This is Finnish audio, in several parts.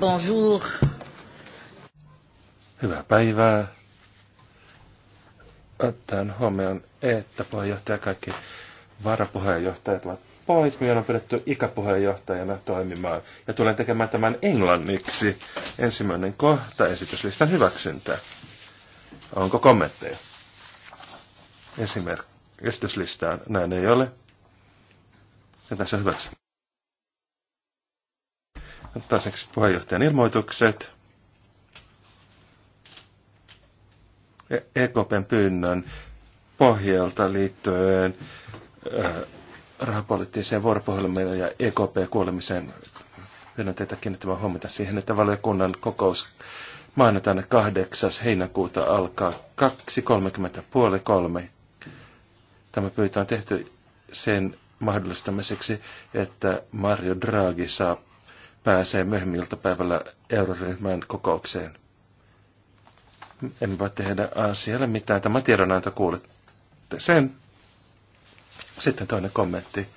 Bonjour. Hyvää päivää. Ottaen huomioon, että puheenjohtaja kaikki varapuheenjohtajat ovat pois. Minä on pidetty ikäpuheenjohtajana toimimaan ja tulen tekemään tämän englanniksi. Ensimmäinen kohta, esityslistan hyväksyntä. Onko kommentteja? Esimerkki esityslistaan näin ei ole. Ja tässä hyväksy. Taiseksi puheenjohtajan ilmoitukset. EKPn e pyynnön pohjalta liittyen äh, rahapoliittiseen vuoropuheluun ja EKP-kuulemiseen. Pyydän teitä kiinnittämään huomiota siihen, että valiokunnan kokous maanantaina 8. heinäkuuta alkaa 2.30 puoli kolme. Tämä pyytö on tehty sen mahdollistamiseksi, että Mario Draghi saa pääsee myöhemmin iltapäivällä euroryhmän kokoukseen. en voi tehdä asialle mitään. Tämä tiedonanto kuulette sen. Sitten toinen kommentti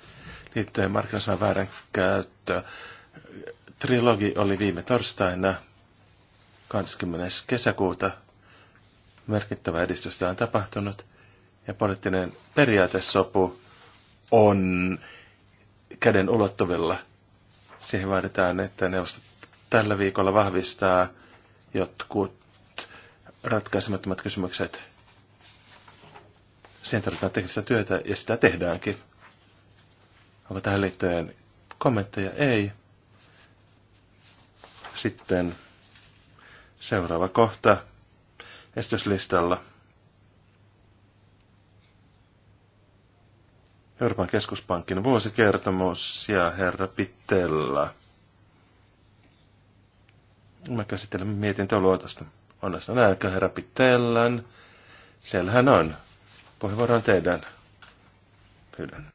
liittyen väärän käyttöä. Trilogi oli viime torstaina 20. kesäkuuta. merkittävä edistystä on tapahtunut ja poliittinen periaatesopu on käden ulottuvilla – Siihen vaaditaan, että neuvosto tällä viikolla vahvistaa jotkut ratkaisemattomat kysymykset. Siihen tarvitaan teknistä työtä ja sitä tehdäänkin. Onko tähän liittyen kommentteja? Ei. Sitten seuraava kohta esityslistalla. Euroopan keskuspankin vuosikertomus ja herra Pittella. Mä käsittelen mietintöluotosta. Onnesta näkö herra Pitellän. Siellähän on. Puheenvuoro on teidän. Pyydän.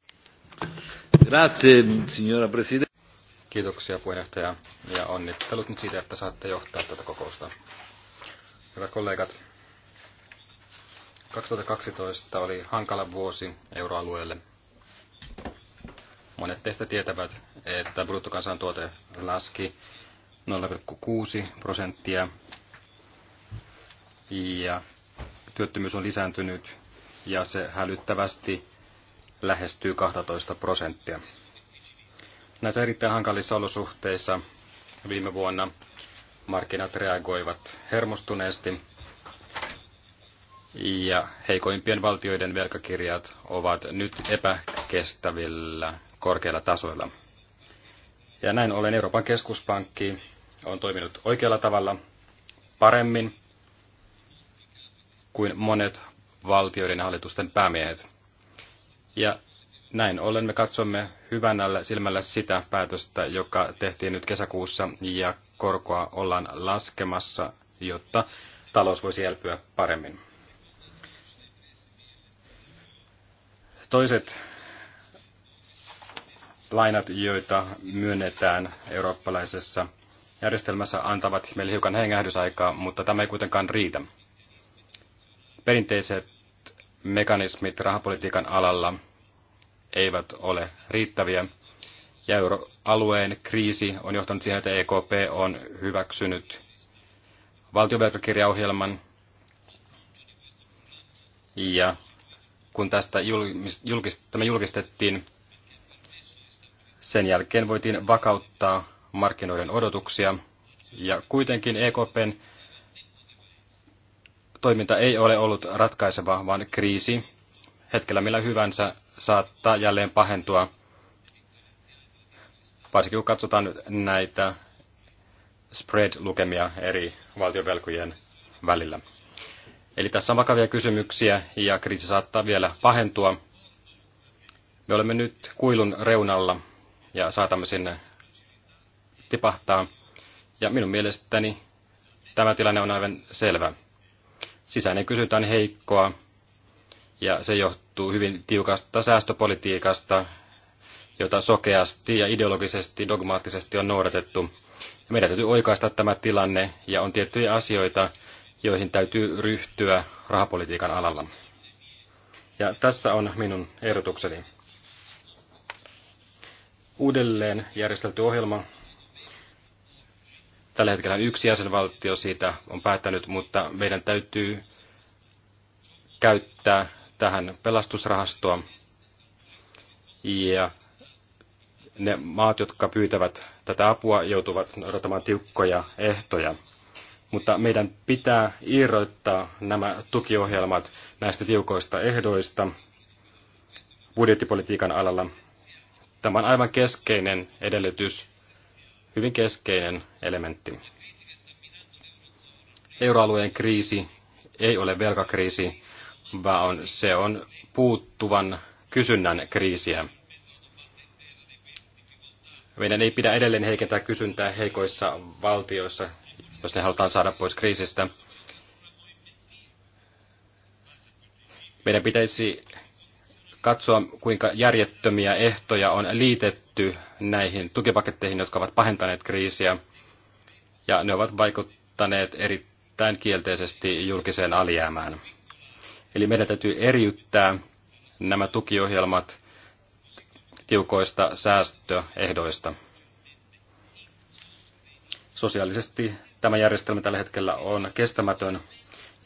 Grazie, signora Presidente. Kiitoksia puheenjohtaja ja onnittelut nyt siitä, että saatte johtaa tätä kokousta. Hyvät kollegat, 2012 oli hankala vuosi euroalueelle Monet teistä tietävät, että bruttokansantuote laski 0,6 prosenttia ja työttömyys on lisääntynyt ja se hälyttävästi lähestyy 12 prosenttia. Näissä erittäin hankalissa olosuhteissa viime vuonna markkinat reagoivat hermostuneesti ja heikoimpien valtioiden velkakirjat ovat nyt epäkestävillä korkeilla tasoilla. Ja näin ollen Euroopan keskuspankki on toiminut oikealla tavalla paremmin kuin monet valtioiden hallitusten päämiehet. Ja näin ollen me katsomme hyvänällä silmällä sitä päätöstä, joka tehtiin nyt kesäkuussa ja korkoa ollaan laskemassa, jotta talous voisi elpyä paremmin. Toiset lainat, joita myönnetään eurooppalaisessa järjestelmässä, antavat meille hiukan hengähdysaikaa, mutta tämä ei kuitenkaan riitä. Perinteiset mekanismit rahapolitiikan alalla eivät ole riittäviä, ja euroalueen kriisi on johtanut siihen, että EKP on hyväksynyt valtiovelkakirjaohjelman, ja kun tästä julkist, tämä julkistettiin, sen jälkeen voitiin vakauttaa markkinoiden odotuksia, ja kuitenkin EKPn toiminta ei ole ollut ratkaiseva, vaan kriisi hetkellä millä hyvänsä saattaa jälleen pahentua, varsinkin kun katsotaan näitä spread-lukemia eri valtionvelkojen välillä. Eli tässä on vakavia kysymyksiä ja kriisi saattaa vielä pahentua. Me olemme nyt kuilun reunalla ja saatamme sinne tipahtaa. Ja minun mielestäni tämä tilanne on aivan selvä. Sisäinen kysyntä on heikkoa ja se johtuu hyvin tiukasta säästöpolitiikasta, jota sokeasti ja ideologisesti, dogmaattisesti on noudatettu. Ja meidän täytyy oikaista tämä tilanne ja on tiettyjä asioita, joihin täytyy ryhtyä rahapolitiikan alalla. Ja tässä on minun ehdotukseni uudelleen järjestelty ohjelma. Tällä hetkellä yksi jäsenvaltio siitä on päättänyt, mutta meidän täytyy käyttää tähän pelastusrahastoa. Ja ne maat, jotka pyytävät tätä apua, joutuvat odottamaan tiukkoja ehtoja. Mutta meidän pitää irrottaa nämä tukiohjelmat näistä tiukoista ehdoista budjettipolitiikan alalla Tämä on aivan keskeinen edellytys, hyvin keskeinen elementti. Euroalueen kriisi ei ole velkakriisi, vaan se on puuttuvan kysynnän kriisiä. Meidän ei pidä edelleen heikentää kysyntää heikoissa valtioissa, jos ne halutaan saada pois kriisistä. Meidän pitäisi katsoa, kuinka järjettömiä ehtoja on liitetty näihin tukipaketteihin, jotka ovat pahentaneet kriisiä, ja ne ovat vaikuttaneet erittäin kielteisesti julkiseen alijäämään. Eli meidän täytyy eriyttää nämä tukiohjelmat tiukoista säästöehdoista. Sosiaalisesti tämä järjestelmä tällä hetkellä on kestämätön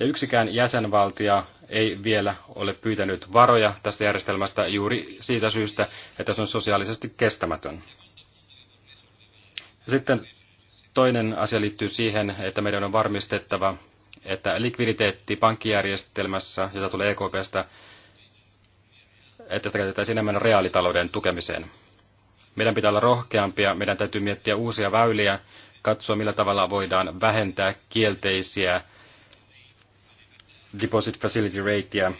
ja yksikään jäsenvaltia ei vielä ole pyytänyt varoja tästä järjestelmästä juuri siitä syystä, että se on sosiaalisesti kestämätön. Sitten toinen asia liittyy siihen, että meidän on varmistettava, että likviditeetti pankkijärjestelmässä, jota tulee EKPstä, että sitä käytetään enemmän reaalitalouden tukemiseen. Meidän pitää olla rohkeampia, meidän täytyy miettiä uusia väyliä, katsoa millä tavalla voidaan vähentää kielteisiä deposit facility rateä.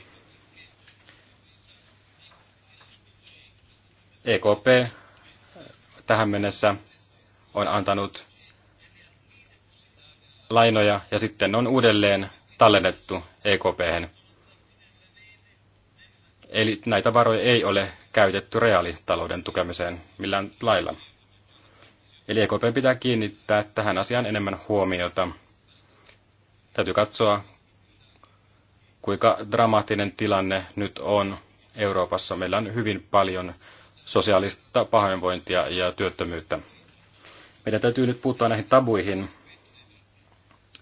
EKP tähän mennessä on antanut lainoja ja sitten on uudelleen tallennettu ekp Eli näitä varoja ei ole käytetty reaalitalouden tukemiseen millään lailla. Eli EKP pitää kiinnittää tähän asiaan enemmän huomiota. Täytyy katsoa, kuinka dramaattinen tilanne nyt on Euroopassa. Meillä on hyvin paljon sosiaalista pahoinvointia ja työttömyyttä. Meidän täytyy nyt puuttua näihin tabuihin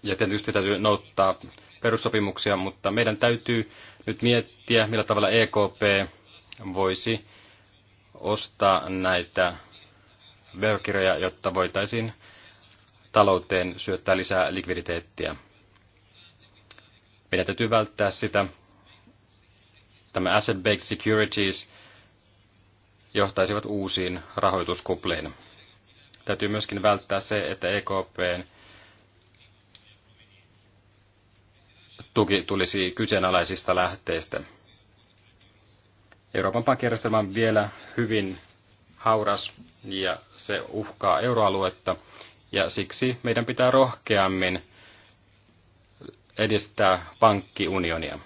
ja tietysti täytyy nouttaa perussopimuksia, mutta meidän täytyy nyt miettiä, millä tavalla EKP voisi ostaa näitä velkirjoja, jotta voitaisiin talouteen syöttää lisää likviditeettiä. Meidän täytyy välttää sitä. Tämä asset-based securities johtaisivat uusiin rahoituskupliin. Täytyy myöskin välttää se, että EKPn tuki tulisi kyseenalaisista lähteistä. Euroopan pankkijärjestelmä on vielä hyvin hauras ja se uhkaa euroaluetta ja siksi meidän pitää rohkeammin edistää pankkiunionia.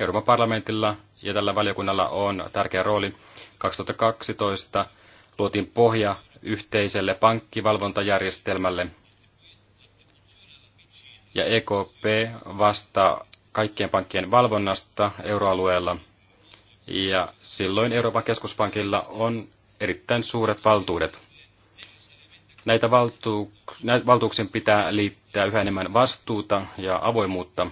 Euroopan parlamentilla ja tällä valiokunnalla on tärkeä rooli. 2012 luotiin pohja yhteiselle pankkivalvontajärjestelmälle ja EKP vastaa kaikkien pankkien valvonnasta euroalueella ja silloin Euroopan keskuspankilla on erittäin suuret valtuudet. Näitä valtuuksien pitää liittää yhä enemmän vastuuta ja avoimuutta.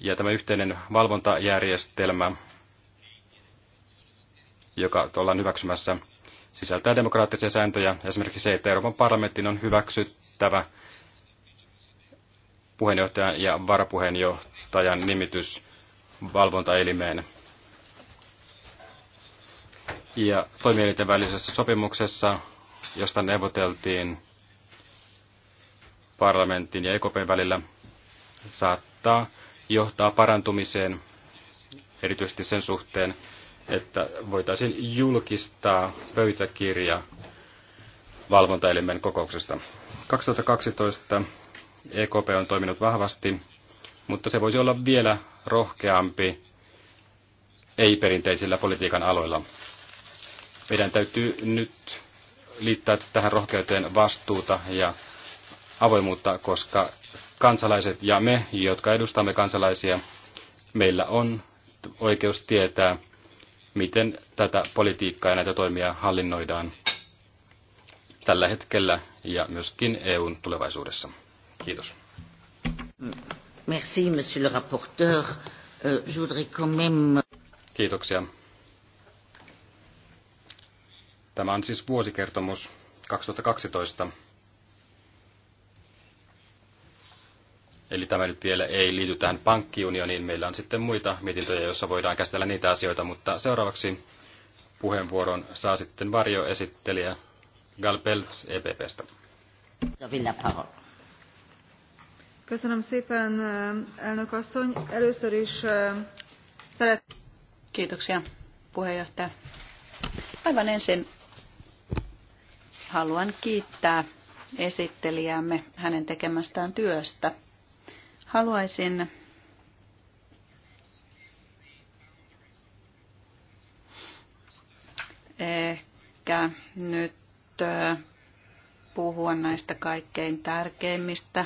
Ja tämä yhteinen valvontajärjestelmä, joka ollaan hyväksymässä, sisältää demokraattisia sääntöjä, esimerkiksi se, että Euroopan parlamentin on hyväksyttävä puheenjohtajan ja varapuheenjohtajan nimitys valvontaelimeen. Ja toimielinten välisessä sopimuksessa, josta neuvoteltiin parlamentin ja EKPn välillä, saattaa johtaa parantumiseen, erityisesti sen suhteen, että voitaisiin julkistaa pöytäkirja valvontaelimen kokouksesta. 2012 EKP on toiminut vahvasti, mutta se voisi olla vielä rohkeampi ei-perinteisillä politiikan aloilla. Meidän täytyy nyt liittää tähän rohkeuteen vastuuta ja avoimuutta, koska kansalaiset ja me, jotka edustamme kansalaisia, meillä on oikeus tietää, miten tätä politiikkaa ja näitä toimia hallinnoidaan tällä hetkellä ja myöskin EUn tulevaisuudessa. Kiitos. Merci, monsieur le rapporteur. Euh, je voudrais quand même... Kiitoksia. Tämä on siis vuosikertomus 2012. Eli tämä nyt vielä ei liity tähän pankkiunioniin. Meillä on sitten muita mietintöjä, joissa voidaan käsitellä niitä asioita, mutta seuraavaksi puheenvuoron saa sitten varjoesittelijä Gal Peltz EPPstä. Köszönöm szépen, eh, elnök asszony. Először is eh, szeret... Kiitoksia, puheenjohtaja. Aivan ensin haluan kiittää esittelijäämme hänen tekemästään työstä. Haluaisin ehkä nyt puhua näistä kaikkein tärkeimmistä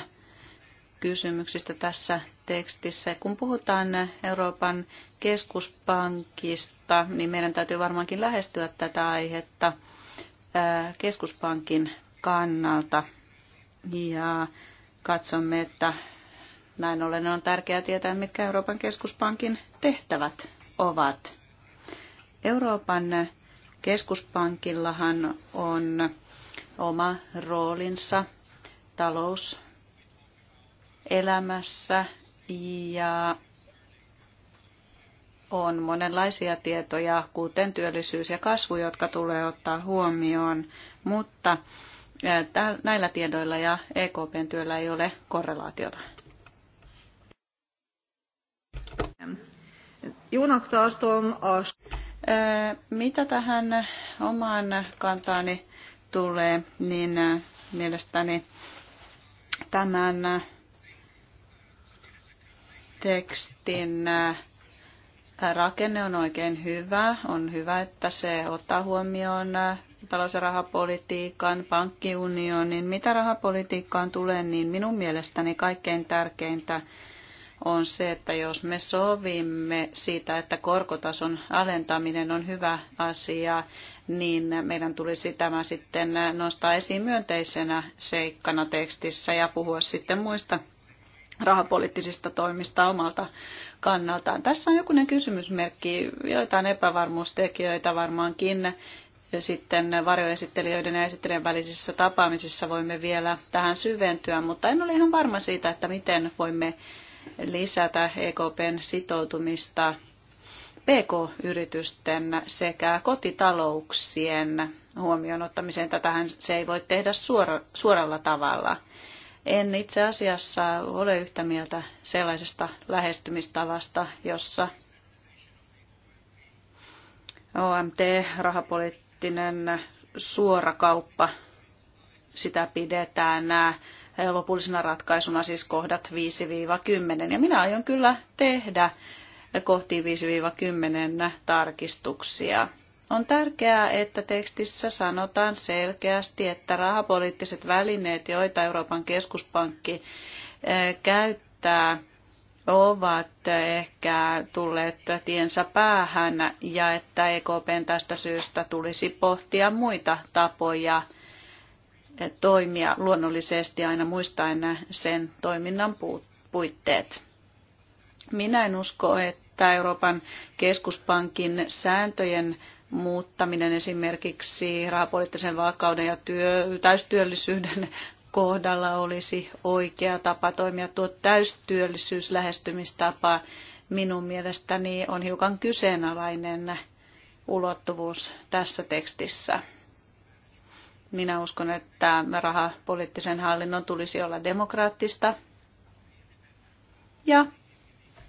kysymyksistä tässä tekstissä. Kun puhutaan Euroopan keskuspankista, niin meidän täytyy varmaankin lähestyä tätä aihetta – keskuspankin kannalta. Ja katsomme, että näin ollen on tärkeää tietää, mitkä Euroopan keskuspankin tehtävät ovat. Euroopan keskuspankillahan on oma roolinsa talouselämässä ja on monenlaisia tietoja, kuten työllisyys ja kasvu, jotka tulee ottaa huomioon, mutta näillä tiedoilla ja EKPn työllä ei ole korrelaatiota. Mitä tähän omaan kantaani tulee, niin mielestäni tämän tekstin rakenne on oikein hyvä. On hyvä, että se ottaa huomioon äh, talous- ja rahapolitiikan, pankkiunionin. Mitä rahapolitiikkaan tulee, niin minun mielestäni kaikkein tärkeintä on se, että jos me sovimme siitä, että korkotason alentaminen on hyvä asia, niin meidän tulisi tämä sitten nostaa esiin myönteisenä seikkana tekstissä ja puhua sitten muista rahapoliittisista toimista omalta kannaltaan. Tässä on jokunen kysymysmerkki, joitain epävarmuustekijöitä varmaankin sitten varjoesittelijöiden ja esittelijän välisissä tapaamisissa voimme vielä tähän syventyä, mutta en ole ihan varma siitä, että miten voimme lisätä EKPn sitoutumista PK-yritysten sekä kotitalouksien huomioon ottamiseen. Tätähän se ei voi tehdä suora, suoralla tavalla. En itse asiassa ole yhtä mieltä sellaisesta lähestymistavasta, jossa OMT, rahapoliittinen suorakauppa, sitä pidetään nämä lopullisena ratkaisuna siis kohdat 5-10. Ja minä aion kyllä tehdä kohti 5-10 tarkistuksia. On tärkeää, että tekstissä sanotaan selkeästi, että rahapoliittiset välineet, joita Euroopan keskuspankki eh, käyttää, ovat ehkä tulleet tiensä päähän ja että EKPn tästä syystä tulisi pohtia muita tapoja eh, toimia luonnollisesti aina muistaen sen toiminnan puitteet. Minä en usko, että Euroopan keskuspankin sääntöjen muuttaminen esimerkiksi rahapoliittisen vakauden ja työ, täystyöllisyyden kohdalla olisi oikea tapa toimia. Tuo täystyöllisyyslähestymistapa minun mielestäni on hiukan kyseenalainen ulottuvuus tässä tekstissä. Minä uskon, että rahapoliittisen hallinnon tulisi olla demokraattista ja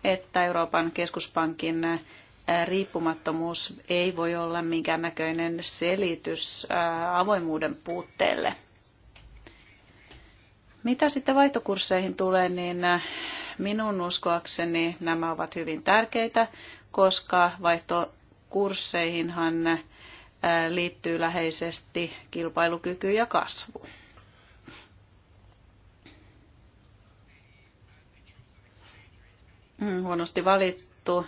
että Euroopan keskuspankin riippumattomuus ei voi olla minkäännäköinen selitys äh, avoimuuden puutteelle. Mitä sitten vaihtokursseihin tulee, niin äh, minun uskoakseni nämä ovat hyvin tärkeitä, koska vaihtokursseihinhan äh, liittyy läheisesti kilpailukyky ja kasvu. Hmm, huonosti valittu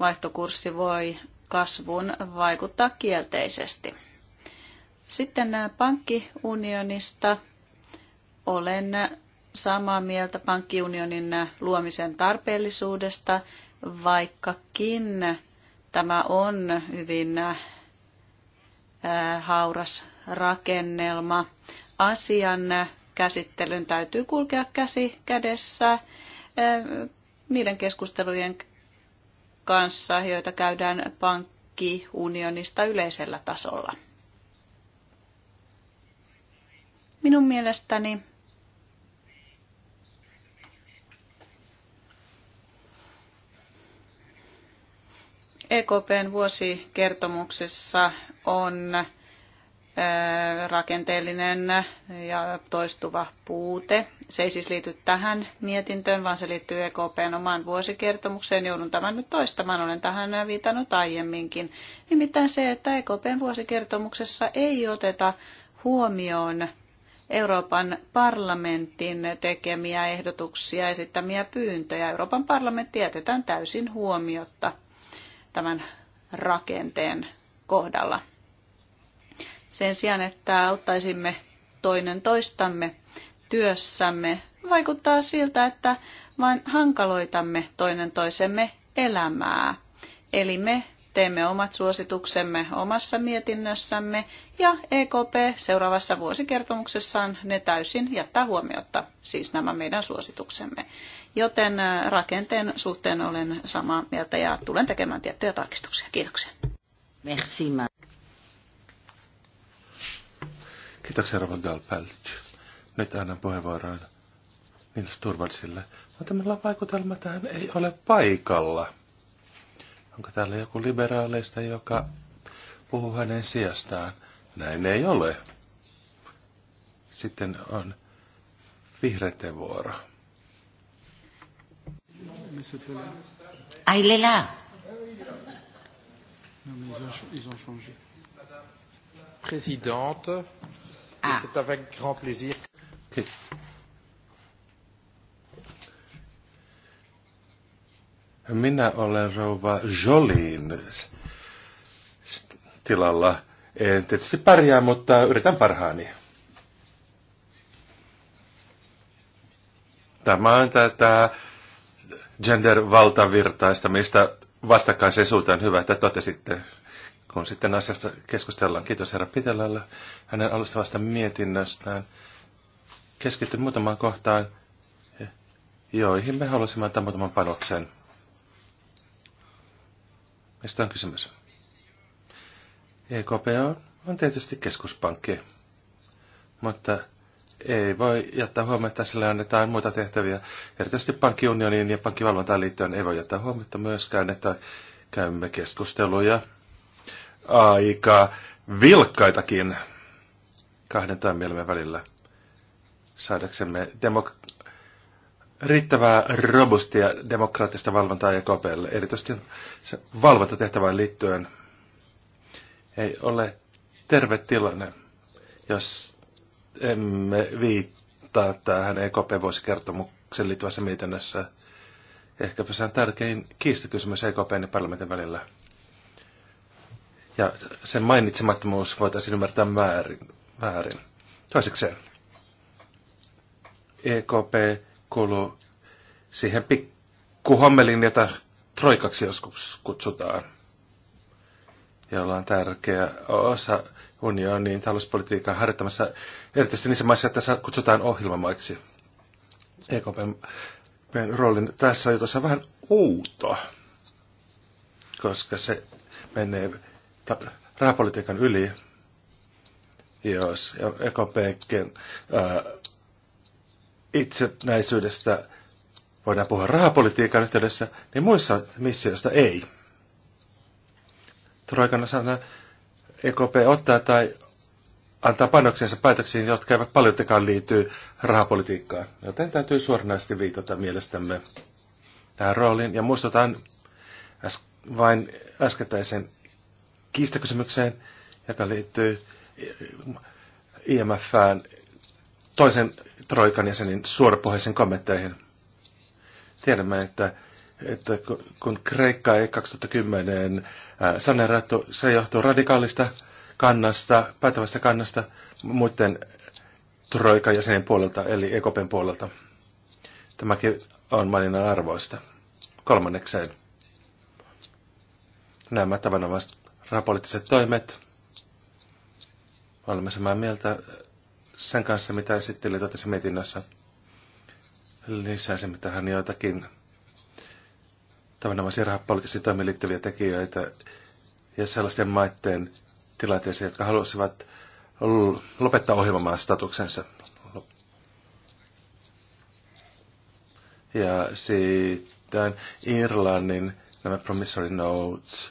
vaihtokurssi voi kasvun vaikuttaa kielteisesti. Sitten äh, pankkiunionista olen samaa mieltä pankkiunionin äh, luomisen tarpeellisuudesta, vaikkakin tämä on hyvin äh, hauras rakennelma. Asian käsittelyn täytyy kulkea käsi kädessä niiden keskustelujen kanssa, joita käydään pankkiunionista yleisellä tasolla. Minun mielestäni EKPn vuosikertomuksessa on rakenteellinen ja toistuva puute. Se ei siis liity tähän mietintöön, vaan se liittyy EKPn omaan vuosikertomukseen. Joudun tämän nyt toistamaan, olen tähän viitannut aiemminkin. Nimittäin se, että EKPn vuosikertomuksessa ei oteta huomioon Euroopan parlamentin tekemiä ehdotuksia, esittämiä pyyntöjä. Euroopan parlamentti jätetään täysin huomiotta tämän rakenteen kohdalla sen sijaan, että auttaisimme toinen toistamme työssämme, vaikuttaa siltä, että vain hankaloitamme toinen toisemme elämää. Eli me teemme omat suosituksemme omassa mietinnössämme ja EKP seuraavassa vuosikertomuksessaan ne täysin jättää huomiota, siis nämä meidän suosituksemme. Joten äh, rakenteen suhteen olen samaa mieltä ja tulen tekemään tiettyjä tarkistuksia. Kiitoksia. Merci, Kiitoksia Rova Galpelch. Nyt annan puheenvuoron Nils Turvalsille. No, Mutta meillä vaikutelma tähän ei ole paikalla. Onko täällä joku liberaaleista, joka puhuu hänen sijastaan? Näin ei ole. Sitten on vihreiden vuoro. Ah, Ai, Lela. Présidente, Ah. C'est avec grand plaisir. Minä olen rouva Jolin tilalla. En tietysti pärjää, mutta yritän parhaani. Tämä on tätä gender-valtavirtaistamista valtavirtaista vastakkaisisuuteen. Hyvä, että totesitte kun sitten asiasta keskustellaan. Kiitos herra Pitelälle hänen alustavasta mietinnöstään. Keskityn muutamaan kohtaan, joihin me haluaisimme antaa muutaman panoksen. Mistä on kysymys? EKP on, on tietysti keskuspankki, mutta ei voi jättää huomiota, sillä annetaan muita tehtäviä. Erityisesti pankkiunioniin ja pankkivalvontaan liittyen ei voi jättää huomiota myöskään, että käymme keskusteluja aika vilkkaitakin kahden mielemme välillä saadaksemme demok- riittävää robustia demokraattista valvontaa EKPlle, erityisesti se valvontatehtävään liittyen. Ei ole terve tilanne, jos emme viittaa tähän EKP-vuosikertomuksen liittyvässä mietinnössä. Ehkäpä se on tärkein kiistakysymys EKPn ja parlamentin välillä ja sen mainitsemattomuus voitaisiin ymmärtää väärin. väärin. Toisekseen, EKP kuuluu siihen pikkuhommelin, jota troikaksi joskus kutsutaan, jolla on tärkeä osa unionin talouspolitiikan harjoittamassa, erityisesti niissä maissa, että kutsutaan ohjelmamaiksi. EKPn roolin tässä jutussa on vähän outo, koska se menee rahapolitiikan yli, jos EKPkin itsenäisyydestä voidaan puhua rahapolitiikan yhteydessä, niin muissa missioista ei. Troikan osana EKP ottaa tai antaa panoksensa päätöksiin, jotka eivät paljonkaan liity rahapolitiikkaan. Joten täytyy suoranaisesti viitata mielestämme tähän rooliin. Ja muistutan äs- vain äskettäisen kiistakysymykseen, joka liittyy IMFään toisen Troikan jäsenin suorapohjaisiin kommentteihin. Tiedämme, että, että kun Kreikka ei 2010 äh, saneerattu, se johtuu radikaalista kannasta, päätävästä kannasta muiden Troikan jäsenen puolelta, eli EKPn puolelta. Tämäkin on maininnan arvoista. Kolmannekseen nämä tavanomaiset rahapoliittiset toimet. Olemme samaa mieltä sen kanssa, mitä esitteli totesi mietinnössä. Lisäisimme tähän joitakin tavanomaisia rahapoliittisiin toimiin liittyviä tekijöitä ja sellaisten maitteen tilanteeseen, jotka haluaisivat lopettaa ohjelmamaan statuksensa. Ja sitten Irlannin nämä promissory notes –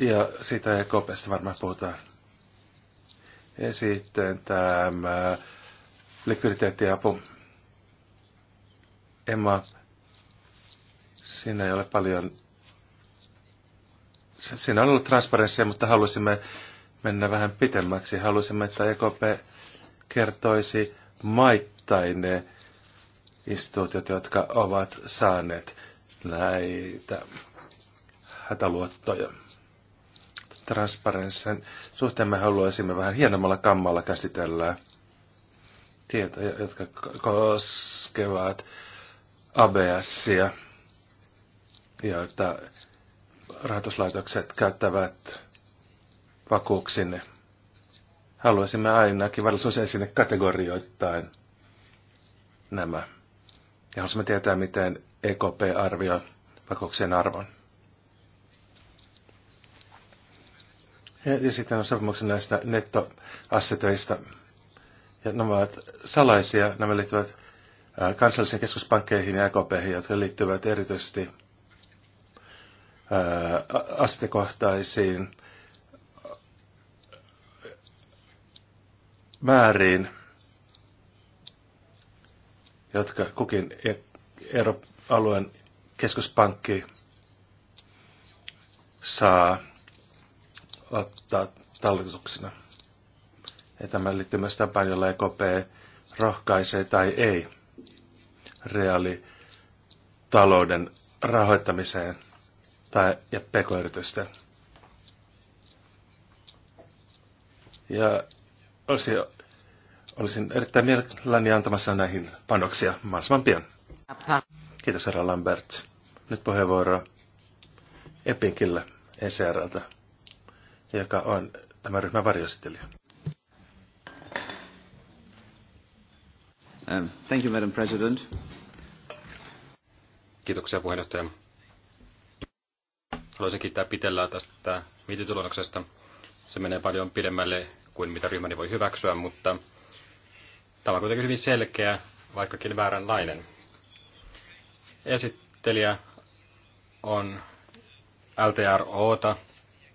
Ja siitä EKPstä varmaan puhutaan. Ja sitten tämä likviditeettiapu. Emma, siinä ei ole paljon... Siinä on ollut transparenssia, mutta halusimme mennä vähän pitemmäksi. Halusimme, että EKP kertoisi maittain ne instituutiot, jotka ovat saaneet näitä hätäluottoja transparenssin suhteen me haluaisimme vähän hienommalla kammalla käsitellä tietoja, jotka koskevat ABSia, joita rahoituslaitokset käyttävät vakuuksinne. Haluaisimme ainakin varallisuus esine kategorioittain nämä. Ja haluaisimme tietää, miten EKP arvioi vakuuksien arvon. Ja sitten on sopimuksen näistä nettoasseteista. Ja nämä ovat salaisia, nämä liittyvät kansallisiin keskuspankkeihin ja EKP, jotka liittyvät erityisesti astekohtaisiin määriin, jotka kukin e-, alueen keskuspankki saa ottaa talletuksena. Ja tämä liittyy myös tapaan, jolla EKP rohkaisee tai ei reaalitalouden rahoittamiseen tai, ja pekoyritysten. Ja olisi, olisin erittäin mielelläni antamassa näihin panoksia mahdollisimman pian. Kiitos herra Lambert. Nyt puheenvuoro Epinkille ECRltä joka on tämän ryhmän varjoesittelijä. Um, thank you, Madam President. Kiitoksia puheenjohtaja. Haluaisin kiittää Pitellää tästä mietintöluonnoksesta. Se menee paljon pidemmälle kuin mitä ryhmäni voi hyväksyä, mutta tämä on kuitenkin hyvin selkeä, vaikkakin vääränlainen. Esittelijä on LTRO-ta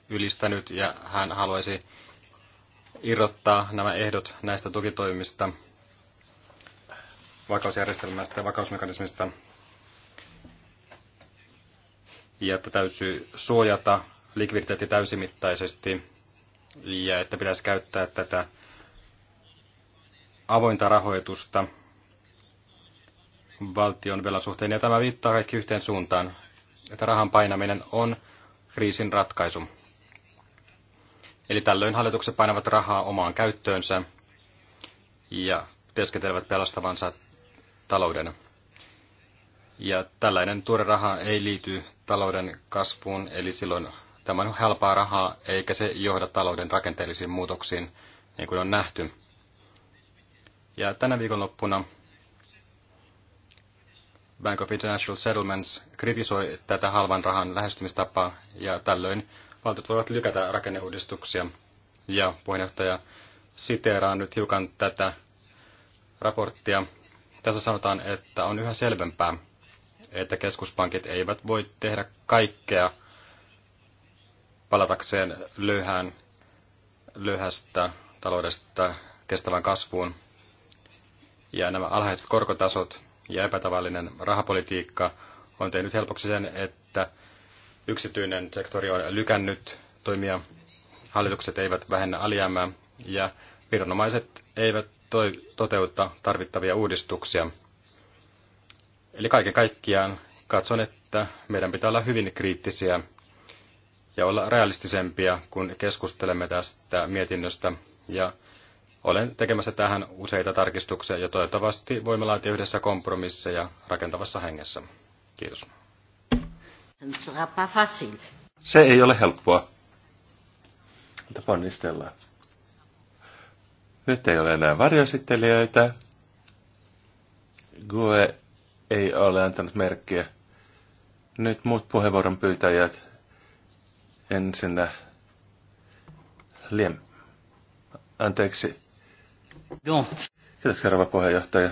ylistänyt ja hän haluaisi irrottaa nämä ehdot näistä tukitoimista vakausjärjestelmästä ja vakausmekanismista. Ja että täytyy suojata likviditeetti täysimittaisesti ja että pitäisi käyttää tätä avointa rahoitusta valtion velan suhteen. Ja tämä viittaa kaikki yhteen suuntaan, että rahan painaminen on kriisin ratkaisu. Eli tällöin hallitukset painavat rahaa omaan käyttöönsä ja teeskentelevät pelastavansa talouden. Ja tällainen tuore raha ei liity talouden kasvuun, eli silloin tämä on halpaa rahaa, eikä se johda talouden rakenteellisiin muutoksiin, niin kuin on nähty. Ja tänä viikonloppuna Bank of International Settlements kritisoi tätä halvan rahan lähestymistapaa, ja tällöin valtiot voivat lykätä rakenneuudistuksia. Ja puheenjohtaja siteeraa nyt hiukan tätä raporttia. Tässä sanotaan, että on yhä selvempää, että keskuspankit eivät voi tehdä kaikkea palatakseen lyhään, lyhästä taloudesta kestävän kasvuun. Ja nämä alhaiset korkotasot ja epätavallinen rahapolitiikka on tehnyt helpoksi sen, että yksityinen sektori on lykännyt toimia, hallitukset eivät vähennä alijäämää ja viranomaiset eivät toi, toteuta tarvittavia uudistuksia. Eli kaiken kaikkiaan katson, että meidän pitää olla hyvin kriittisiä ja olla realistisempia, kun keskustelemme tästä mietinnöstä. Ja olen tekemässä tähän useita tarkistuksia ja toivottavasti voimme laatia yhdessä kompromisseja rakentavassa hengessä. Kiitos. Se ei ole helppoa. Mutta ponnistellaan. Nyt ei ole enää varjoesittelijöitä. Gue ei ole antanut merkkiä. Nyt muut puheenvuoron pyytäjät. Ensinnä Liem. Anteeksi. Don't. Kiitoksia, rouva puheenjohtaja.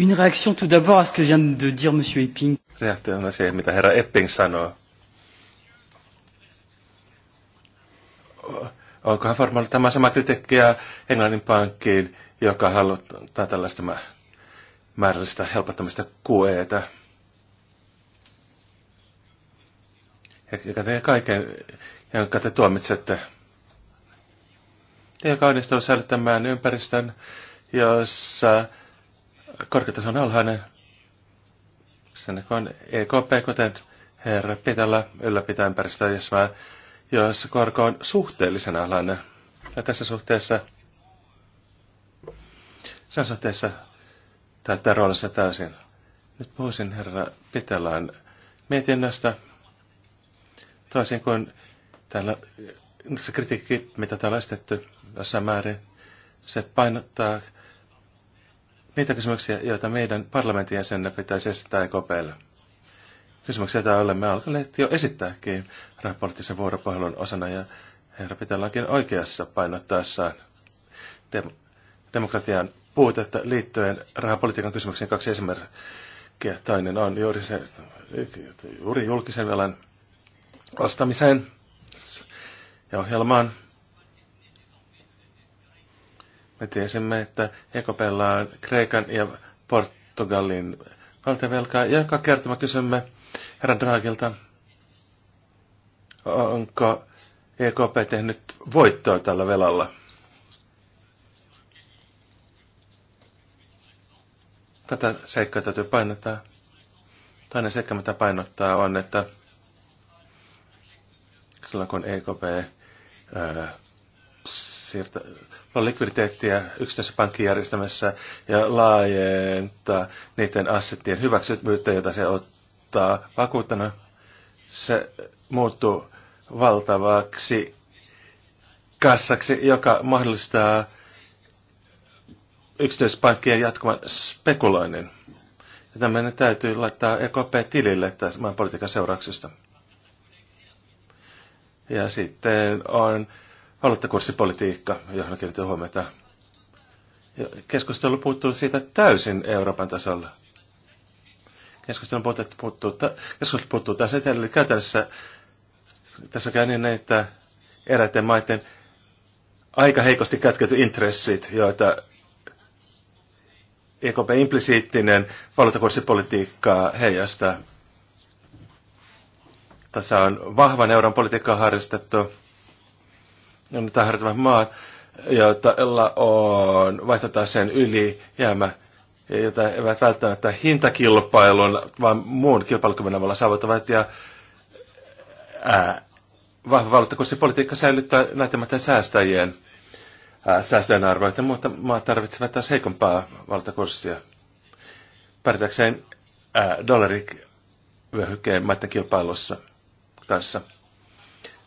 Une réaction tout d'abord à ce que vient de dire Monsieur Epping reaktiona siihen, mitä herra Epping sanoo. Onkohan varmaan tämä sama kritiikkiä Englannin pankkiin, joka haluttaa tällaista määrällistä helpottamista QEtä, Ja tekee kaiken, jonka te tuomitsette. Ja joka onnistuu säilyttämään ympäristön, jossa korkeataso alhainen, sen on EKP, kuten herra Pitellä, ylläpitää ympäristöjäsmää, jossa korko on suhteellisen alainen. Ja tässä suhteessa, sen suhteessa täyttää roolissa täysin. Nyt puhuisin herra Pitelään mietinnöstä, toisin kuin täällä se kritiikki, mitä täällä on esitetty jossain määrin, se painottaa niitä kysymyksiä, joita meidän parlamentin jäsenenä pitäisi esittää EKPlle. Kysymyksiä, joita olemme alkaneet jo esittääkin rahapoliittisen vuoropuhelun osana, ja herra Pitelläkin oikeassa painottaessaan dem- demokratian puutetta liittyen rahapolitiikan kysymyksiin kaksi esimerkkiä. Toinen on juuri, se, juuri julkisen velan ostamiseen ja ohjelmaan, me tiesimme, että ekopella on Kreikan ja Portugalin valtavelkaa. Ja joka kerta me kysymme herra Draagilta, onko EKP tehnyt voittoa tällä velalla. Tätä seikkaa täytyy painottaa. Toinen seikka, mitä painottaa, on, että silloin kun EKP ää, siirtää on likviditeettiä yksityisessä pankkijärjestelmässä ja laajentaa niiden assettien hyväksyttävyyttä, jota se ottaa vakuutena. Se muuttuu valtavaksi kassaksi, joka mahdollistaa yksityispankkien jatkuvan spekuloinnin. Ja tämmöinen täytyy laittaa EKP-tilille tämän politiikan seurauksista. Ja sitten on valuuttakurssipolitiikka, johon kiinnitetty huomiota. Keskustelu puuttuu siitä täysin Euroopan tasolla. Keskustelu puuttuu, keskustelu puuttuu tässä eli käytännössä tässä käy niin, että eräiden maiden aika heikosti kätketty intressit, joita EKP implisiittinen valuuttakurssipolitiikka heijastaa. Tässä on vahvan euron politiikkaa harrastettu annetaan harjoittavan maan, ella on sen yli jäämä, jota eivät välttämättä hintakilpailun, vaan muun kilpailukyvyn avulla saavuttavat. Ja ää, vahva politiikka säilyttää näitä säästäjien säästöjen arvoita, mutta maat tarvitsevat taas heikompaa valtakurssia. Pärjätäkseen vyöhykkeen maiden kilpailussa kanssa.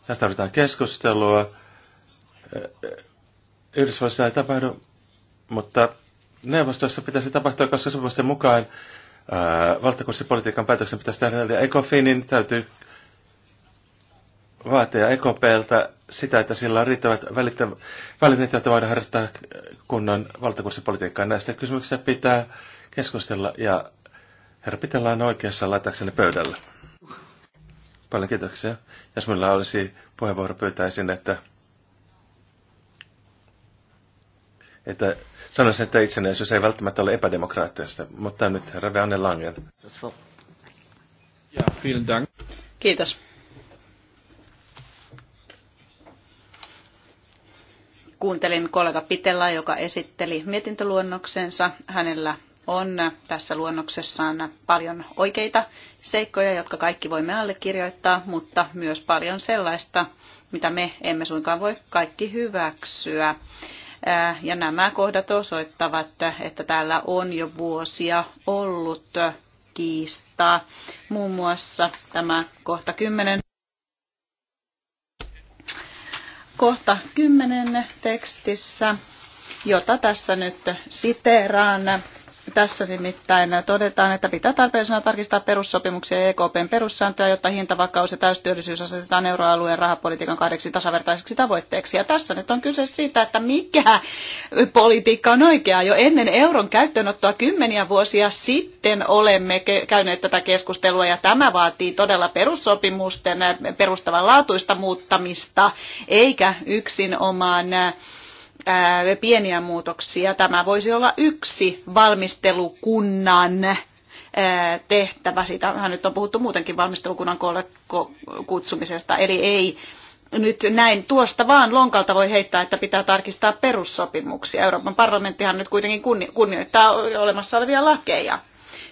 Tästä tarvitaan keskustelua Yhdysvalloissa ei tapahdu, mutta neuvostossa pitäisi tapahtua, koska sopimusten mukaan valtakurssipolitiikan päätöksen pitäisi tehdä. Ja ECOFINin täytyy vaatia EKPltä sitä, että sillä on riittävät välineet, joita voidaan harjoittaa kunnan valtakurssipolitiikkaa. Näistä kysymyksistä pitää keskustella ja herra pitää oikeassa laitakseni pöydällä. Paljon kiitoksia. Jos minulla olisi puheenvuoro, pyytäisin, että että sanoisin, että itsenäisyys ei välttämättä ole epädemokraattista, mutta nyt Rave Anne Langen. Ja, vielen dank. Kiitos. Kuuntelin kollega Pitellä, joka esitteli mietintöluonnoksensa. Hänellä on tässä luonnoksessaan paljon oikeita seikkoja, jotka kaikki voimme allekirjoittaa, mutta myös paljon sellaista, mitä me emme suinkaan voi kaikki hyväksyä. Ja nämä kohdat osoittavat, että täällä on jo vuosia ollut kiistaa. Muun muassa tämä kohta 10. Kohta 10 tekstissä, jota tässä nyt siteeraan tässä nimittäin todetaan, että pitää tarpeellisena tarkistaa perussopimuksia ja EKPn perussääntöä, jotta hintavakaus ja täystyöllisyys asetetaan euroalueen rahapolitiikan kahdeksi tasavertaiseksi tavoitteeksi. Ja tässä nyt on kyse siitä, että mikä politiikka on oikeaa. Jo ennen euron käyttöönottoa kymmeniä vuosia sitten olemme käyneet tätä keskustelua ja tämä vaatii todella perussopimusten perustavanlaatuista muuttamista, eikä yksin omaan pieniä muutoksia. Tämä voisi olla yksi valmistelukunnan tehtävä. Siitähän nyt on puhuttu muutenkin valmistelukunnan koolle kutsumisesta. Eli ei nyt näin tuosta vaan lonkalta voi heittää, että pitää tarkistaa perussopimuksia. Euroopan parlamenttihan nyt kuitenkin kunnioittaa olemassa olevia lakeja.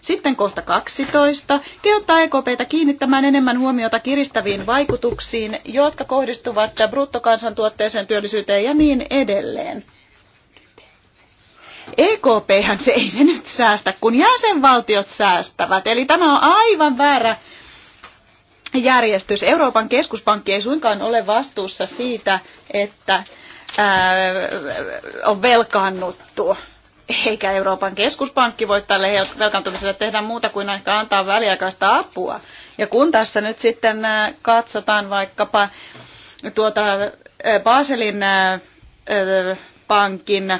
Sitten kohta 12. Kehottaa EKPtä kiinnittämään enemmän huomiota kiristäviin vaikutuksiin, jotka kohdistuvat bruttokansantuotteeseen, työllisyyteen ja niin edelleen. E hän se ei se nyt säästä, kun jäsenvaltiot säästävät. Eli tämä on aivan väärä järjestys. Euroopan keskuspankki ei suinkaan ole vastuussa siitä, että ää, on velkaannuttu eikä Euroopan keskuspankki voi tälle velkaantumiselle tehdä muuta kuin ehkä antaa väliaikaista apua. Ja kun tässä nyt sitten äh, katsotaan vaikkapa tuota äh, Baselin äh, pankin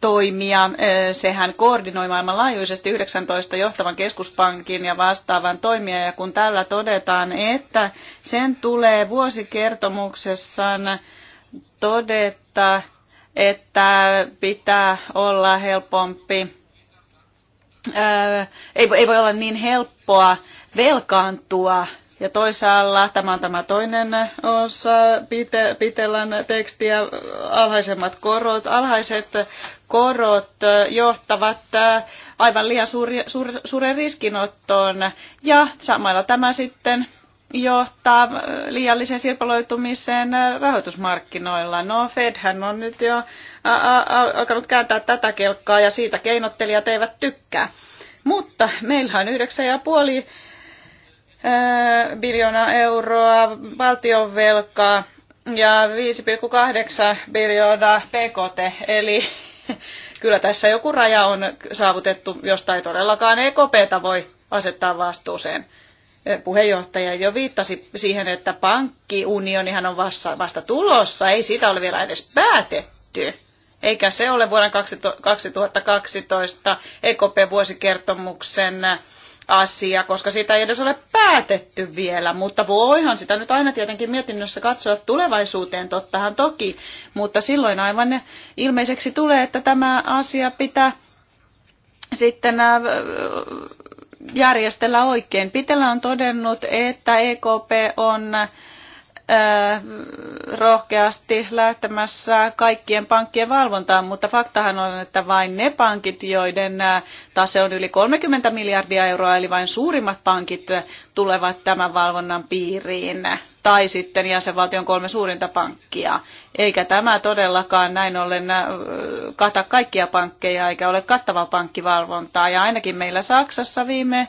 toimia. Sehän koordinoi maailmanlaajuisesti 19 johtavan keskuspankin ja vastaavan toimia. Ja kun tällä todetaan, että sen tulee vuosikertomuksessaan todeta, että pitää olla helpompi, ei, ei voi olla niin helppoa velkaantua ja toisaalla, tämä on tämä toinen osa Pitelän tekstiä, alhaisemmat korot. Alhaiset korot johtavat aivan liian suuri, suur, riskinottoon ja samalla tämä sitten johtaa liialliseen sirpaloitumiseen rahoitusmarkkinoilla. No Fedhän on nyt jo alkanut kääntää tätä kelkkaa ja siitä keinottelijat eivät tykkää. Mutta meillä on 9,5 biljoonaa euroa valtionvelkaa ja 5,8 biljoonaa PKT, eli kyllä tässä joku raja on saavutettu, josta ei todellakaan EKPtä voi asettaa vastuuseen puheenjohtaja jo viittasi siihen, että pankkiunionihan on vasta, vasta tulossa, ei siitä ole vielä edes päätetty. Eikä se ole vuoden 2012 EKP-vuosikertomuksen asia, koska sitä ei edes ole päätetty vielä, mutta voihan sitä nyt aina tietenkin mietinnössä katsoa tulevaisuuteen, tottahan toki, mutta silloin aivan ilmeiseksi tulee, että tämä asia pitää sitten äh, järjestellä oikein. Pitellä on todennut, että EKP on rohkeasti lähtemässä kaikkien pankkien valvontaan, mutta faktahan on, että vain ne pankit, joiden tase on yli 30 miljardia euroa, eli vain suurimmat pankit tulevat tämän valvonnan piiriin tai sitten jäsenvaltion kolme suurinta pankkia. Eikä tämä todellakaan näin ollen kata kaikkia pankkeja eikä ole kattava pankkivalvontaa. Ja ainakin meillä Saksassa viime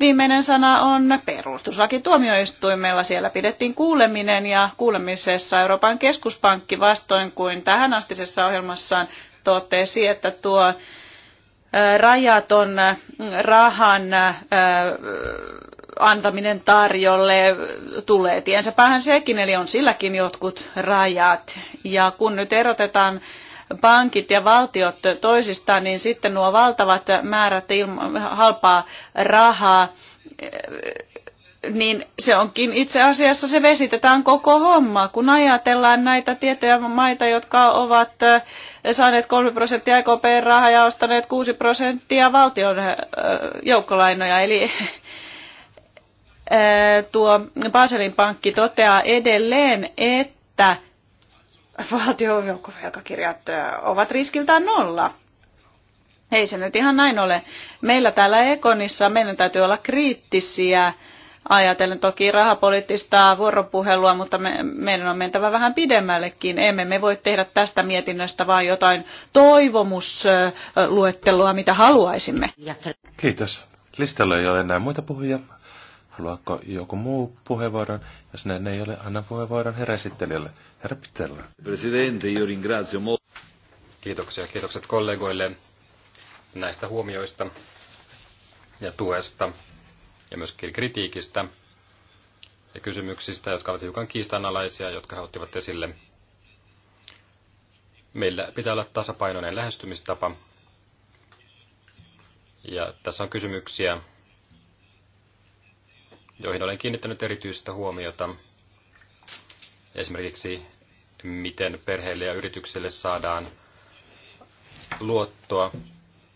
viimeinen sana on perustuslakituomioistuimella. Siellä pidettiin kuuleminen ja kuulemisessa Euroopan keskuspankki vastoin kuin tähän astisessa ohjelmassaan totesi, että tuo rajaton rahan antaminen tarjolle tulee tiensä päähän sekin, eli on silläkin jotkut rajat. Ja kun nyt erotetaan pankit ja valtiot toisistaan, niin sitten nuo valtavat määrät ilma, halpaa rahaa, niin se onkin itse asiassa se vesitetään koko homma, kun ajatellaan näitä tiettyjä maita, jotka ovat saaneet 3 prosenttia EKP-rahaa ja ostaneet 6 prosenttia valtion joukkolainoja. Eli tuo Baselin pankki toteaa edelleen, että joukkovelkakirjat ovat riskiltään nolla. Ei se nyt ihan näin ole. Meillä täällä Ekonissa meidän täytyy olla kriittisiä ajatellen toki rahapoliittista vuoropuhelua, mutta me, meidän on mentävä vähän pidemmällekin. Emme me voi tehdä tästä mietinnöstä vain jotain toivomusluettelua, mitä haluaisimme. Kiitos. Listalla ei ole enää muita puhujia. Haluatko joku muu puheenvuoron? Jos näin ei ole, anna puheenvuoron herra esittelijälle. Herra Pitella. Presidente, io ringrazio Kiitoksia. Kiitokset kollegoille näistä huomioista ja tuesta ja myöskin kritiikistä ja kysymyksistä, jotka ovat hiukan kiistanalaisia, jotka he ottivat esille. Meillä pitää olla tasapainoinen lähestymistapa. Ja tässä on kysymyksiä, joihin olen kiinnittänyt erityistä huomiota. Esimerkiksi, miten perheille ja yrityksille saadaan luottoa.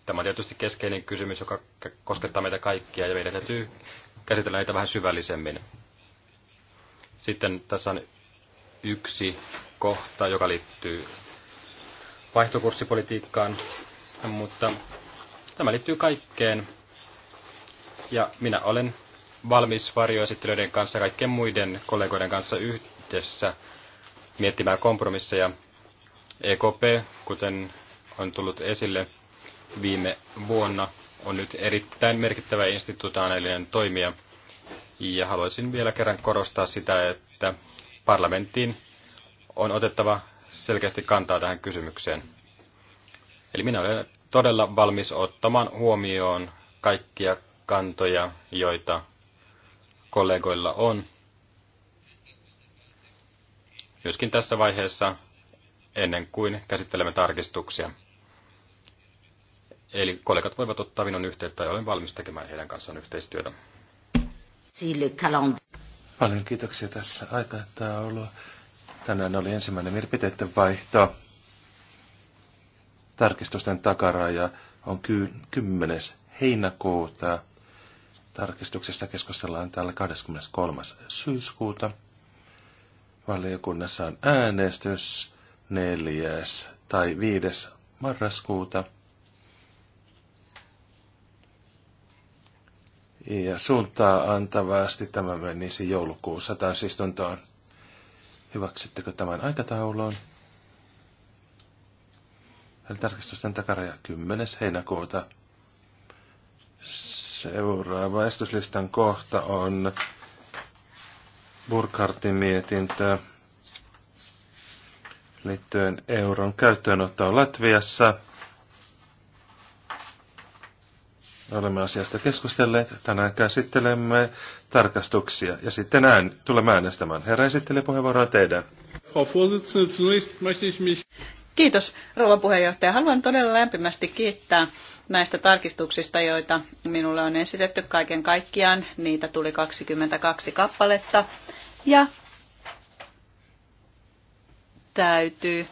Tämä on tietysti keskeinen kysymys, joka koskettaa meitä kaikkia, ja meidän täytyy käsitellä näitä vähän syvällisemmin. Sitten tässä on yksi kohta, joka liittyy vaihtokurssipolitiikkaan, mutta tämä liittyy kaikkeen. Ja minä olen valmis varjoesittelyiden kanssa ja kaikkien muiden kollegoiden kanssa yhdessä miettimään kompromisseja. EKP, kuten on tullut esille viime vuonna, on nyt erittäin merkittävä institutionaalinen toimija. Ja haluaisin vielä kerran korostaa sitä, että parlamenttiin on otettava selkeästi kantaa tähän kysymykseen. Eli minä olen todella valmis ottamaan huomioon kaikkia kantoja, joita kollegoilla on. Joskin tässä vaiheessa ennen kuin käsittelemme tarkistuksia. Eli kollegat voivat ottaa minun yhteyttä ja olen valmis tekemään heidän kanssaan yhteistyötä. Paljon kiitoksia tässä aikataulua. Tänään oli ensimmäinen mielipiteiden vaihto. Tarkistusten takaraja on 10. heinäkuuta tarkistuksesta keskustellaan täällä 23. syyskuuta. Valiokunnassa on äänestys 4. tai 5. marraskuuta. Ja suuntaa antavasti tämä menisi joulukuussa tuntoon. Hyväksyttekö tämän aikataulun? Eli tarkistusten takaraja 10. heinäkuuta Seuraava esityslistan kohta on Burkhartin mietintö liittyen euron käyttöönottoon Latviassa. Olemme asiasta keskustelleet. Tänään käsittelemme tarkastuksia ja sitten ään, tulemme äänestämään. Herra esittelee puheenvuoroa teidän. Kiitos, rouva puheenjohtaja. Haluan todella lämpimästi kiittää näistä tarkistuksista, joita minulle on esitetty kaiken kaikkiaan. Niitä tuli 22 kappaletta. Ja täytyy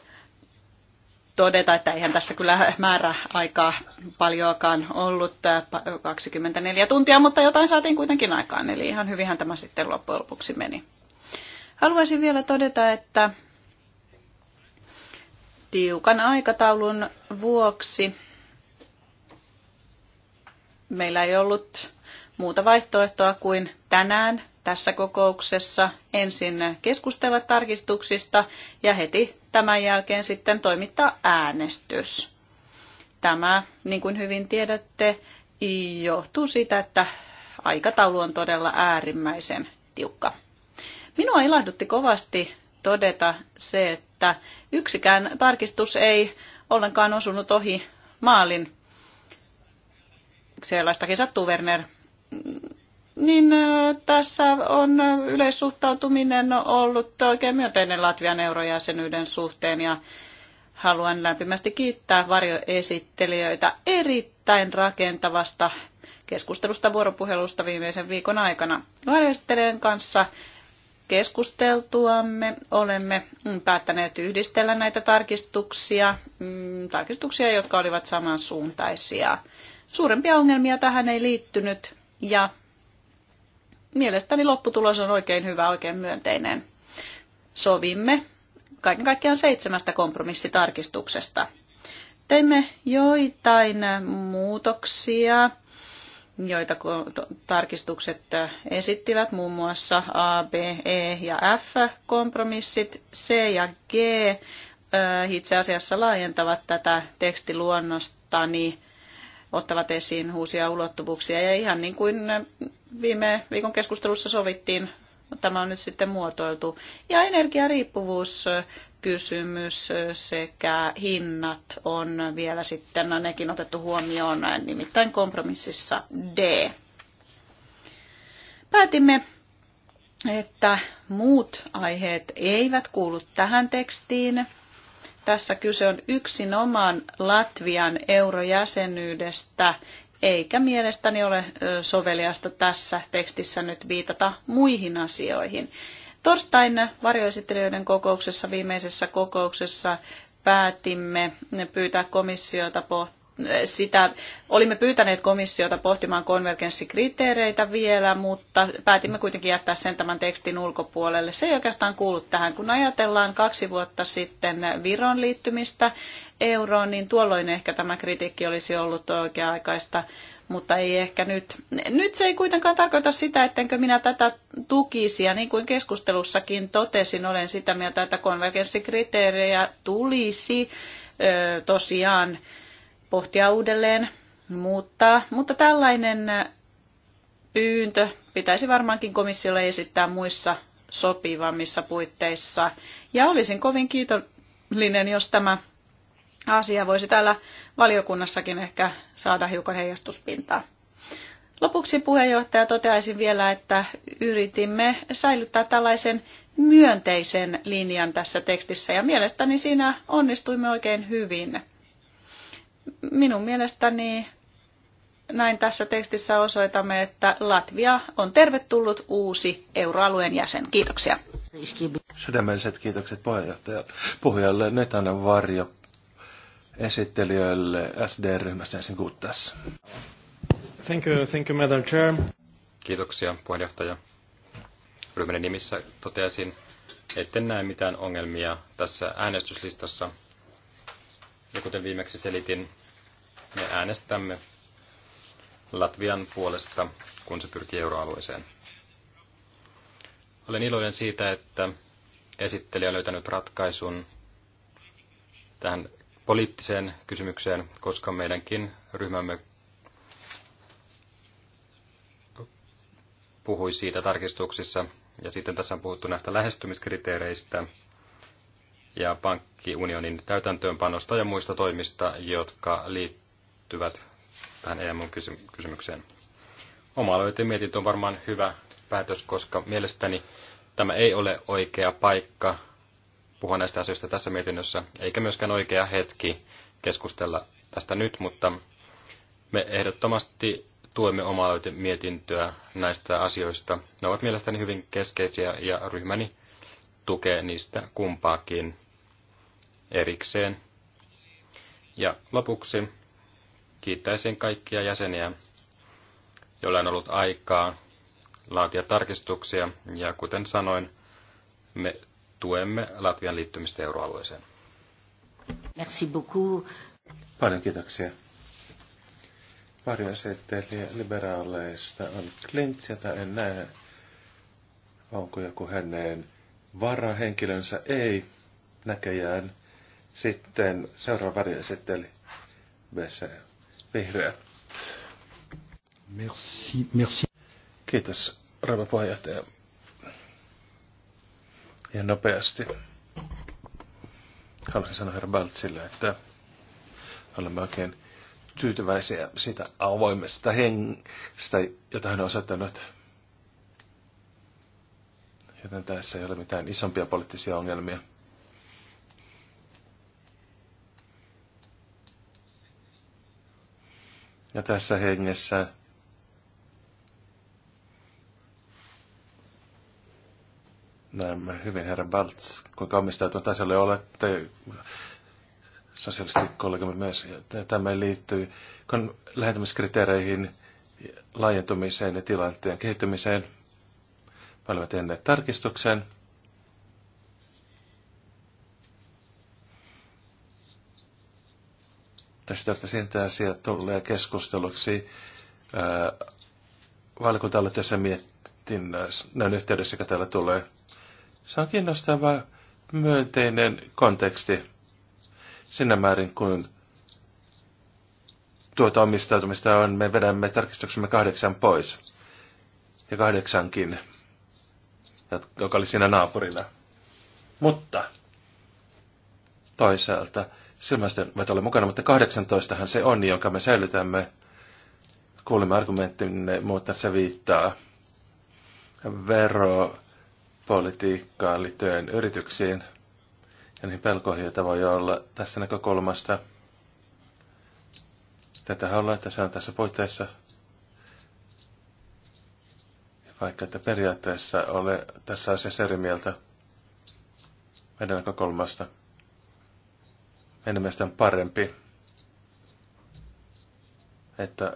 todeta, että eihän tässä kyllä määrä aikaa paljoakaan ollut, 24 tuntia, mutta jotain saatiin kuitenkin aikaan, eli ihan hyvinhän tämä sitten loppujen lopuksi meni. Haluaisin vielä todeta, että tiukan aikataulun vuoksi meillä ei ollut muuta vaihtoehtoa kuin tänään tässä kokouksessa ensin keskustella tarkistuksista ja heti tämän jälkeen sitten toimittaa äänestys. Tämä, niin kuin hyvin tiedätte, johtuu siitä, että aikataulu on todella äärimmäisen tiukka. Minua ilahdutti kovasti todeta se, että yksikään tarkistus ei ollenkaan osunut ohi maalin sellaistakin sattuu Werner, niin äh, tässä on äh, yleissuhtautuminen ollut oikein myönteinen Latvian eurojäsenyyden suhteen ja haluan lämpimästi kiittää varjoesittelijöitä erittäin rakentavasta keskustelusta vuoropuhelusta viimeisen viikon aikana. Varjoesittelijöiden kanssa keskusteltuamme olemme mm, päättäneet yhdistellä näitä tarkistuksia, mm, tarkistuksia, jotka olivat samansuuntaisia. suuntaisia Suurempia ongelmia tähän ei liittynyt ja mielestäni lopputulos on oikein hyvä, oikein myönteinen. Sovimme kaiken kaikkiaan seitsemästä kompromissitarkistuksesta. Teimme joitain muutoksia, joita tarkistukset esittivät, muun muassa A, B, E ja F kompromissit, C ja G itse asiassa laajentavat tätä tekstiluonnostani ottavat esiin uusia ulottuvuuksia. Ja ihan niin kuin viime viikon keskustelussa sovittiin, tämä on nyt sitten muotoiltu. Ja energiariippuvuuskysymys sekä hinnat on vielä sitten nekin otettu huomioon, nimittäin kompromississa D. Päätimme että muut aiheet eivät kuulu tähän tekstiin, tässä kyse on yksinomaan Latvian eurojäsenyydestä, eikä mielestäni ole soveliasta tässä tekstissä nyt viitata muihin asioihin. Torstain varjoesittelijöiden kokouksessa, viimeisessä kokouksessa, päätimme pyytää komissiota pohtimaan, sitä olimme pyytäneet komissiota pohtimaan konvergenssikriteereitä vielä, mutta päätimme kuitenkin jättää sen tämän tekstin ulkopuolelle. Se ei oikeastaan kuulu tähän. Kun ajatellaan kaksi vuotta sitten Viron liittymistä euroon, niin tuolloin ehkä tämä kritiikki olisi ollut oikea-aikaista, mutta ei ehkä nyt. Nyt se ei kuitenkaan tarkoita sitä, ettenkö minä tätä tukisi, ja niin kuin keskustelussakin totesin, olen sitä mieltä, että konvergenssikriteerejä tulisi tosiaan pohtia uudelleen, muuttaa. Mutta tällainen pyyntö pitäisi varmaankin komissiolle esittää muissa sopivammissa puitteissa. Ja olisin kovin kiitollinen, jos tämä asia voisi täällä valiokunnassakin ehkä saada hiukan heijastuspintaa. Lopuksi puheenjohtaja toteaisin vielä, että yritimme säilyttää tällaisen myönteisen linjan tässä tekstissä ja mielestäni siinä onnistuimme oikein hyvin minun mielestäni näin tässä tekstissä osoitamme, että Latvia on tervetullut uusi euroalueen jäsen. Kiitoksia. Sydämelliset kiitokset puheenjohtajalle puhujalle Netanen Varjo esittelijöille SD-ryhmästä ensin Guttas. Thank you, thank you, Madam Chair. Kiitoksia puheenjohtaja. Ryhmän nimissä toteaisin, etten näe mitään ongelmia tässä äänestyslistassa, ja kuten viimeksi selitin, me äänestämme Latvian puolesta, kun se pyrkii euroalueeseen. Olen iloinen siitä, että esittelijä on löytänyt ratkaisun tähän poliittiseen kysymykseen, koska meidänkin ryhmämme puhui siitä tarkistuksissa. Ja sitten tässä on puhuttu näistä lähestymiskriteereistä ja pankkiunionin täytäntöönpanosta ja muista toimista, jotka liittyvät tähän emu kysymykseen. Oma mietintö on varmaan hyvä päätös, koska mielestäni tämä ei ole oikea paikka puhua näistä asioista tässä mietinnössä, eikä myöskään oikea hetki keskustella tästä nyt, mutta me ehdottomasti tuemme oma mietintöä näistä asioista. Ne ovat mielestäni hyvin keskeisiä ja ryhmäni tukee niistä kumpaakin erikseen. Ja lopuksi kiittäisin kaikkia jäseniä, joilla on ollut aikaa laatia tarkistuksia, ja kuten sanoin, me tuemme Latvian liittymistä euroalueeseen. Merci beaucoup. Paljon kiitoksia. Varjoasettelijä liberaaleista on Klintz, jota en näe. Onko joku hänen varahenkilönsä? Ei, näköjään. Sitten seuraava esitteli myös Vihreät. Merci, merci. Kiitos, rouva puheenjohtaja. Ja nopeasti. Haluaisin sanoa herra Baltzille, että olemme oikein tyytyväisiä sitä avoimesta hengestä, jota hän on osoittanut. Joten tässä ei ole mitään isompia poliittisia ongelmia. Ja tässä hengessä näemme hyvin herra Baltz, kuinka omistautunut asialle olette sosiaalisesti kollegamme myös. Tämä liittyy kun lähentämiskriteereihin, laajentumiseen ja tilanteen kehittymiseen. Me olemme tehneet tarkistuksen. Tästä siitä asiaa tulee keskusteluksi valiokunta-aloitteessa näin yhteydessä, joka täällä tulee. Se on kiinnostava myönteinen konteksti sinä määrin, kun tuota omistautumista on, me vedämme tarkistuksemme kahdeksan pois. Ja kahdeksankin, joka oli siinä naapurina. Mutta toisaalta silmästä me ole mukana, mutta 18 hän se on, jonka me säilytämme. Kuulemme argumenttinne, mutta se viittaa veropolitiikkaan liittyen yrityksiin ja niihin pelkoihin, joita voi olla tässä näkökulmasta. Tätä ollaan, että se on tässä puitteissa. Vaikka että periaatteessa ole tässä asiassa eri mieltä meidän näkökulmasta meidän mielestä parempi, että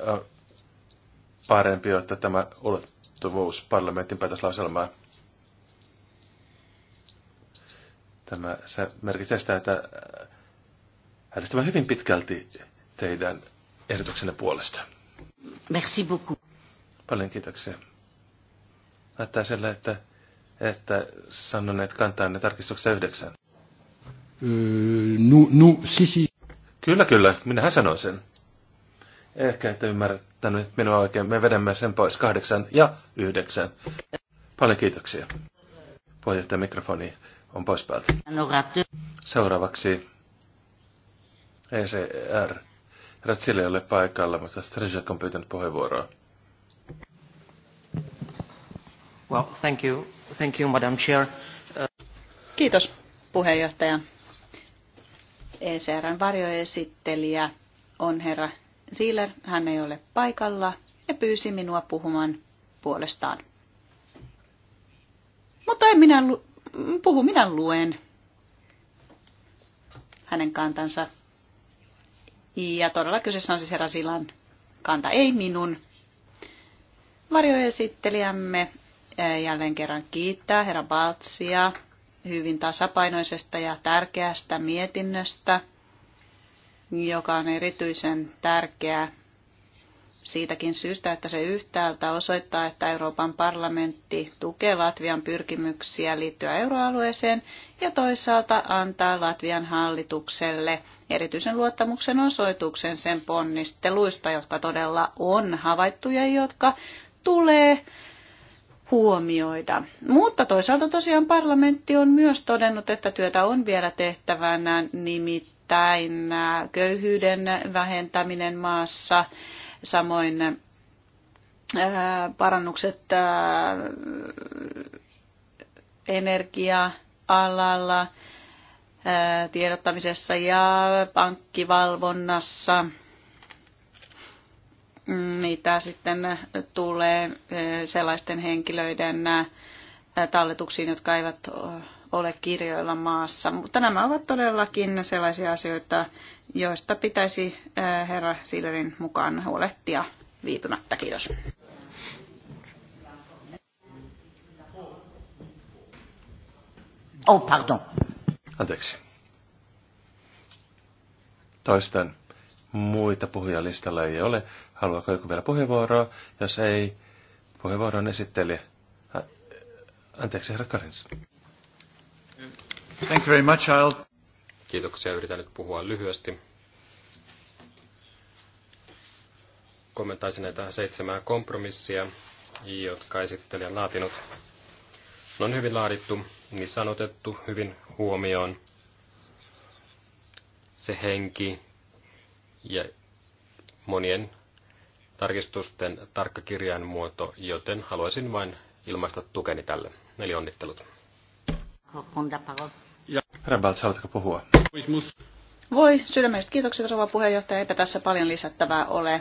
parempi, että tämä ulottuvuus parlamentin päätöslauselmaa. Tämä se merkitsee sitä, että äänestämme hyvin pitkälti teidän ehdotuksenne puolesta. Merci beaucoup. Paljon kiitoksia. Näyttää sille, että, että sanoneet kantaa ne tarkistuksessa yhdeksän. Öö, nu, nu, si. Kyllä, kyllä. Minähän sanoin sen. Ehkä ette ymmärtänyt minua oikein. Me vedämme sen pois kahdeksan ja yhdeksän. Paljon kiitoksia. Puheenjohtajan mikrofoni on pois päältä. Seuraavaksi ECR. Ratsille ei ole paikalla, mutta Strzyk on pyytänyt puheenvuoroa. Well, thank you. Thank you, Madam Chair. Uh... Kiitos, puheenjohtaja. ECRn varjoesittelijä on herra Ziller. Hän ei ole paikalla ja pyysi minua puhumaan puolestaan. Mutta en minä lu- puhu, minä luen hänen kantansa. Ja todella kyseessä on siis herra Silan kanta, ei minun. Varjoesittelijämme eh, jälleen kerran kiittää herra Baltsia hyvin tasapainoisesta ja tärkeästä mietinnöstä, joka on erityisen tärkeä siitäkin syystä, että se yhtäältä osoittaa, että Euroopan parlamentti tukee Latvian pyrkimyksiä liittyä euroalueeseen ja toisaalta antaa Latvian hallitukselle erityisen luottamuksen osoituksen sen ponnisteluista, jotka todella on havaittu ja jotka tulee huomioida. Mutta toisaalta tosiaan parlamentti on myös todennut, että työtä on vielä tehtävänä, nimittäin köyhyyden vähentäminen maassa, samoin parannukset energia-alalla, tiedottamisessa ja pankkivalvonnassa – mitä sitten tulee sellaisten henkilöiden talletuksiin, jotka eivät ole kirjoilla maassa. Mutta nämä ovat todellakin sellaisia asioita, joista pitäisi herra Sillerin mukaan huolehtia viipymättä. Kiitos. Oh, pardon. Anteeksi. Toistan. Muita puhujalistalla ei ole. Haluaako joku vielä puheenvuoroa? Jos ei, puheenvuoron esittelijä. Anteeksi, herra Karins. Thank you very much, I'll... Kiitoksia, yritän nyt puhua lyhyesti. Kommentaisin näitä seitsemää kompromissia, jotka esittelijä laatinut. Ne on hyvin laadittu, niissä on otettu hyvin huomioon se henki, ja monien tarkistusten tarkka kirjainmuoto, joten haluaisin vain ilmaista tukeni tälle. Eli onnittelut. Herra haluatko puhua? Voi, sydämestä kiitokset rouva puheenjohtaja. Eipä tässä paljon lisättävää ole.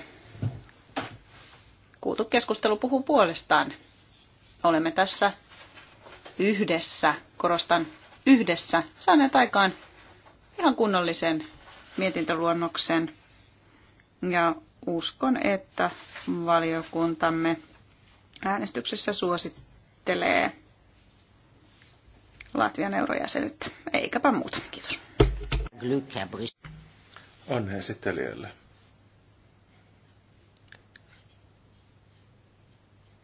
Kuultu keskustelu puhuu puolestaan. Olemme tässä yhdessä, korostan yhdessä, saaneet aikaan ihan kunnollisen mietintöluonnoksen. Ja uskon, että valiokuntamme äänestyksessä suosittelee Latvian eurojäsenyyttä. Eikäpä muuta. Kiitos. Onnea esittelijälle.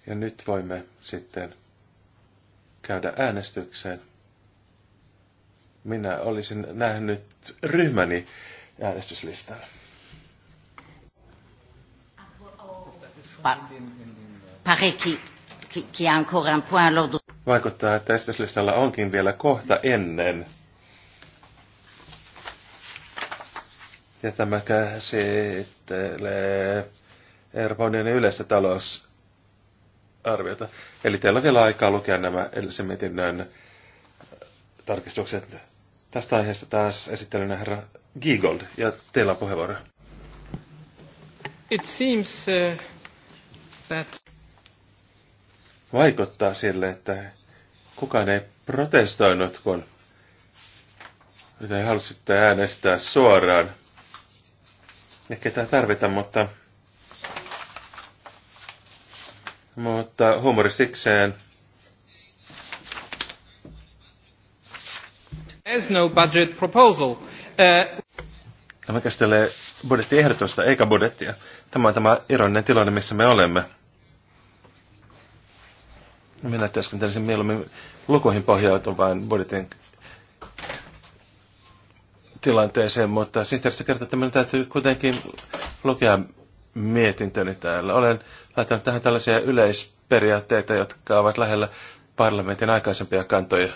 Ja nyt voimme sitten käydä äänestykseen. Minä olisin nähnyt ryhmäni äänestyslistalla. qui a encore un point Vaikuttaa, että esityslistalla onkin vielä kohta ennen. Ja tämä käsittelee Euroopan unionin yleistä talousarviota. Eli teillä on vielä aikaa lukea nämä edellisen mietinnön tarkistukset. Tästä aiheesta taas esittelynä herra Giegold, ja teillä on puheenvuoro. It seems uh, that... Vaikuttaa sille, että kukaan ei protestoinut, kun te halusitte äänestää suoraan. Ehkä tämä tarvita, mutta... Mutta huumori sikseen. There's no budget proposal. Uh... Tämä käsittelee budjettiehdotusta eikä budjettia. Tämä on tämä ironinen tilanne, missä me olemme. Minä työskentelisin mieluummin lukuihin pohjautuvan budjetin tilanteeseen, mutta sihteeristä kertoo, että minun täytyy kuitenkin lukea mietintöni täällä. Olen laittanut tähän tällaisia yleisperiaatteita, jotka ovat lähellä parlamentin aikaisempia kantoja.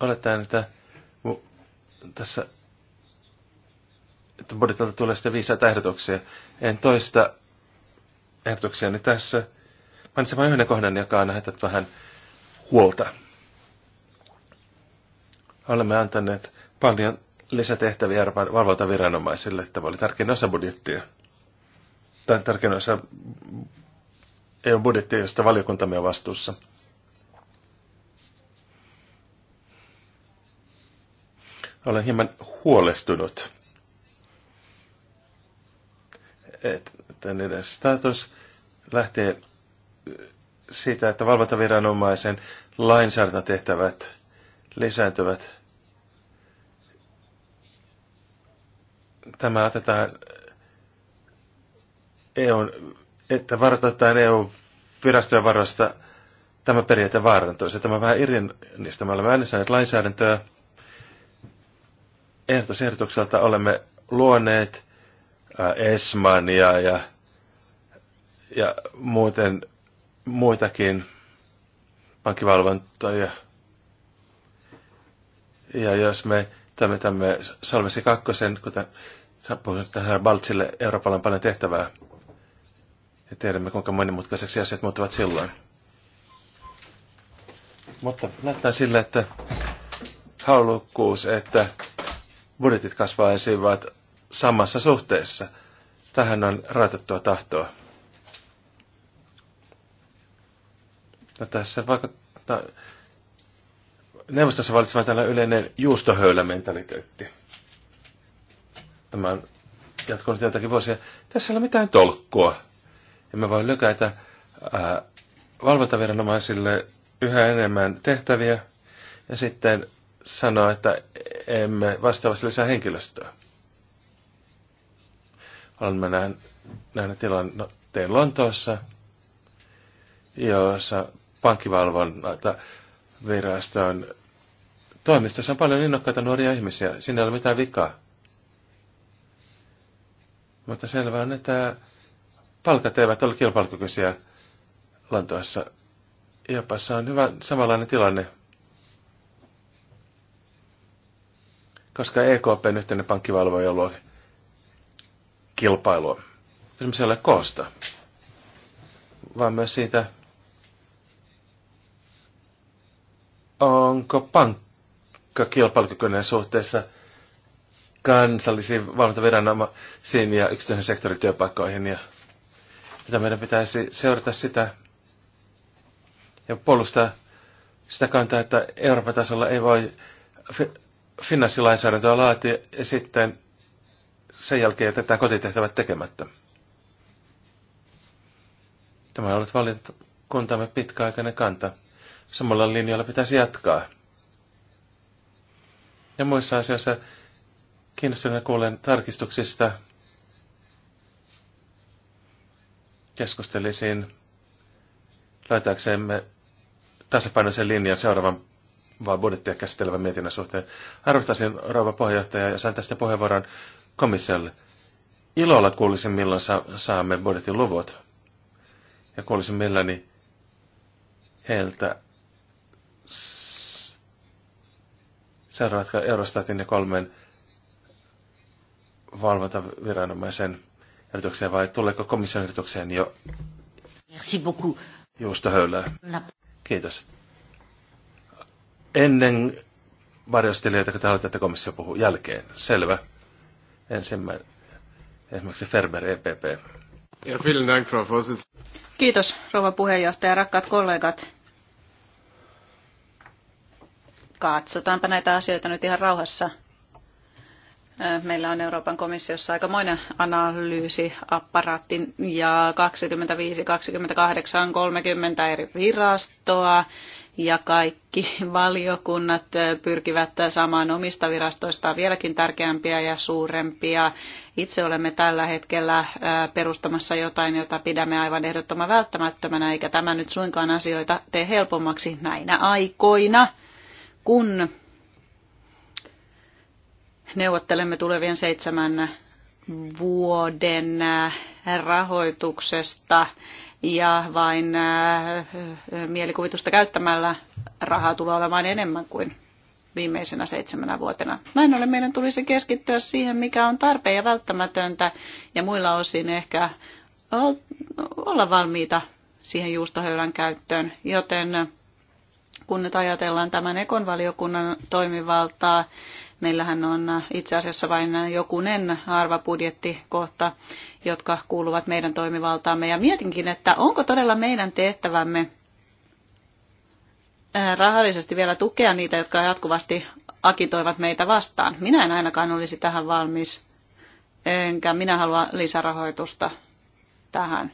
Oletetaan, että tässä että budjetilta tulee sitten viisaita ehdotuksia. En toista ehdotuksiani niin tässä. Mainitsen vain yhden kohdan, joka on lähetetty vähän huolta. Olemme antaneet paljon lisätehtäviä valvontaviranomaisille. Tämä oli tärkein osa budjettia. Tämä on tärkein osa EU-budjettia, josta valiokuntamme on vastuussa. Olen hieman huolestunut että niiden status lähtee siitä, että valvontaviranomaisen lainsäädäntötehtävät lisääntyvät. Tämä otetaan EU, että varoitetaan EU-virastojen varoista tämä periaate Se Tämä vähän irinistämällä me olemme lainsäädäntöä. Ehdotusehdotukselta olemme luoneet Äh, Esmania ja, ja muuten muitakin pankkivalvontoja. Ja jos me tämmöitämme salmesi kakkosen, kuten puhuin tähän Baltsille, Euroopalla on paljon tehtävää. Ja tiedämme, kuinka monimutkaiseksi asiat muuttuvat silloin. Mutta näyttää sillä, että halukkuus, että budjetit kasvaisivat, samassa suhteessa. Tähän on raitettua tahtoa. No tässä vaikuttaa neuvostossa valitsema tällainen yleinen juustohöylämentaliteetti. Tämä on jatkunut joitakin vuosia. Tässä ei ole mitään tolkkua. Emme voi lykätä ää, valvontaviranomaisille yhä enemmän tehtäviä ja sitten sanoa, että emme vastaavasti lisää henkilöstöä näen nähneet tilanteen no, Lontoossa, jossa pankkivalvonta viraston toimistossa on paljon innokkaita nuoria ihmisiä. Siinä ei ole mitään vikaa. Mutta selvää on, että palkat eivät ole kilpailukykyisiä Lontoossa. Japassa on hyvä samanlainen tilanne. Koska EKP yhteinen pankkivalvoja luo kilpailua. Kysymys ei ole koosta, vaan myös siitä, onko pankka kilpailukykyinen suhteessa kansallisiin valvontaviranomaisiin ja yksityisen sektorin työpaikkoihin. Ja tätä meidän pitäisi seurata sitä ja puolustaa sitä kantaa, että Euroopan tasolla ei voi fi- finanssilainsäädäntöä laatia ja sitten sen jälkeen jätetään kotitehtävät tekemättä. Tämä on ollut valintakuntamme pitkäaikainen kanta. Samalla linjalla pitäisi jatkaa. Ja muissa asioissa kiinnostuneena kuulen tarkistuksista. Keskustelisin laitaaksemme tasapainoisen linjan seuraavan vaan budjettia käsittelevän mietinnän suhteen. Arvostaisin rouva puheenjohtaja ja sain tästä puheenvuoron komissiolle. Ilolla kuulisin, milloin sa- saamme budjetin luvut. Ja kuulisin milläni heiltä seuraavatko Eurostatin ja kolmen valvontaviranomaisen erityksiä vai tuleeko komission ehdotukseen jo Merci beaucoup. No. Kiitos. Ennen varjostelijoita, kun te haluatte, että komissio puhuu jälkeen. Selvä. Ensimmäinen, esimerkiksi Ferber EPP. Ja vielen Dank, Frau Kiitos, rouva puheenjohtaja, rakkaat kollegat. Katsotaanpa näitä asioita nyt ihan rauhassa. Äh, meillä on Euroopan komissiossa aikamoinen analyysiapparaatti ja 25, 28, 30 eri virastoa ja kaikki valiokunnat pyrkivät saamaan omista virastoista vieläkin tärkeämpiä ja suurempia. Itse olemme tällä hetkellä perustamassa jotain, jota pidämme aivan ehdottoman välttämättömänä, eikä tämä nyt suinkaan asioita tee helpommaksi näinä aikoina, kun neuvottelemme tulevien seitsemän vuoden rahoituksesta ja vain äh, mielikuvitusta käyttämällä rahaa tulee olemaan enemmän kuin viimeisenä seitsemänä vuotena. Näin ollen meidän tulisi keskittyä siihen, mikä on tarpeen ja välttämätöntä ja muilla osin ehkä olla valmiita siihen juustohöylän käyttöön, joten kun nyt ajatellaan tämän ekonvaliokunnan toimivaltaa, Meillähän on äh, itse asiassa vain äh, jokunen arvabudjettikohta, jotka kuuluvat meidän toimivaltaamme. Ja mietinkin, että onko todella meidän tehtävämme äh, rahallisesti vielä tukea niitä, jotka jatkuvasti akitoivat meitä vastaan. Minä en ainakaan olisi tähän valmis, enkä minä halua lisärahoitusta tähän.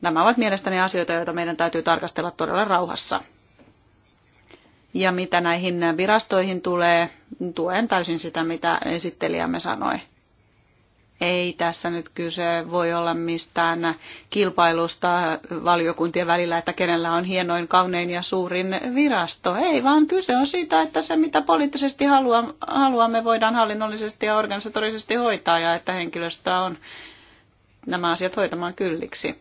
Nämä ovat mielestäni asioita, joita meidän täytyy tarkastella todella rauhassa. Ja mitä näihin virastoihin tulee, tuen täysin sitä, mitä esittelijämme sanoi. Ei tässä nyt kyse voi olla mistään kilpailusta valiokuntien välillä, että kenellä on hienoin, kaunein ja suurin virasto. Ei, vaan kyse on siitä, että se mitä poliittisesti haluamme voidaan hallinnollisesti ja organisatorisesti hoitaa ja että henkilöstöä on nämä asiat hoitamaan kylliksi.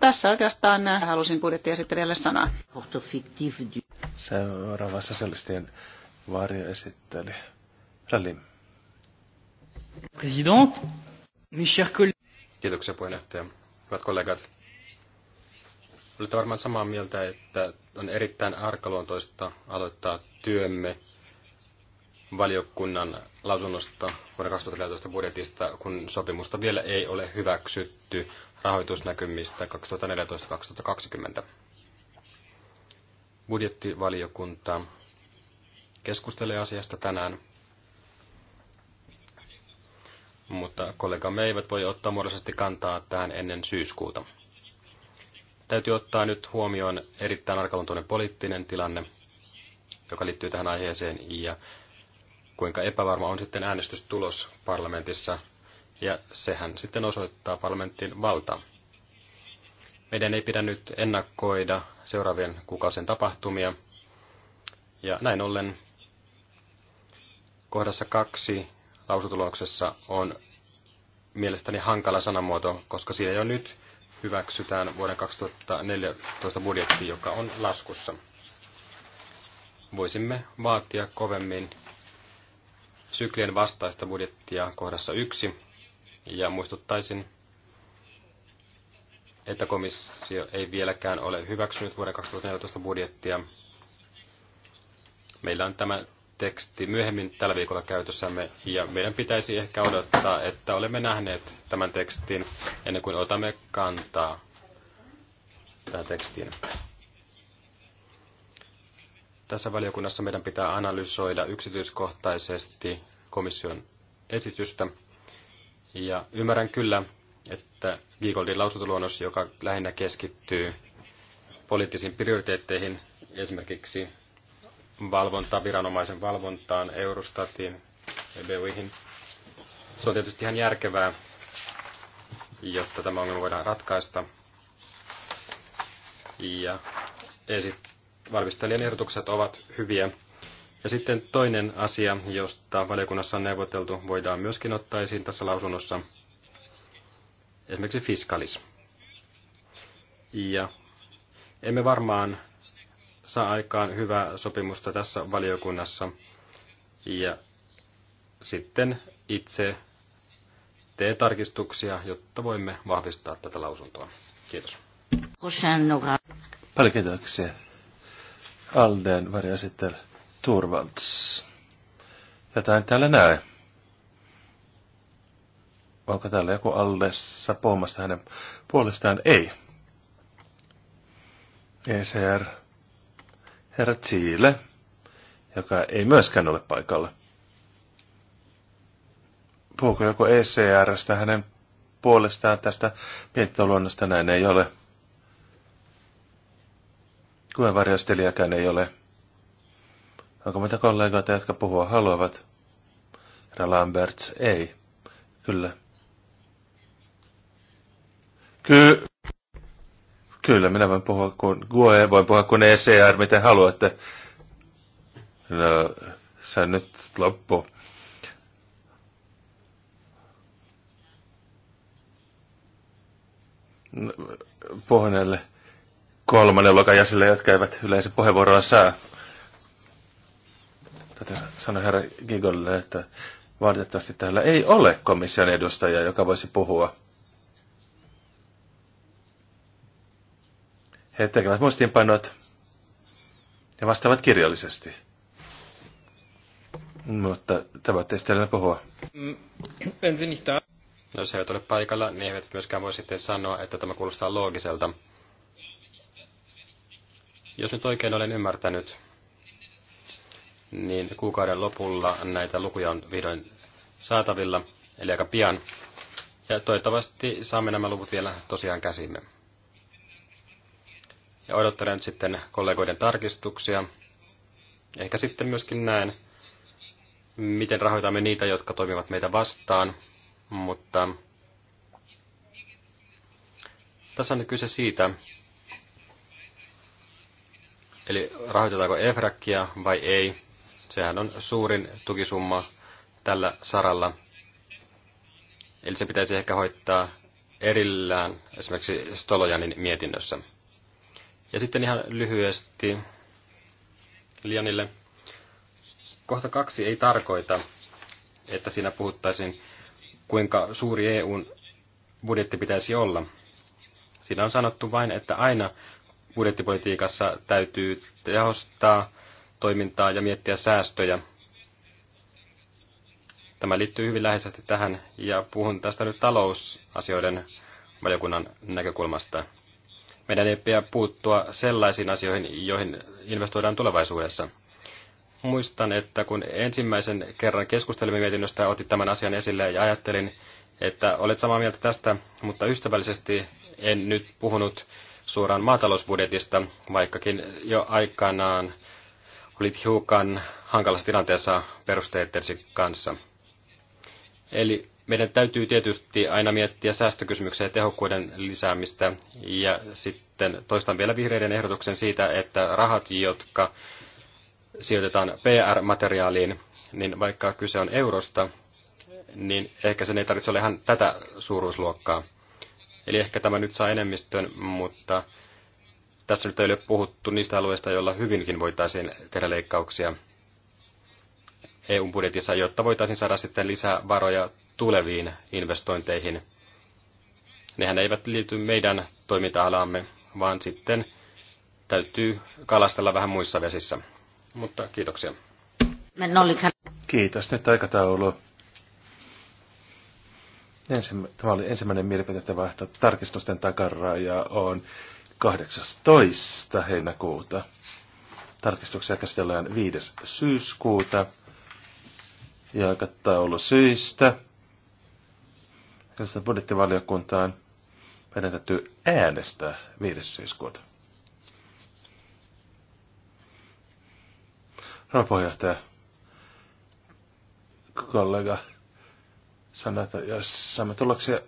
Tässä oikeastaan halusin budjettiesittelijälle sanoa. Seuraava sosialistien esitteli. Rally. President, mes chers collègues. Kiitoksia puheenjohtaja. Hyvät kollegat. Olette varmaan samaa mieltä, että on erittäin arkaluontoista aloittaa työmme valiokunnan lausunnosta vuonna 2014 budjetista, kun sopimusta vielä ei ole hyväksytty rahoitusnäkymistä 2014-2020. Budjettivaliokunta keskustelee asiasta tänään, mutta kollegamme eivät voi ottaa muodollisesti kantaa tähän ennen syyskuuta. Täytyy ottaa nyt huomioon erittäin arkaluontoinen poliittinen tilanne, joka liittyy tähän aiheeseen, ja kuinka epävarma on sitten äänestystulos parlamentissa, ja sehän sitten osoittaa parlamentin valtaa. Meidän ei pidä nyt ennakoida seuraavien kuukausien tapahtumia. Ja näin ollen kohdassa kaksi lausutuloksessa on mielestäni hankala sanamuoto, koska siinä jo nyt hyväksytään vuoden 2014 budjetti, joka on laskussa. Voisimme vaatia kovemmin syklien vastaista budjettia kohdassa yksi, ja muistuttaisin, että komissio ei vieläkään ole hyväksynyt vuoden 2014 budjettia. Meillä on tämä teksti myöhemmin tällä viikolla käytössämme, ja meidän pitäisi ehkä odottaa, että olemme nähneet tämän tekstin ennen kuin otamme kantaa tähän tekstiin. Tässä valiokunnassa meidän pitää analysoida yksityiskohtaisesti komission esitystä, ja ymmärrän kyllä, että Giegoldin lausuntoluonnos, joka lähinnä keskittyy poliittisiin prioriteetteihin, esimerkiksi valvonta, viranomaisen valvontaan, Eurostatiin, EBUihin. Se on tietysti ihan järkevää, jotta tämä ongelma voidaan ratkaista. Ja esit- valmistelijan ehdotukset ovat hyviä. Ja sitten toinen asia, josta valiokunnassa on neuvoteltu, voidaan myöskin ottaa esiin tässä lausunnossa – esimerkiksi fiskalismi. Ja emme varmaan saa aikaan hyvää sopimusta tässä valiokunnassa. Ja sitten itse tee tarkistuksia, jotta voimme vahvistaa tätä lausuntoa. Kiitos. Paljon kiitoksia. Alden sitten Turvalds. Jotain täällä näe. Onko täällä joku allessa pommasta hänen puolestaan? Ei. ECR. Herra Ziele, joka ei myöskään ole paikalla. Puhuuko joku ECRstä hänen puolestaan tästä mietintöluonnosta? Näin ei ole. Kuen varjastelijakään ei ole. Onko mitä kollegoita, jotka puhua haluavat? Herra Lamberts, ei. Kyllä. Ky- Kyllä, minä voin puhua kun GUE, voin puhua kun ECR, miten haluatte. No, se nyt loppu. No, kolmannen luokan jäsenille, jotka eivät yleensä puheenvuoroa saa. Tätä sanoi herra Gigolle, että valitettavasti täällä ei ole komission edustajaa, joka voisi puhua. He tekevät muistiinpanot ja vastaavat kirjallisesti. Mutta tavoitteista teille puhua. En sinistä. No, jos he eivät ole paikalla, niin he eivät myöskään voi sitten sanoa, että tämä kuulostaa loogiselta. Jos nyt oikein olen ymmärtänyt, niin kuukauden lopulla näitä lukuja on vihdoin saatavilla, eli aika pian. Ja toivottavasti saamme nämä luvut vielä tosiaan käsimme ja odottelen nyt sitten kollegoiden tarkistuksia. Ehkä sitten myöskin näen, miten rahoitamme niitä, jotka toimivat meitä vastaan, mutta tässä on kyse siitä, eli rahoitetaanko EFRAKia vai ei. Sehän on suurin tukisumma tällä saralla. Eli se pitäisi ehkä hoitaa erillään esimerkiksi Stolojanin mietinnössä. Ja sitten ihan lyhyesti Lianille. Kohta kaksi ei tarkoita, että siinä puhuttaisiin, kuinka suuri EUn budjetti pitäisi olla. Siinä on sanottu vain, että aina budjettipolitiikassa täytyy tehostaa toimintaa ja miettiä säästöjä. Tämä liittyy hyvin läheisesti tähän ja puhun tästä nyt talousasioiden valiokunnan näkökulmasta. Meidän ei pidä puuttua sellaisiin asioihin, joihin investoidaan tulevaisuudessa. Muistan, että kun ensimmäisen kerran keskustelimme mietinnöstä, otit tämän asian esille ja ajattelin, että olet samaa mieltä tästä, mutta ystävällisesti en nyt puhunut suoraan maatalousbudjetista, vaikkakin jo aikanaan olit hiukan hankalassa tilanteessa perusteittensi kanssa. Eli meidän täytyy tietysti aina miettiä säästökysymyksiä ja tehokkuuden lisäämistä. Ja sitten toistan vielä vihreiden ehdotuksen siitä, että rahat, jotka sijoitetaan PR-materiaaliin, niin vaikka kyse on eurosta, niin ehkä sen ei tarvitse olla ihan tätä suuruusluokkaa. Eli ehkä tämä nyt saa enemmistön, mutta tässä nyt ei ole puhuttu niistä alueista, joilla hyvinkin voitaisiin tehdä leikkauksia EU-budjetissa, jotta voitaisiin saada sitten lisää varoja tuleviin investointeihin. Nehän eivät liity meidän toiminta-alaamme, vaan sitten täytyy kalastella vähän muissa vesissä. Mutta kiitoksia. Kiitos. Nyt aikataulu. tämä oli ensimmäinen mielipiteettä vaihto. Tarkistusten takaraja on 18. heinäkuuta. Tarkistuksia käsitellään 5. syyskuuta. Ja aikataulu syistä tässä budjettivaliokuntaan. Meidän täytyy äänestää 5. syyskuuta. Rouva puheenjohtaja, kollega sanoi, että jos saamme tuloksia,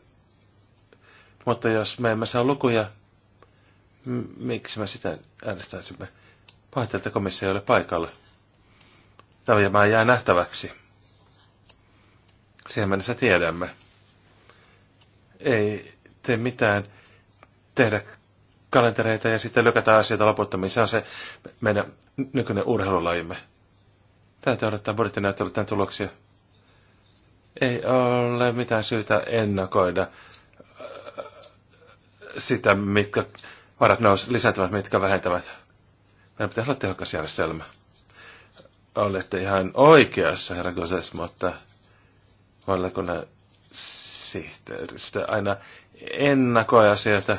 mutta jos me emme saa lukuja, miksi me sitä äänestäisimme? Pahoittelen, että komissio ei ole paikalla. Tämä jää nähtäväksi. Siihen mennessä tiedämme ei tee mitään tehdä kalentereita ja sitten lykätään asioita loputtomiin. Se on se meidän nykyinen urheilulajimme. Täytyy odottaa budjettinäyttelyt tämän tuloksia. Ei ole mitään syytä ennakoida äh, sitä, mitkä varat nous, lisääntyvät, mitkä vähentävät. Meidän pitäisi olla tehokas järjestelmä. Olette ihan oikeassa, herra Gosses, mutta valiokunnan sihteeristä aina ennakoja sieltä.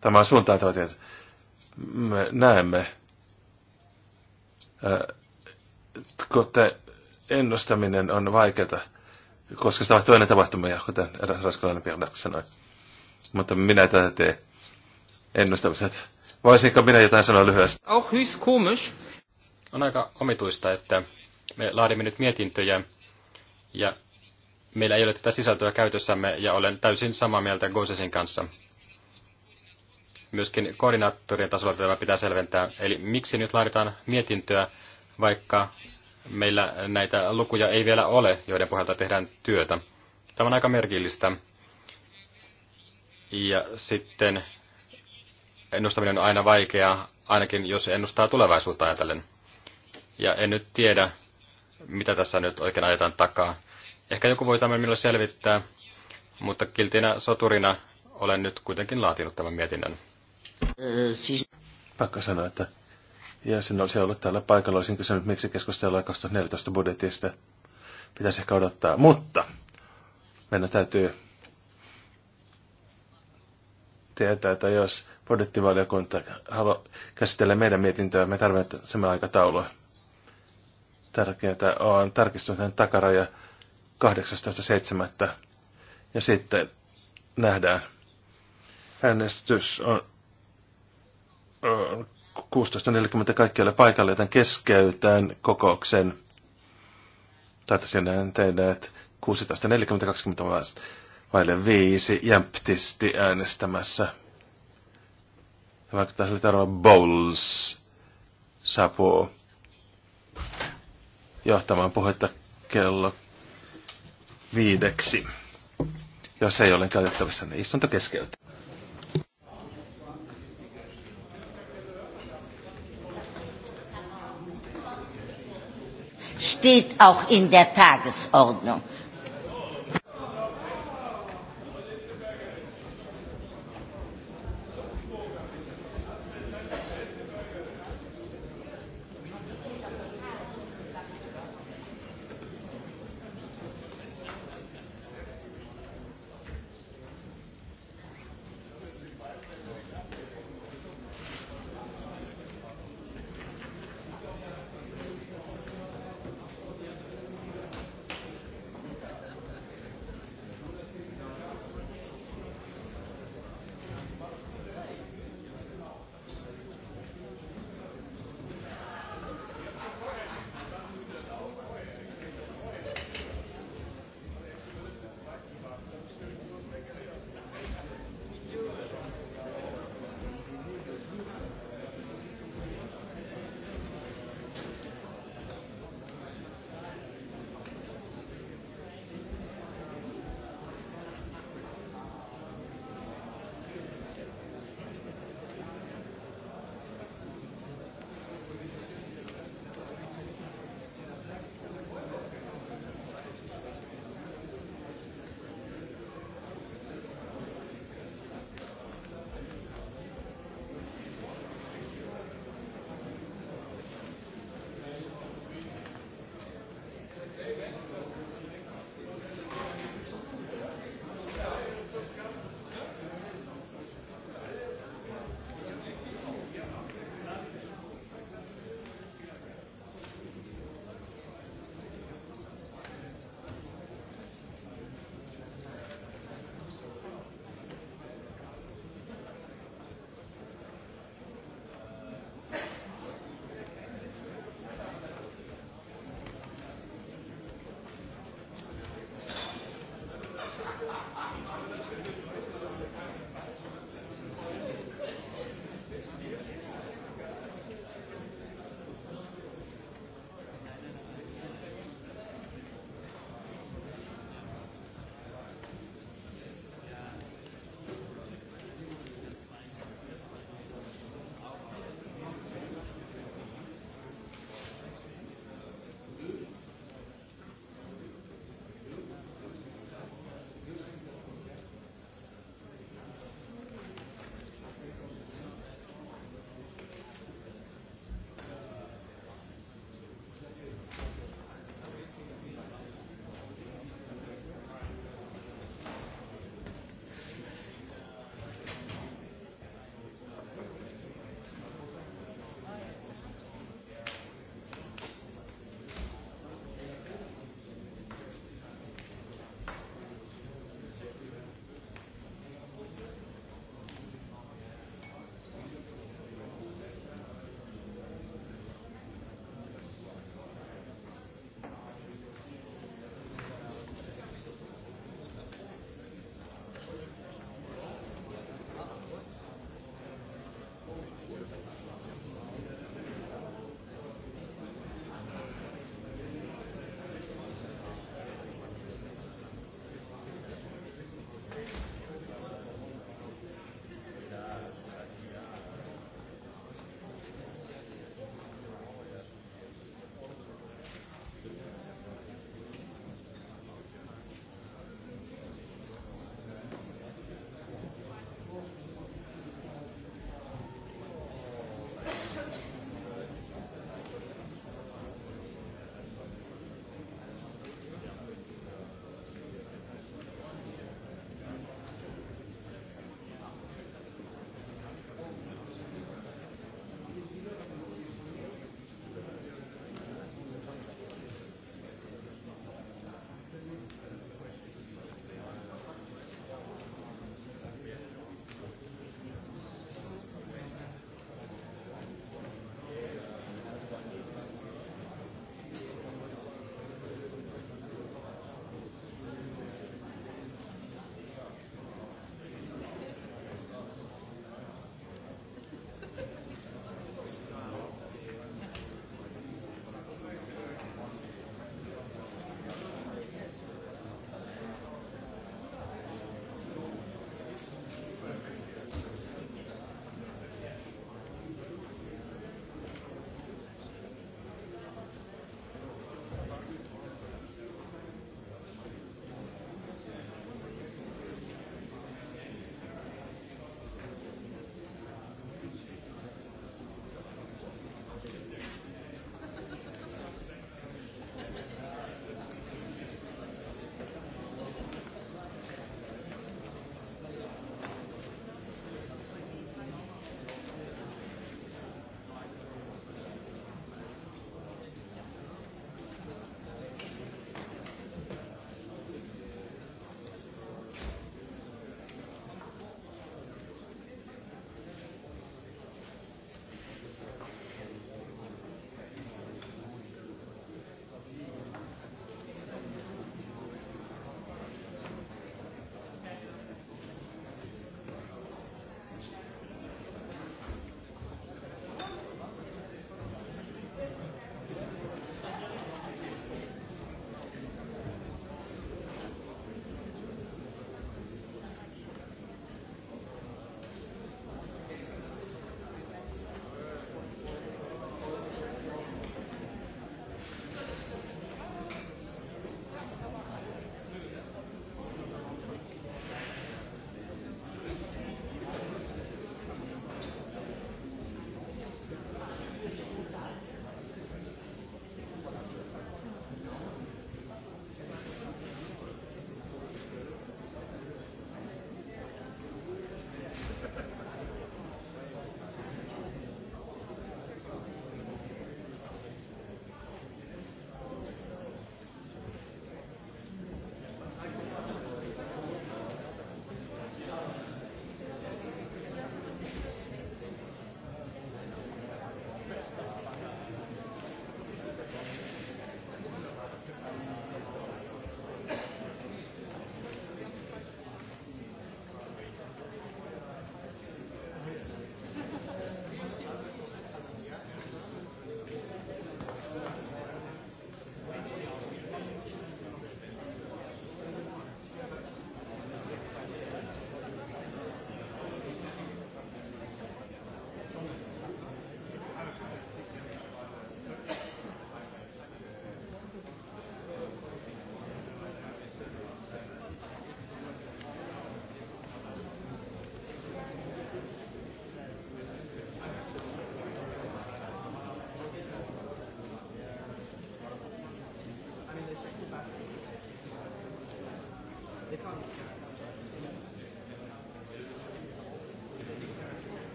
Tämä on suuntautava tieto. Me näemme, kuten ennustaminen on vaikeaa, koska se tapahtuu ennen tapahtumia, kuten eräs raskalainen Pirnak sanoi. Mutta minä tätä tee ennustamiset. Voisinko minä jotain sanoa lyhyesti? Auch On aika omituista, että me laadimme nyt mietintöjä, ja meillä ei ole tätä sisältöä käytössämme, ja olen täysin samaa mieltä Gosesin kanssa. Myöskin koordinaattorien tasolla tämä pitää selventää, eli miksi nyt laaditaan mietintöä, vaikka meillä näitä lukuja ei vielä ole, joiden pohjalta tehdään työtä. Tämä on aika merkillistä. Ja sitten ennustaminen on aina vaikeaa, ainakin jos ennustaa tulevaisuutta ajatellen. Ja en nyt tiedä, mitä tässä nyt oikein ajetaan takaa. Ehkä joku voi tämän minulle selvittää, mutta kiltinä soturina olen nyt kuitenkin laatinut tämän mietinnön. Siis... Pakko sanoa, että jäsen olisi ollut täällä paikalla, olisin kysynyt, miksi keskustellaan 2014 budjetista. Pitäisi ehkä odottaa, mutta meidän täytyy tietää, että jos budjettivaliokunta haluaa käsitellä meidän mietintöä, me tarvitsemme aikataulua. Tärkeää on tarkistuksen takaraja 18.7. Ja sitten nähdään. Äänestys on 16.40 kaikkialle paikalle, joten keskeytään kokouksen. Taitaisin näin tehdä, että 16.40-20 vaille viisi jämptisti äänestämässä. Tämä vaikuttaa siltä olevan Bowles saapuu johtamaan puhetta kello viideksi. Jos ei ole niin käytettävissä, niin istunto keskeytetään. Steht auch in der Tagesordnung.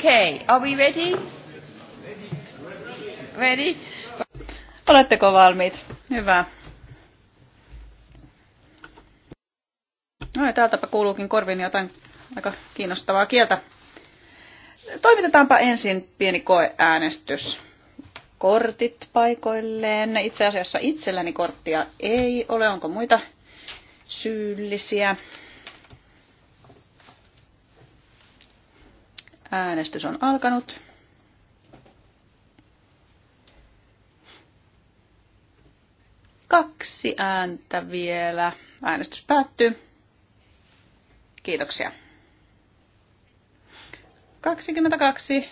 Okay, are we ready? Ready? Oletteko valmiit? Hyvä. No ja täältäpä kuuluukin korviin jotain aika kiinnostavaa kieltä. Toimitetaanpa ensin pieni koeäänestys. Kortit paikoilleen. Itse asiassa itselläni korttia ei ole. Onko muita syyllisiä? Äänestys on alkanut. Kaksi ääntä vielä. Äänestys päättyy. Kiitoksia. 22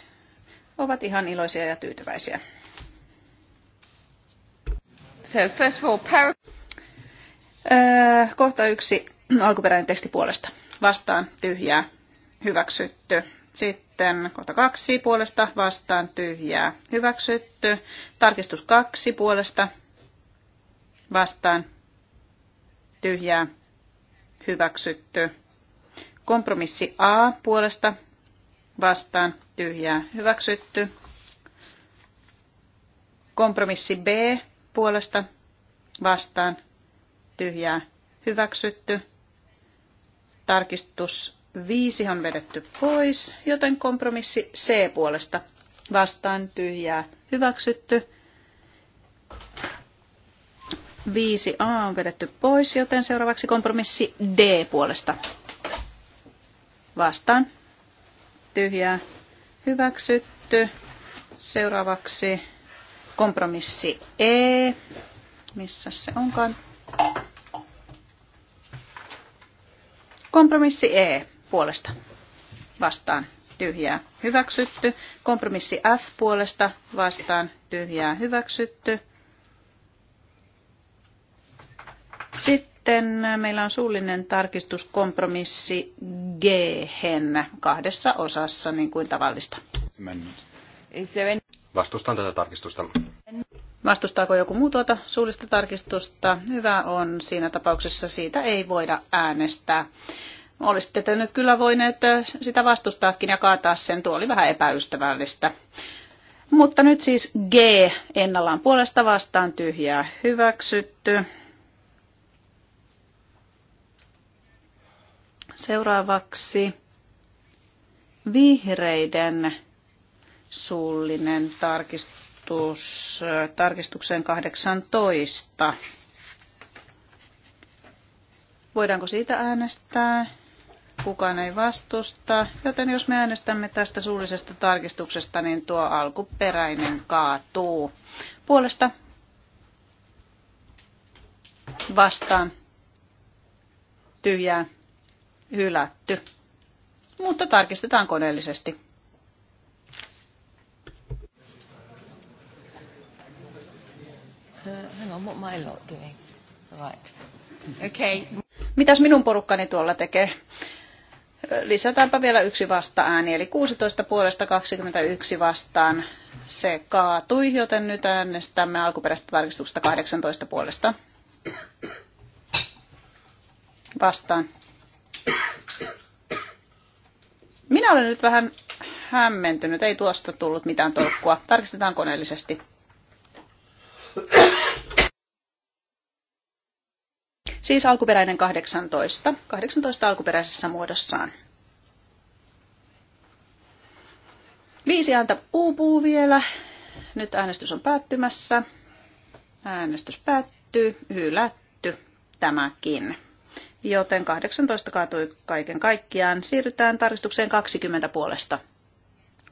ovat ihan iloisia ja tyytyväisiä. So first of all, para- äh, kohta yksi alkuperäinen teksti puolesta. Vastaan tyhjää. Hyväksytty. Sitten kohta kaksi puolesta vastaan tyhjää hyväksytty. Tarkistus kaksi puolesta vastaan tyhjää hyväksytty. Kompromissi A puolesta vastaan tyhjää hyväksytty. Kompromissi B puolesta vastaan tyhjää hyväksytty. Tarkistus Viisi on vedetty pois, joten kompromissi C puolesta vastaan tyhjää hyväksytty. 5a on vedetty pois, joten seuraavaksi kompromissi D puolesta vastaan tyhjää hyväksytty. Seuraavaksi kompromissi E. Missä se onkaan? Kompromissi E puolesta vastaan tyhjää hyväksytty. Kompromissi F puolesta vastaan tyhjää hyväksytty. Sitten meillä on suullinen tarkistuskompromissi G kahdessa osassa, niin kuin tavallista. Vastustan tätä tarkistusta. Vastustaako joku muu tuota suullista tarkistusta? Hyvä on. Siinä tapauksessa siitä ei voida äänestää. Olisitte te nyt kyllä voineet sitä vastustaakin ja kaataa sen. Tuo oli vähän epäystävällistä. Mutta nyt siis G ennallaan puolesta vastaan tyhjää hyväksytty. Seuraavaksi vihreiden suullinen tarkistus tarkistukseen 18. Voidaanko siitä äänestää? kukaan ei vastusta, joten jos me äänestämme tästä suullisesta tarkistuksesta, niin tuo alkuperäinen kaatuu. Puolesta vastaan tyhjää hylätty, mutta tarkistetaan koneellisesti. Äh, Mitäs minun porukkani tuolla tekee? Lisätäänpä vielä yksi vasta-ääni, eli 16 puolesta 21 vastaan. Se kaatui, joten nyt äänestämme alkuperäistä tarkistuksesta 18 puolesta. Vastaan. Minä olen nyt vähän hämmentynyt. Ei tuosta tullut mitään tolkkua. Tarkistetaan koneellisesti. Siis alkuperäinen 18, 18 alkuperäisessä muodossaan. Viisi ääntä uupuu vielä. Nyt äänestys on päättymässä. Äänestys päättyy. Hylätty tämäkin. Joten 18 kaatui kaiken kaikkiaan. Siirrytään tarkistukseen 20 puolesta.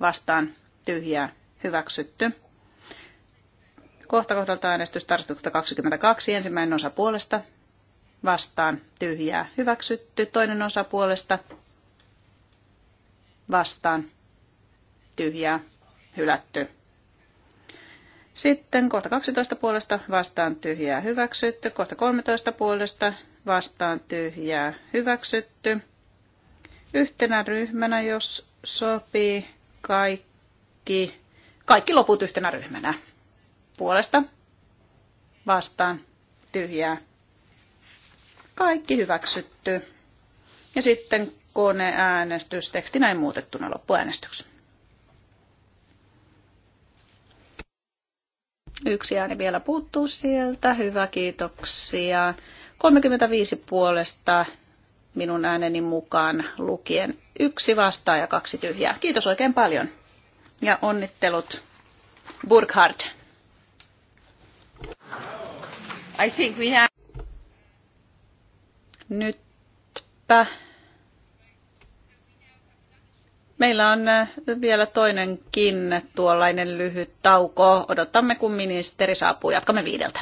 Vastaan tyhjää. Hyväksytty. Kohta kohdalta äänestys tarkistuksesta 22. Ensimmäinen osa puolesta vastaan tyhjää hyväksytty. Toinen osa puolesta vastaan tyhjää hylätty. Sitten kohta 12 puolesta vastaan tyhjää hyväksytty. Kohta 13 puolesta vastaan tyhjää hyväksytty. Yhtenä ryhmänä, jos sopii, kaikki, kaikki loput yhtenä ryhmänä. Puolesta vastaan tyhjää kaikki hyväksytty. Ja sitten koneäänestys, teksti näin muutettuna loppuäänestyksessä. Yksi ääni vielä puuttuu sieltä. Hyvä, kiitoksia. 35 puolesta minun ääneni mukaan lukien yksi vastaa ja kaksi tyhjää. Kiitos oikein paljon ja onnittelut Burkhard. I think we have... Nytpä meillä on äh, vielä toinenkin tuollainen lyhyt tauko. Odotamme, kun ministeri saapuu. Jatkamme viideltä.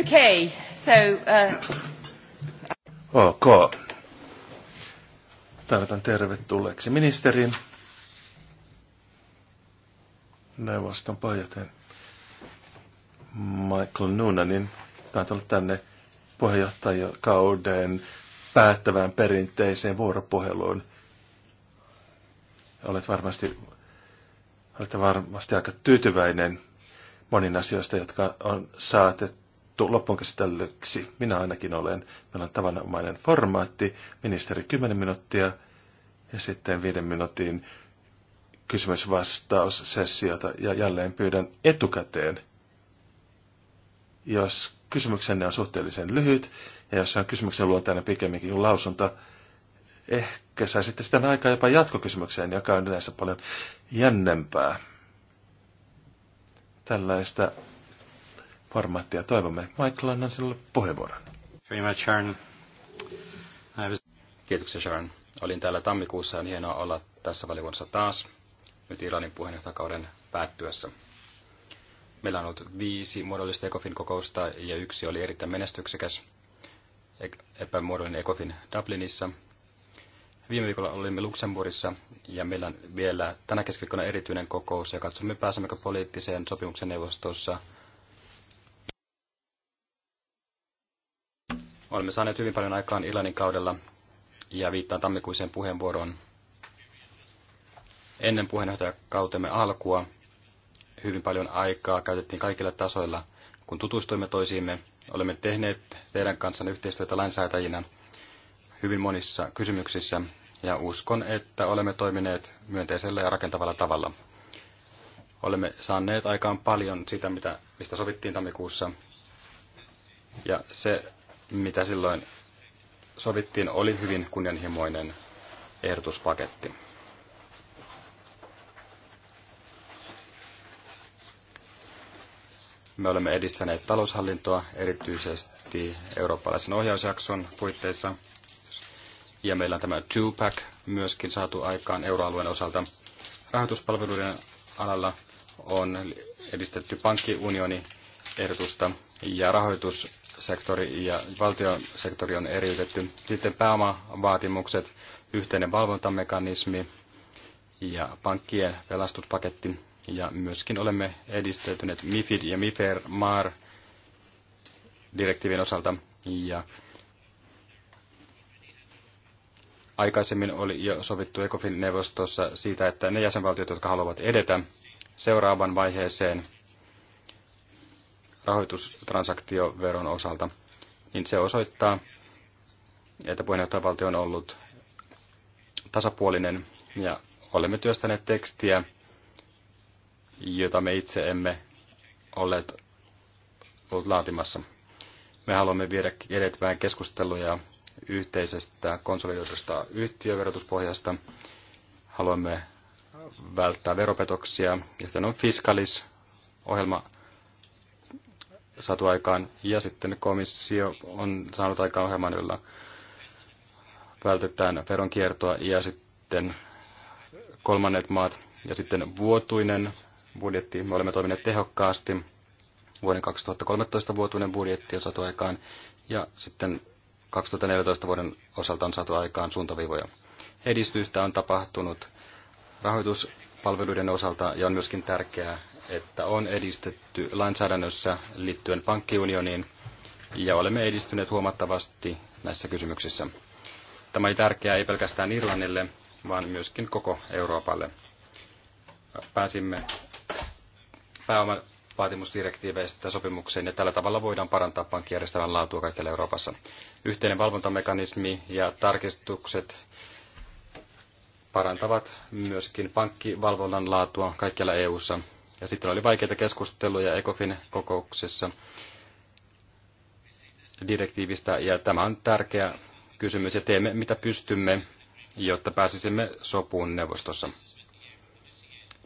Okay, so... Uh... Ok. Tarvitaan tervetulleeksi ministerin, neuvoston puheenjohtajan Michael Noonanin. Tämä on tänne puheenjohtajakauden päättävään perinteiseen vuoropuheluun. Olet varmasti, olette varmasti aika tyytyväinen monin asioista, jotka on saatettu tuttu loppuun Minä ainakin olen. Meillä on tavanomainen formaatti. Ministeri 10 minuuttia ja sitten viiden minuutin kysymysvastaussessiota. Ja jälleen pyydän etukäteen, jos kysymyksenne on suhteellisen lyhyt ja jos se on kysymyksen luontainen pikemminkin kuin lausunto, ehkä saisitte sitten aikaa jopa jatkokysymykseen, joka on yleensä paljon jännempää. Tällaista formaattia. Toivomme. Michael, annan sinulle puheenvuoron. Kiitoksia Sharon. Olin täällä tammikuussa ja on hienoa olla tässä valiokunnassa taas, nyt Iranin puheenjohtajakauden päättyessä. Meillä on ollut viisi muodollista ECOFIN kokousta ja yksi oli erittäin menestyksekäs e- epämuodollinen ECOFIN Dublinissa. Viime viikolla olimme Luxemburgissa ja meillä on vielä tänä keskiviikkona erityinen kokous ja katsomme pääsemmekö poliittiseen sopimuksen neuvostossa – Olemme saaneet hyvin paljon aikaan Ilanin kaudella ja viittaan tammikuiseen puheenvuoroon ennen puheenjohtajakautemme alkua. Hyvin paljon aikaa käytettiin kaikilla tasoilla, kun tutustuimme toisiimme. Olemme tehneet teidän kanssanne yhteistyötä lainsäätäjinä hyvin monissa kysymyksissä ja uskon, että olemme toimineet myönteisellä ja rakentavalla tavalla. Olemme saaneet aikaan paljon sitä, mitä, mistä sovittiin tammikuussa. Ja se mitä silloin sovittiin, oli hyvin kunnianhimoinen ehdotuspaketti. Me olemme edistäneet taloushallintoa erityisesti eurooppalaisen ohjausjakson puitteissa. Ja meillä on tämä two-pack myöskin saatu aikaan euroalueen osalta. Rahoituspalveluiden alalla on edistetty pankkiunioni ehdotusta ja rahoitus yksityissektori ja valtiosektori on eriytetty. Sitten pääomavaatimukset, yhteinen valvontamekanismi ja pankkien pelastuspaketti. Ja myöskin olemme edistäytyneet MIFID ja MIFER MAR direktiivin osalta. Ja aikaisemmin oli jo sovittu ECOFIN-neuvostossa siitä, että ne jäsenvaltiot, jotka haluavat edetä seuraavan vaiheeseen – rahoitustransaktioveron osalta, niin se osoittaa, että puheenjohtajavaltio on ollut tasapuolinen ja olemme työstäneet tekstiä, jota me itse emme olleet ollut laatimassa. Me haluamme viedä edetvään keskusteluja yhteisestä konsolidoidusta yhtiöverotuspohjasta. Haluamme välttää veropetoksia. Ja sitten on fiskalis ohjelma, saatu aikaan, ja sitten komissio on saanut aikaan ohjelman, jolla vältetään veronkiertoa, ja sitten kolmannet maat, ja sitten vuotuinen budjetti. Me olemme toimineet tehokkaasti. Vuoden 2013 vuotuinen budjetti on saatu aikaan, ja sitten 2014 vuoden osalta on saatu aikaan suuntaviivoja. Edistystä on tapahtunut rahoituspalveluiden osalta ja on myöskin tärkeää, että on edistetty lainsäädännössä liittyen pankkiunioniin ja olemme edistyneet huomattavasti näissä kysymyksissä. Tämä oli tärkeää ei pelkästään Irlannille, vaan myöskin koko Euroopalle. Pääsimme pääomavaatimusdirektiiveistä sopimukseen ja tällä tavalla voidaan parantaa pankkijärjestelmän laatua kaikille Euroopassa. Yhteinen valvontamekanismi ja tarkistukset parantavat myöskin pankkivalvonnan laatua kaikkialla EU:ssa ja sitten oli vaikeita keskusteluja ECOFIN kokouksessa direktiivistä, ja tämä on tärkeä kysymys, ja teemme mitä pystymme, jotta pääsisimme sopuun neuvostossa.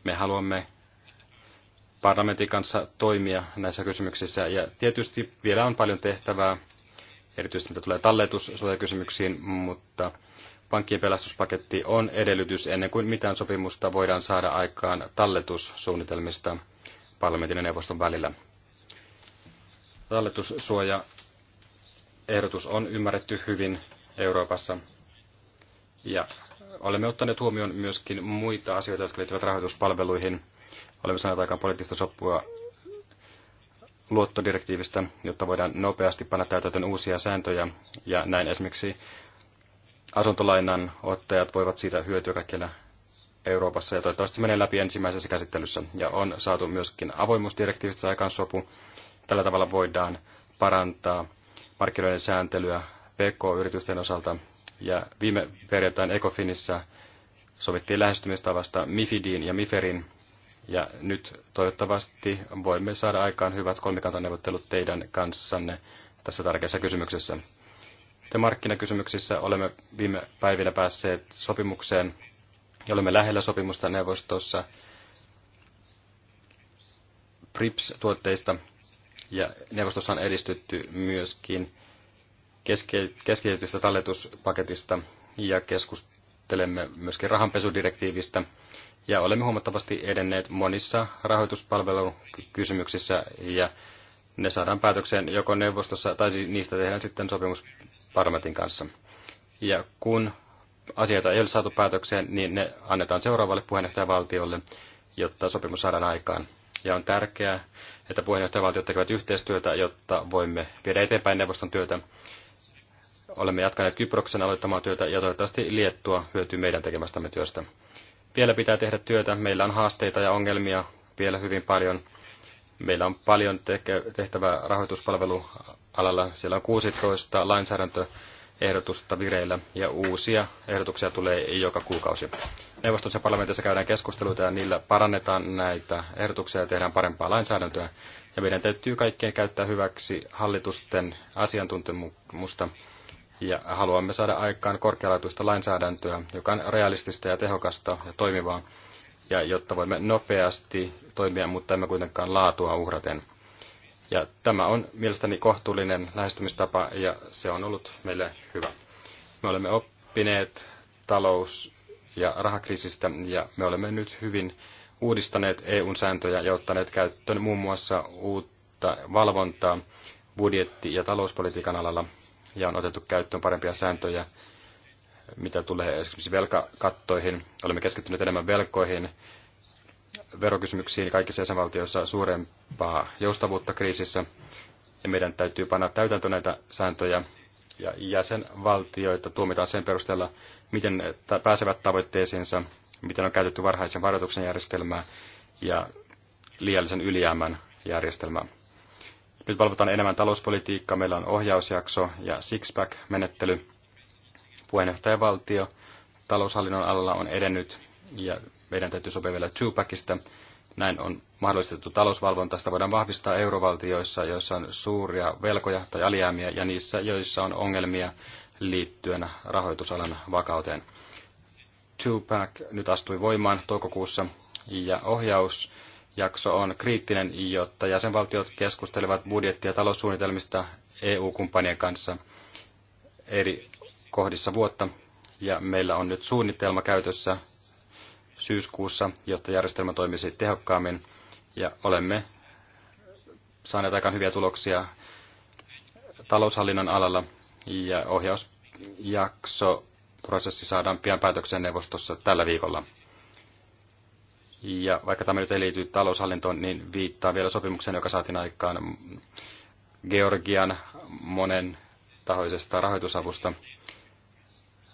Me haluamme parlamentin kanssa toimia näissä kysymyksissä, ja tietysti vielä on paljon tehtävää, erityisesti mitä tulee talletussuojakysymyksiin, mutta pankkien pelastuspaketti on edellytys ennen kuin mitään sopimusta voidaan saada aikaan talletussuunnitelmista parlamentin ja neuvoston välillä. Talletussuoja ehdotus on ymmärretty hyvin Euroopassa ja olemme ottaneet huomioon myöskin muita asioita, jotka liittyvät rahoituspalveluihin. Olemme saaneet aikaan poliittista sopua luottodirektiivistä, jotta voidaan nopeasti panna täytäntöön uusia sääntöjä ja näin esimerkiksi asuntolainan ottajat voivat siitä hyötyä kaikkialla Euroopassa ja toivottavasti se menee läpi ensimmäisessä käsittelyssä. Ja on saatu myöskin avoimuusdirektiivistä aikaan sopu. Tällä tavalla voidaan parantaa markkinoiden sääntelyä PK-yritysten osalta. Ja viime perjantain Ecofinissä sovittiin lähestymistavasta MIFIDin ja MIFERin. Ja nyt toivottavasti voimme saada aikaan hyvät kolmikantaneuvottelut teidän kanssanne tässä tärkeässä kysymyksessä. Sitten markkinakysymyksissä olemme viime päivinä päässeet sopimukseen ja olemme lähellä sopimusta neuvostossa PRIPS-tuotteista ja neuvostossa on edistytty myöskin keske- keskitetystä talletuspaketista ja keskustelemme myöskin rahanpesudirektiivistä ja olemme huomattavasti edenneet monissa rahoituspalvelukysymyksissä ja ne saadaan päätökseen joko neuvostossa tai niistä tehdään sitten sopimus parlamentin kanssa. Ja kun asioita ei ole saatu päätökseen, niin ne annetaan seuraavalle puheenjohtajavaltiolle, jotta sopimus saadaan aikaan. Ja on tärkeää, että puheenjohtajavaltiot tekevät yhteistyötä, jotta voimme viedä eteenpäin neuvoston työtä. Olemme jatkaneet Kyproksen aloittamaa työtä ja toivottavasti Liettua hyötyy meidän tekemästämme työstä. Vielä pitää tehdä työtä, meillä on haasteita ja ongelmia vielä hyvin paljon, Meillä on paljon tehtävää rahoituspalvelualalla. Siellä on 16 lainsäädäntöehdotusta vireillä ja uusia ehdotuksia tulee joka kuukausi. Neuvostossa ja parlamentissa käydään keskusteluita ja niillä parannetaan näitä ehdotuksia ja tehdään parempaa lainsäädäntöä. Ja meidän täytyy kaikkien käyttää hyväksi hallitusten asiantuntemusta ja haluamme saada aikaan korkealaatuista lainsäädäntöä, joka on realistista ja tehokasta ja toimivaa ja jotta voimme nopeasti toimia, mutta emme kuitenkaan laatua uhraten. Ja tämä on mielestäni kohtuullinen lähestymistapa ja se on ollut meille hyvä. Me olemme oppineet talous- ja rahakriisistä ja me olemme nyt hyvin uudistaneet eu sääntöjä ja ottaneet käyttöön muun muassa uutta valvontaa budjetti- ja talouspolitiikan alalla ja on otettu käyttöön parempia sääntöjä mitä tulee esimerkiksi velkakattoihin. Olemme keskittyneet enemmän velkoihin, verokysymyksiin kaikissa jäsenvaltioissa suurempaa joustavuutta kriisissä. Ja meidän täytyy panna täytäntöön näitä sääntöjä ja jäsenvaltioita tuomitaan sen perusteella, miten pääsevät tavoitteisiinsa, miten on käytetty varhaisen varoituksen järjestelmää ja liiallisen ylijäämän järjestelmää. Nyt valvotaan enemmän talouspolitiikkaa, meillä on ohjausjakso ja six-pack-menettely puheenjohtajavaltio taloushallinnon alalla on edennyt ja meidän täytyy sopia vielä Tupacista. Näin on mahdollistettu talousvalvonta, sitä voidaan vahvistaa eurovaltioissa, joissa on suuria velkoja tai alijäämiä ja niissä, joissa on ongelmia liittyen rahoitusalan vakauteen. Tupac nyt astui voimaan toukokuussa ja ohjausjakso on kriittinen, jotta jäsenvaltiot keskustelevat budjetti- ja taloussuunnitelmista EU-kumppanien kanssa eri kohdissa vuotta, ja meillä on nyt suunnitelma käytössä syyskuussa, jotta järjestelmä toimisi tehokkaammin, ja olemme saaneet aikaan hyviä tuloksia taloushallinnon alalla, ja ohjausjakso prosessi saadaan pian päätökseen neuvostossa tällä viikolla. Ja vaikka tämä nyt ei liity taloushallintoon, niin viittaa vielä sopimukseen, joka saatiin aikaan Georgian monen tahoisesta rahoitusavusta.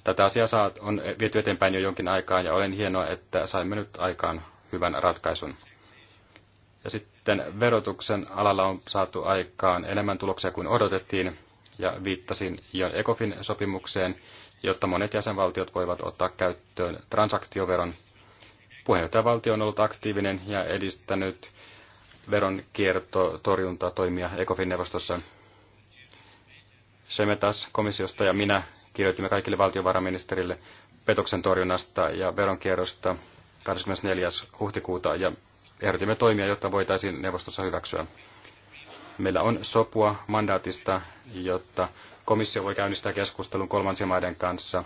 Tätä asiaa on viety eteenpäin jo jonkin aikaa ja olen hienoa, että saimme nyt aikaan hyvän ratkaisun. Ja sitten verotuksen alalla on saatu aikaan enemmän tuloksia kuin odotettiin ja viittasin jo ECOFIN sopimukseen, jotta monet jäsenvaltiot voivat ottaa käyttöön transaktioveron. Puheenjohtajavaltio on ollut aktiivinen ja edistänyt veronkiertotorjuntatoimia ECOFIN-neuvostossa. Semetas komissiosta ja minä kirjoitimme kaikille valtiovarainministerille petoksen torjunnasta ja veronkierrosta 24. huhtikuuta ja ehdotimme toimia, jotta voitaisiin neuvostossa hyväksyä. Meillä on sopua mandaatista, jotta komissio voi käynnistää keskustelun kolmansien maiden kanssa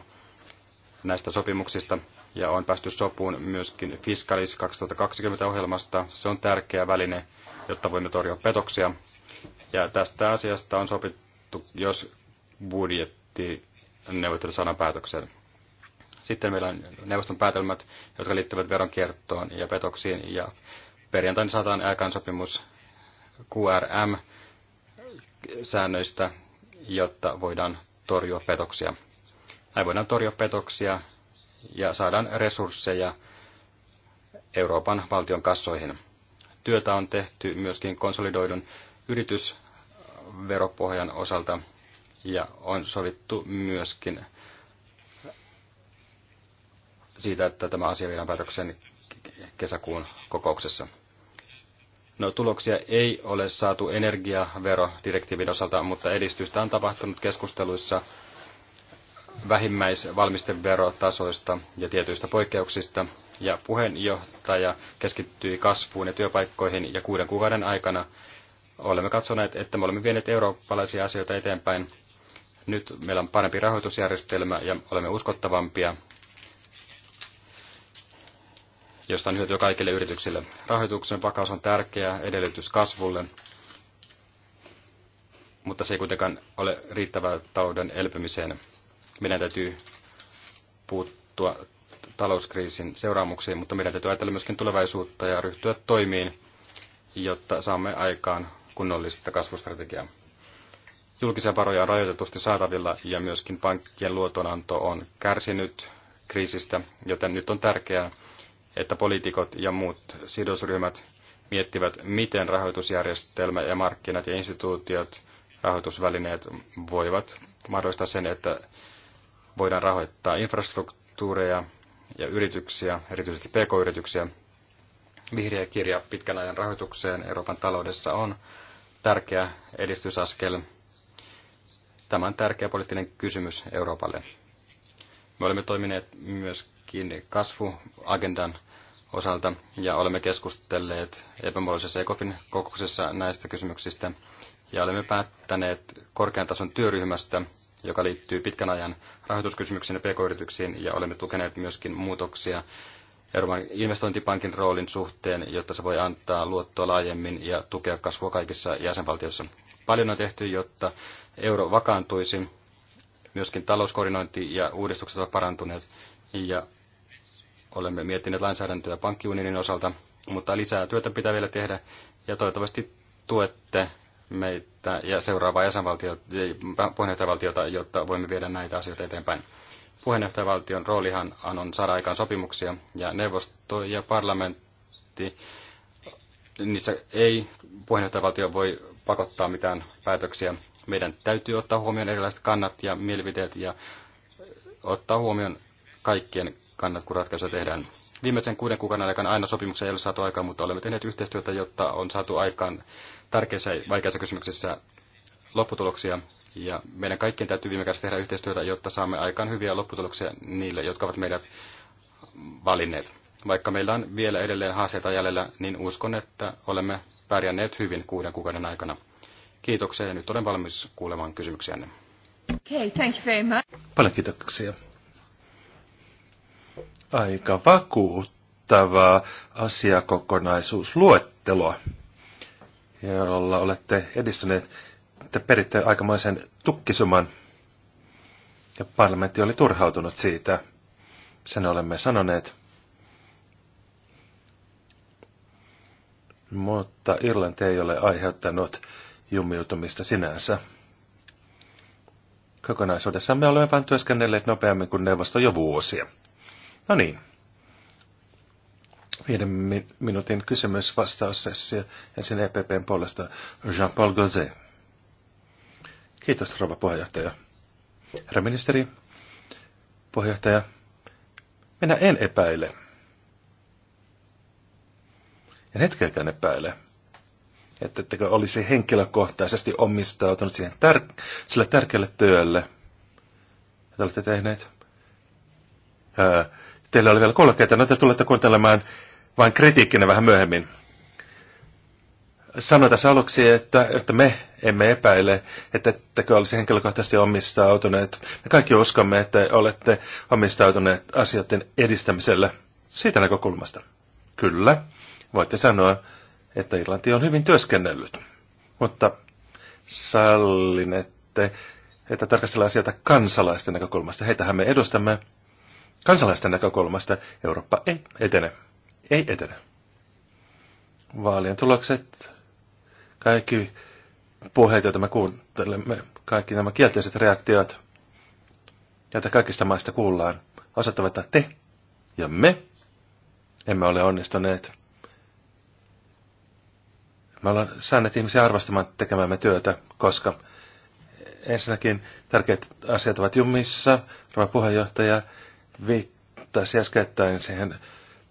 näistä sopimuksista ja on päästy sopuun myöskin Fiskalis 2020-ohjelmasta. Se on tärkeä väline, jotta voimme torjua petoksia. Ja tästä asiasta on sopittu, jos budjetti neuvottelut saadaan päätökseen. Sitten meillä on neuvoston päätelmät, jotka liittyvät veronkiertoon ja petoksiin. Ja perjantaina saadaan aikaan sopimus QRM-säännöistä, jotta voidaan torjua petoksia. Näin voidaan torjua petoksia ja saadaan resursseja Euroopan valtion kassoihin. Työtä on tehty myöskin konsolidoidun yritysveropohjan osalta ja on sovittu myöskin siitä, että tämä asia viedään päätöksen kesäkuun kokouksessa. No, tuloksia ei ole saatu energiaverodirektiivin osalta, mutta edistystä on tapahtunut keskusteluissa vähimmäisvalmisteverotasoista ja tietyistä poikkeuksista, ja puheenjohtaja keskittyi kasvuun ja työpaikkoihin, ja kuuden kuukauden aikana olemme katsoneet, että me olemme vieneet eurooppalaisia asioita eteenpäin, nyt meillä on parempi rahoitusjärjestelmä ja olemme uskottavampia, josta on hyötyä kaikille yrityksille. Rahoituksen vakaus on tärkeä edellytys kasvulle, mutta se ei kuitenkaan ole riittävää talouden elpymiseen. Meidän täytyy puuttua talouskriisin seuraamuksiin, mutta meidän täytyy ajatella myöskin tulevaisuutta ja ryhtyä toimiin, jotta saamme aikaan kunnollista kasvustrategiaa. Julkisia varoja on rajoitetusti saatavilla ja myöskin pankkien luotonanto on kärsinyt kriisistä, joten nyt on tärkeää, että poliitikot ja muut sidosryhmät miettivät, miten rahoitusjärjestelmä ja markkinat ja instituutiot, rahoitusvälineet voivat mahdollistaa sen, että voidaan rahoittaa infrastruktuureja ja yrityksiä, erityisesti pk-yrityksiä. Vihreä kirja pitkän ajan rahoitukseen Euroopan taloudessa on tärkeä edistysaskel Tämä on tärkeä poliittinen kysymys Euroopalle. Me olemme toimineet myöskin kasvuagendan osalta ja olemme keskustelleet epämuodollisessa ECOFIN kokouksessa näistä kysymyksistä ja olemme päättäneet korkean tason työryhmästä, joka liittyy pitkän ajan rahoituskysymyksiin ja pk-yrityksiin ja olemme tukeneet myöskin muutoksia Euroopan investointipankin roolin suhteen, jotta se voi antaa luottoa laajemmin ja tukea kasvua kaikissa jäsenvaltioissa. Paljon on tehty, jotta euro vakaantuisi. Myöskin talouskoordinointi ja uudistukset ovat parantuneet. Ja olemme miettineet lainsäädäntöä pankkiunionin osalta, mutta lisää työtä pitää vielä tehdä. Ja toivottavasti tuette meitä ja seuraavaa jäsenvaltiota, puheenjohtajavaltiota, jotta voimme viedä näitä asioita eteenpäin. Puheenjohtajavaltion roolihan on saada aikaan sopimuksia, ja neuvosto ja parlamentti, niissä ei puheenjohtajavaltio voi pakottaa mitään päätöksiä. Meidän täytyy ottaa huomioon erilaiset kannat ja mielipiteet ja ottaa huomioon kaikkien kannat, kun ratkaisuja tehdään. Viimeisen kuuden kuukauden aikana aina sopimuksia ei ole saatu aikaan, mutta olemme tehneet yhteistyötä, jotta on saatu aikaan tärkeissä vaikeissa kysymyksissä lopputuloksia. Ja meidän kaikkien täytyy viime kädessä tehdä yhteistyötä, jotta saamme aikaan hyviä lopputuloksia niille, jotka ovat meidät valinneet. Vaikka meillä on vielä edelleen haasteita jäljellä, niin uskon, että olemme pärjänneet hyvin kuuden kuukauden aikana. Kiitoksia ja nyt olen valmis kuulemaan kysymyksiänne. Okay, thank you very much. Paljon kiitoksia. Aika vakuuttava asiakokonaisuusluettelo, jolla olette edistyneet. Te peritte aikamoisen tukkisuman ja parlamentti oli turhautunut siitä. Sen olemme sanoneet. mutta Irlanti ei ole aiheuttanut jumiutumista sinänsä. Kokonaisuudessaan me olemme vain työskennelleet nopeammin kuin neuvosto jo vuosia. No niin. Viiden minuutin kysymys-vastaussessio ensin EPPn puolesta Jean-Paul Gauzet. Kiitos, rouva puheenjohtaja. Herra ministeri, puheenjohtaja, minä en epäile, en hetkeäkään epäile, että ettekö olisi henkilökohtaisesti omistautunut siihen tär- sille tärkeälle työlle, jota olette tehneet. Öö, teillä oli vielä kolkeita, no te tulette kuuntelemaan vain kritiikkinä vähän myöhemmin. Sanoin tässä aluksi, että, että me emme epäile, että tekö olisi henkilökohtaisesti omistautuneet. Me kaikki uskomme, että olette omistautuneet asioiden edistämiselle siitä näkökulmasta. Kyllä. Voitte sanoa, että Irlanti on hyvin työskennellyt, mutta sallin, että, että tarkastellaan sieltä kansalaisten näkökulmasta. Heitähän me edustamme kansalaisten näkökulmasta. Eurooppa ei etene. Ei etene. Vaalien tulokset, kaikki puheet, joita me kuuntelemme, kaikki nämä kielteiset reaktiot, joita kaikista maista kuullaan, osoittavat, että te ja me emme ole onnistuneet me ollaan saaneet ihmisiä arvostamaan tekemämme työtä, koska ensinnäkin tärkeät asiat ovat jumissa. Rouva puheenjohtaja viittasi äskettäin siihen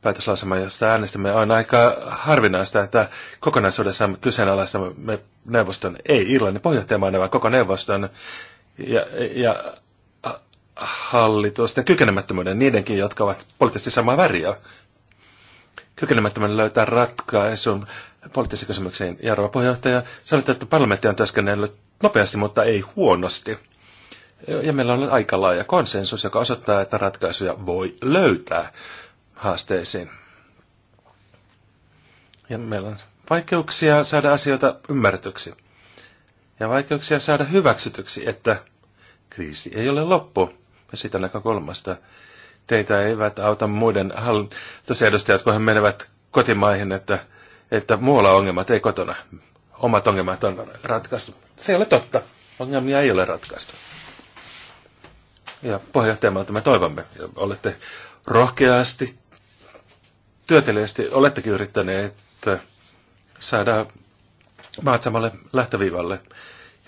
päätöslausemaan, josta äänestämme. On aika harvinaista, että kokonaisuudessaan kyseenalaistamme neuvoston, ei Irlannin puheenjohtajamaana, vaan koko neuvoston ja, ja hallitusten kykenemättömyyden niidenkin, jotka ovat poliittisesti samaa väriä kykenemättömän löytää ratkaisun poliittisiin kysymyksiin. Ja rouva puheenjohtaja, sanoitte, että parlamentti on työskennellyt nopeasti, mutta ei huonosti. Ja meillä on aika laaja konsensus, joka osoittaa, että ratkaisuja voi löytää haasteisiin. Ja meillä on vaikeuksia saada asioita ymmärretyksi. Ja vaikeuksia saada hyväksytyksi, että kriisi ei ole loppu. Ja siitä näkökulmasta teitä eivät auta muiden hallitusedustajat, kun he menevät kotimaihin, että, että muualla ongelmat ei kotona. Omat ongelmat on ratkaistu. Se ei ole totta. Ongelmia ei ole ratkaistu. Ja puheenjohtajamalta me toivomme, ja olette rohkeasti, työtelijästi, olettekin yrittäneet saada maat samalle lähtöviivalle.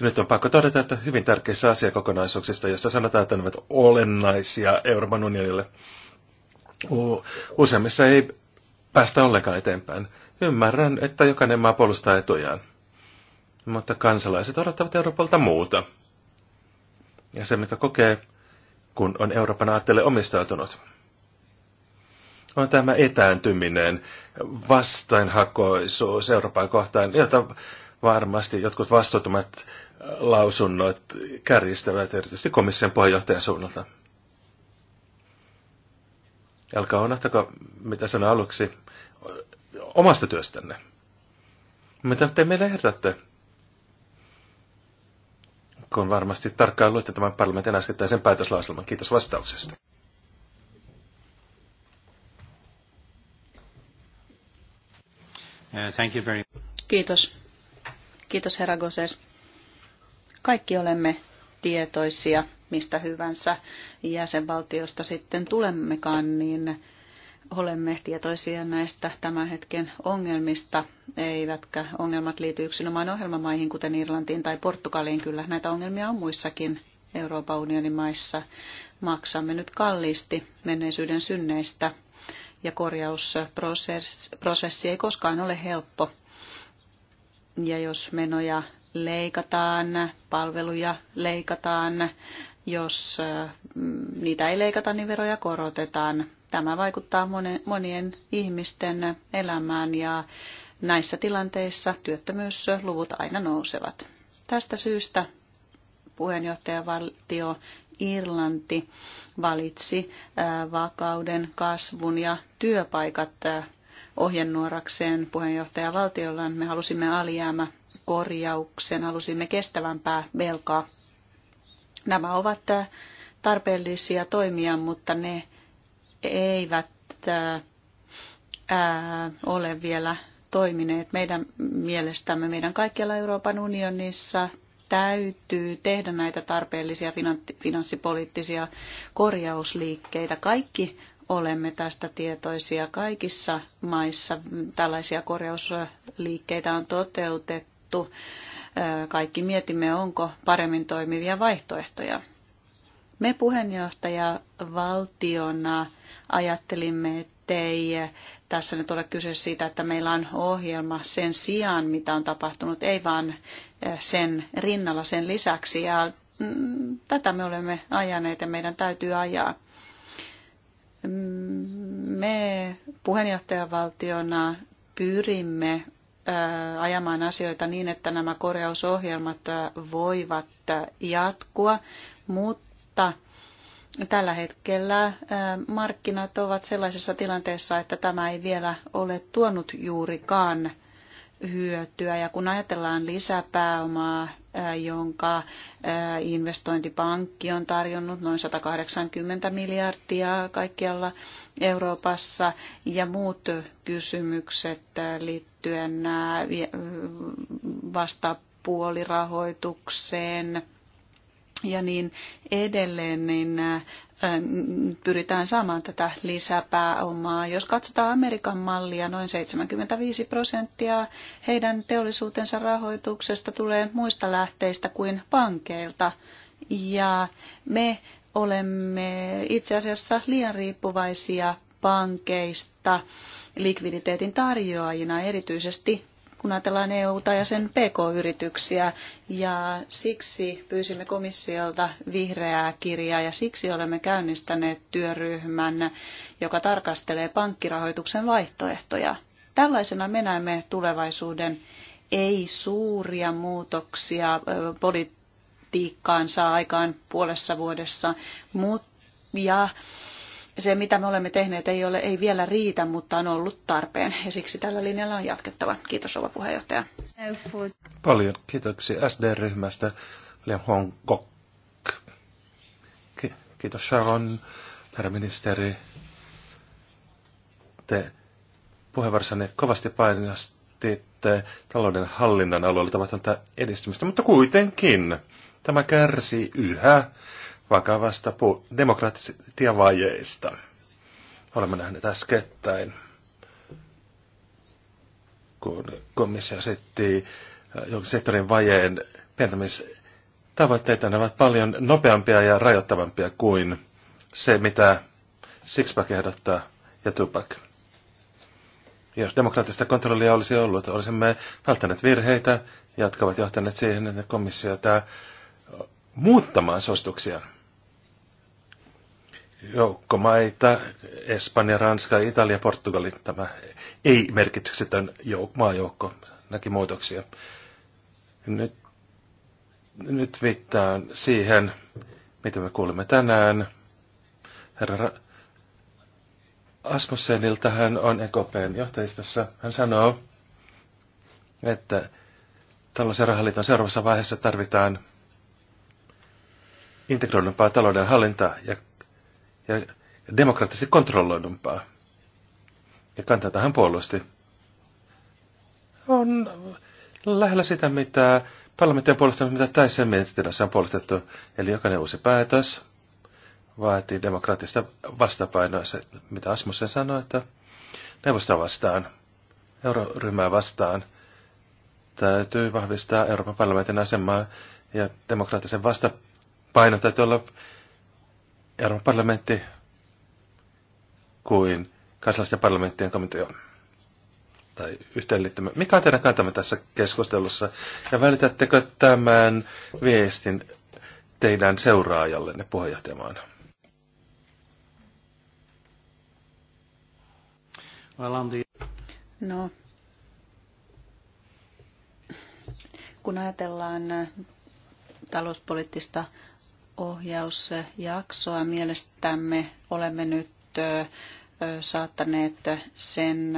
Ja nyt on pakko todeta, että hyvin tärkeissä asiakokonaisuuksista, joista sanotaan, että ne ovat olennaisia Euroopan unionille, useimmissa ei päästä ollenkaan eteenpäin. Ymmärrän, että jokainen maa puolustaa etujaan. Mutta kansalaiset odottavat Euroopalta muuta. Ja se, mikä kokee, kun on Euroopan aatteelle omistautunut, on tämä etääntyminen, vastainhakoisuus Euroopan kohtaan, jota varmasti jotkut vastuuttomat lausunnot kärjistävät erityisesti komission puheenjohtajan suunnalta. Älkää unohtako, mitä sanoin aluksi, omasta työstänne. Mitä te meille ehdotatte? Kun varmasti tarkkaan luette tämän parlamentin äskettäisen päätöslauselman. Kiitos vastauksesta. Uh, thank you very Kiitos. Kiitos herra Goses. Kaikki olemme tietoisia mistä hyvänsä jäsenvaltiosta sitten tulemmekaan, niin olemme tietoisia näistä tämän hetken ongelmista, eivätkä ongelmat liity yksinomaan ohjelmamaihin, kuten Irlantiin tai Portugaliin. Kyllä näitä ongelmia on muissakin Euroopan unionin maissa. Maksamme nyt kalliisti menneisyyden synneistä ja korjausprosessi ei koskaan ole helppo. Ja jos menoja leikataan, palveluja leikataan. Jos niitä ei leikata, niin veroja korotetaan. Tämä vaikuttaa monien ihmisten elämään ja näissä tilanteissa työttömyysluvut aina nousevat. Tästä syystä puheenjohtajavaltio Irlanti valitsi vakauden, kasvun ja työpaikat ohjenuorakseen puheenjohtajavaltiolla. Me halusimme alijäämä korjauksen, halusimme kestävämpää velkaa. Nämä ovat äh, tarpeellisia toimia, mutta ne eivät ää, äh, äh, ole vielä toimineet. Meidän mielestämme meidän kaikkialla Euroopan unionissa täytyy tehdä näitä tarpeellisia finanssipoliittisia korjausliikkeitä. Kaikki olemme tästä tietoisia. Kaikissa maissa tällaisia korjausliikkeitä on toteutettu puhuttu. Kaikki mietimme, onko paremmin toimivia vaihtoehtoja. Me puheenjohtaja valtiona ajattelimme, ei tässä nyt ole kyse siitä, että meillä on ohjelma sen sijaan, mitä on tapahtunut, ei vaan sen rinnalla sen lisäksi. Ja mm, tätä me olemme ajaneet ja meidän täytyy ajaa. Mm, me puheenjohtajavaltiona pyrimme ajamaan asioita niin, että nämä korjausohjelmat voivat jatkua, mutta tällä hetkellä markkinat ovat sellaisessa tilanteessa, että tämä ei vielä ole tuonut juurikaan hyötyä. Ja kun ajatellaan lisäpääomaa, jonka investointipankki on tarjonnut noin 180 miljardia kaikkialla Euroopassa ja muut kysymykset liittyen äh, vastapuolirahoitukseen ja niin edelleen, niin äh, pyritään saamaan tätä lisäpääomaa. Jos katsotaan Amerikan mallia, noin 75 prosenttia heidän teollisuutensa rahoituksesta tulee muista lähteistä kuin pankeilta. Ja me olemme itse asiassa liian riippuvaisia pankeista likviditeetin tarjoajina, erityisesti kun ajatellaan EUta ja sen PK-yrityksiä. Ja siksi pyysimme komissiolta vihreää kirjaa ja siksi olemme käynnistäneet työryhmän, joka tarkastelee pankkirahoituksen vaihtoehtoja. Tällaisena me näemme tulevaisuuden ei suuria muutoksia poli- saa aikaan puolessa vuodessa. Mut, ja se, mitä me olemme tehneet, ei, ole, ei vielä riitä, mutta on ollut tarpeen. Ja siksi tällä linjalla on jatkettava. Kiitos, ova puheenjohtaja. Paljon kiitoksia SD-ryhmästä. Liam Kok. Kiitos Sharon, pääministeri. Te puheenvuorossanne kovasti painostitte talouden hallinnan alueella tapahtunutta edistymistä, mutta kuitenkin Tämä kärsii yhä vakavasta demokratiavajeista. Olemme nähneet äskettäin, kun komissio asetti äh, julkisen sektorin vajeen pientämistavoitteita, ne ovat paljon nopeampia ja rajoittavampia kuin se, mitä Sixpack ehdottaa ja Tupac. Jos demokraattista kontrollia olisi ollut, olisimme välttäneet virheitä, jotka ovat johtaneet siihen, että komissio tämä muuttamaan suosituksia. Joukkomaita, Espanja, Ranska, Italia, Portugali, tämä ei-merkityksetön jouk- maajoukko näki muutoksia. Nyt, nyt viittaan siihen, mitä me kuulemme tänään. Herra Asmussenilta hän on EKPn johtajistossa. Hän sanoo, että tällaisen rahaliiton seuraavassa vaiheessa tarvitaan integroidumpaa talouden hallintaa ja, ja, ja demokraattisesti kontrolloidumpaa. Ja kantaa tähän puolusti. On lähellä sitä, mitä parlamentin puolesta, mitä tässä mietinnössä on puolustettu. Eli jokainen uusi päätös vaatii demokraattista vastapainoa, se, mitä Asmussen sanoi, että neuvostoa vastaan, euroryhmää vastaan, täytyy vahvistaa Euroopan parlamentin asemaa ja demokraattisen vastapainoa paino täytyy olla Euroopan parlamentti kuin kansallisten parlamenttien komitea tai yhteenliittymä. Mikä on teidän kantamme tässä keskustelussa? Ja välitättekö tämän viestin teidän seuraajallenne puheenjohtajamaan? No, kun ajatellaan talouspoliittista ohjausjaksoa. Mielestämme olemme nyt saattaneet sen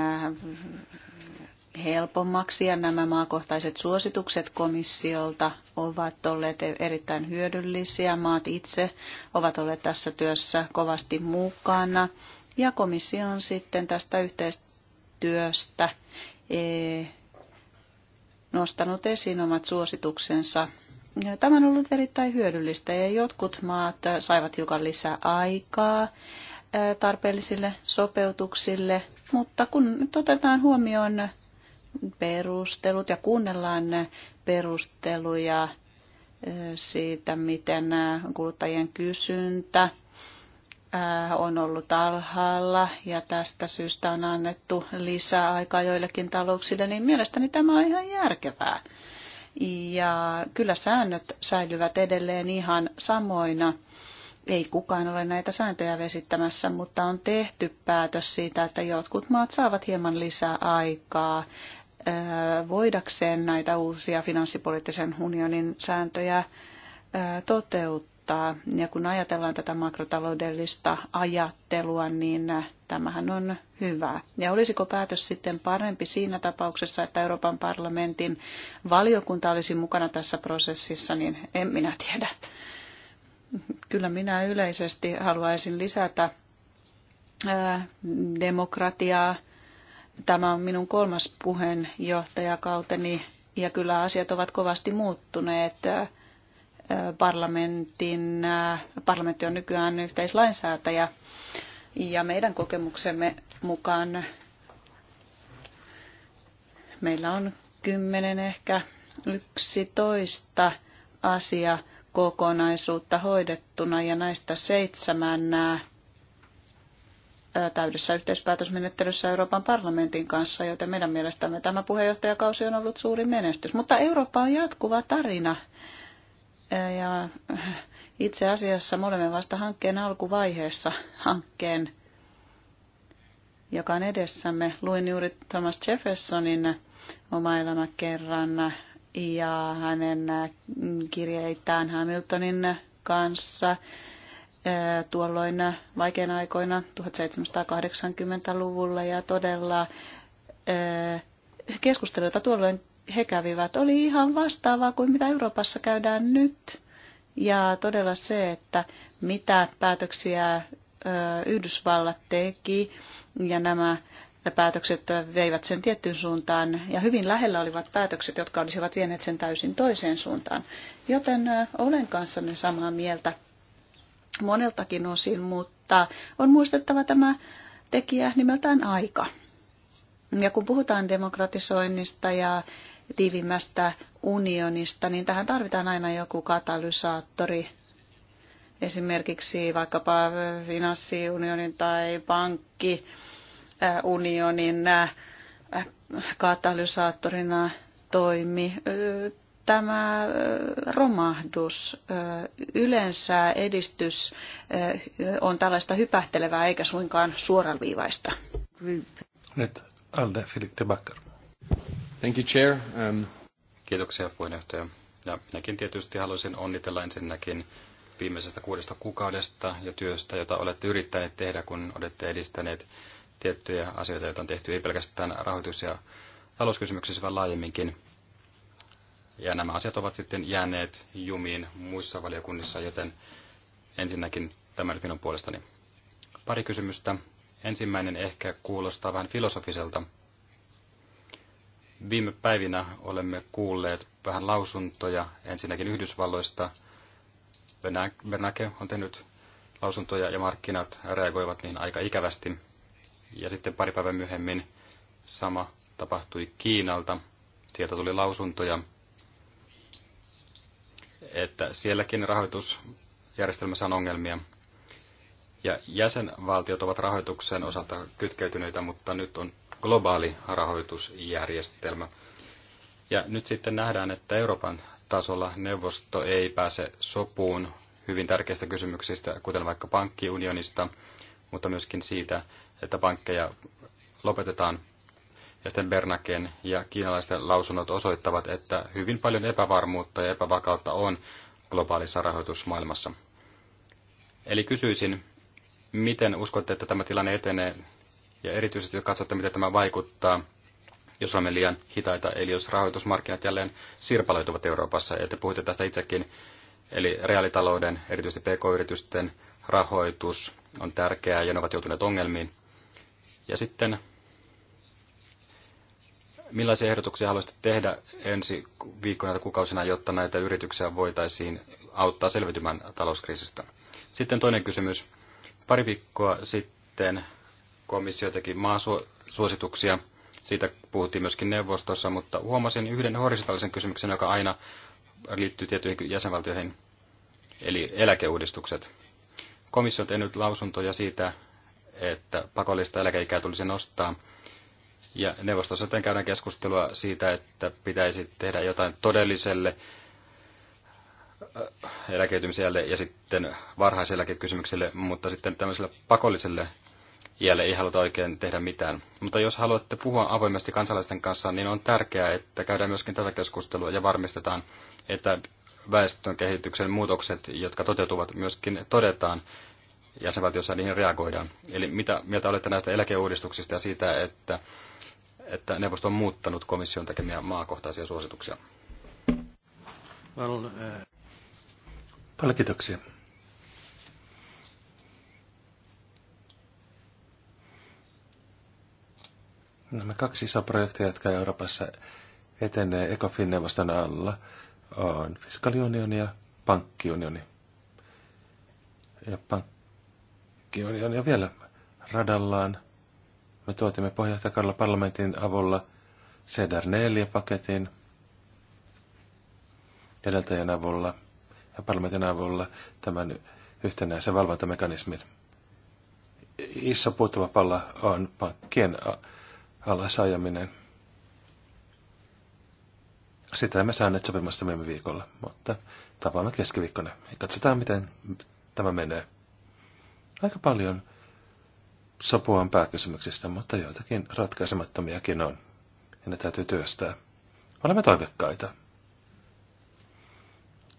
helpommaksi ja nämä maakohtaiset suositukset komissiolta ovat olleet erittäin hyödyllisiä. Maat itse ovat olleet tässä työssä kovasti mukana ja komissio on sitten tästä yhteistyöstä e, nostanut esiin omat suosituksensa Tämä on ollut erittäin hyödyllistä ja jotkut maat saivat hiukan lisää aikaa tarpeellisille sopeutuksille, mutta kun nyt otetaan huomioon perustelut ja kuunnellaan perusteluja siitä, miten kuluttajien kysyntä on ollut alhaalla ja tästä syystä on annettu lisää aikaa joillekin talouksille, niin mielestäni tämä on ihan järkevää. Ja kyllä säännöt säilyvät edelleen ihan samoina. Ei kukaan ole näitä sääntöjä vesittämässä, mutta on tehty päätös siitä, että jotkut maat saavat hieman lisää aikaa voidakseen näitä uusia finanssipoliittisen unionin sääntöjä toteuttaa vaikuttaa. Ja kun ajatellaan tätä makrotaloudellista ajattelua, niin tämähän on hyvä. Ja olisiko päätös sitten parempi siinä tapauksessa, että Euroopan parlamentin valiokunta olisi mukana tässä prosessissa, niin en minä tiedä. Kyllä minä yleisesti haluaisin lisätä demokratiaa. Tämä on minun kolmas puheenjohtajakauteni ja kyllä asiat ovat kovasti muuttuneet parlamentin, parlamentti on nykyään yhteislainsäätäjä ja meidän kokemuksemme mukaan meillä on kymmenen ehkä yksitoista asia kokonaisuutta hoidettuna ja näistä seitsemän täydessä yhteispäätösmenettelyssä Euroopan parlamentin kanssa, joten meidän mielestämme tämä puheenjohtajakausi on ollut suuri menestys. Mutta Eurooppa on jatkuva tarina. Ja itse asiassa me olemme vasta hankkeen alkuvaiheessa hankkeen, joka on edessämme. Luin juuri Thomas Jeffersonin oma elämä kerran ja hänen kirjeitään Hamiltonin kanssa tuolloin vaikeina aikoina 1780-luvulla ja todella keskustelu, jota tuolloin he kävivät, oli ihan vastaavaa kuin mitä Euroopassa käydään nyt. Ja todella se, että mitä päätöksiä Yhdysvallat teki ja nämä päätökset veivät sen tiettyyn suuntaan ja hyvin lähellä olivat päätökset, jotka olisivat vieneet sen täysin toiseen suuntaan. Joten olen kanssanne samaa mieltä moneltakin osin, mutta on muistettava tämä tekijä nimeltään aika. Ja kun puhutaan demokratisoinnista ja tiivimmästä unionista, niin tähän tarvitaan aina joku katalysaattori, esimerkiksi vaikkapa finanssiunionin tai pankkiunionin äh, katalysaattorina toimi äh, tämä äh, romahdus. Yleensä edistys on tällaista hypähtelevää eikä suinkaan suoraviivaista. Nyt Alde Filip Bakker. Thank you, Chair. Um... Kiitoksia puheenjohtaja. Ja minäkin tietysti haluaisin onnitella ensinnäkin viimeisestä kuudesta kuukaudesta ja työstä, jota olette yrittäneet tehdä, kun olette edistäneet tiettyjä asioita, joita on tehty ei pelkästään rahoitus- ja talouskysymyksissä, vaan laajemminkin. Ja nämä asiat ovat sitten jääneet jumiin muissa valiokunnissa, joten ensinnäkin tämä nyt minun puolestani. Pari kysymystä. Ensimmäinen ehkä kuulostaa vähän filosofiselta, Viime päivinä olemme kuulleet vähän lausuntoja ensinnäkin Yhdysvalloista. Bernanke on tehnyt lausuntoja ja markkinat reagoivat niin aika ikävästi. Ja sitten pari päivää myöhemmin sama tapahtui Kiinalta. Sieltä tuli lausuntoja, että sielläkin rahoitusjärjestelmässä on ongelmia. Ja jäsenvaltiot ovat rahoituksen osalta kytkeytyneitä, mutta nyt on globaali rahoitusjärjestelmä. Ja nyt sitten nähdään, että Euroopan tasolla neuvosto ei pääse sopuun hyvin tärkeistä kysymyksistä, kuten vaikka pankkiunionista, mutta myöskin siitä, että pankkeja lopetetaan. Ja sitten Bernaken ja kiinalaisten lausunnot osoittavat, että hyvin paljon epävarmuutta ja epävakautta on globaalissa rahoitusmaailmassa. Eli kysyisin, miten uskotte, että tämä tilanne etenee ja erityisesti jos katsotte, miten tämä vaikuttaa, jos olemme liian hitaita, eli jos rahoitusmarkkinat jälleen sirpaloituvat Euroopassa, ja te puhutte tästä itsekin, eli reaalitalouden, erityisesti pk-yritysten rahoitus on tärkeää, ja ne ovat joutuneet ongelmiin. Ja sitten, millaisia ehdotuksia haluaisitte tehdä ensi viikkoina tai kuukausina, jotta näitä yrityksiä voitaisiin auttaa selvitymään talouskriisistä? Sitten toinen kysymys. Pari viikkoa sitten komissio teki maasuosituksia. Siitä puhuttiin myöskin neuvostossa, mutta huomasin yhden horisontaalisen kysymyksen, joka aina liittyy tiettyihin jäsenvaltioihin, eli eläkeuudistukset. Komissio on tehnyt lausuntoja siitä, että pakollista eläkeikää tulisi nostaa. Ja neuvostossa sitten käydään keskustelua siitä, että pitäisi tehdä jotain todelliselle äh, eläkeytymiselle ja sitten kysymykselle, mutta sitten tämmöiselle pakolliselle jälle ei haluta oikein tehdä mitään. Mutta jos haluatte puhua avoimesti kansalaisten kanssa, niin on tärkeää, että käydään myöskin tätä keskustelua ja varmistetaan, että väestön kehityksen muutokset, jotka toteutuvat, myöskin todetaan jäsenvaltiossa niihin reagoidaan. Eli mitä mieltä olette näistä eläkeuudistuksista ja siitä, että, että neuvosto on muuttanut komission tekemiä maakohtaisia suosituksia? Paljon eh, kiitoksia. Nämä kaksi isoa projektia, jotka Euroopassa etenee ECOFIN-neuvoston alla, on fiskaliunioni ja pankkiunioni. Ja pankkiunioni on vielä radallaan. Me tuotimme pohjohtajakalla parlamentin avulla CDR 4-paketin edeltäjän avulla ja parlamentin avulla tämän yhtenäisen valvontamekanismin. Iso puuttuva palla on pankkien alasajaminen. Sitä emme saaneet sopimassa viime viikolla, mutta tapaamme keskiviikkona katsotaan, miten tämä menee. Aika paljon sopua on pääkysymyksistä, mutta joitakin ratkaisemattomiakin on, ja ne täytyy työstää. Olemme toivekkaita.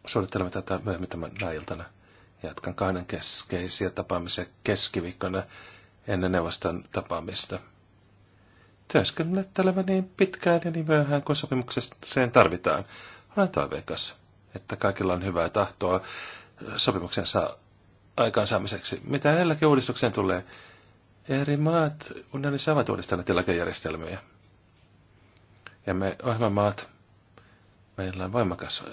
Suunnittelemme tätä myöhemmin tämän iltana. Jatkan kahden keskeisiä tapaamisia keskiviikkona ennen neuvoston tapaamista työskennettelevä niin pitkään ja niin myöhään kuin sopimukseen tarvitaan. Olen toiveikas, että kaikilla on hyvää tahtoa sopimuksensa aikaansaamiseksi. Mitä eläkeuudistukseen tulee, eri maat unionissa ovat uudistaneet eläkejärjestelmiä. Ja me maat meillä on voimakas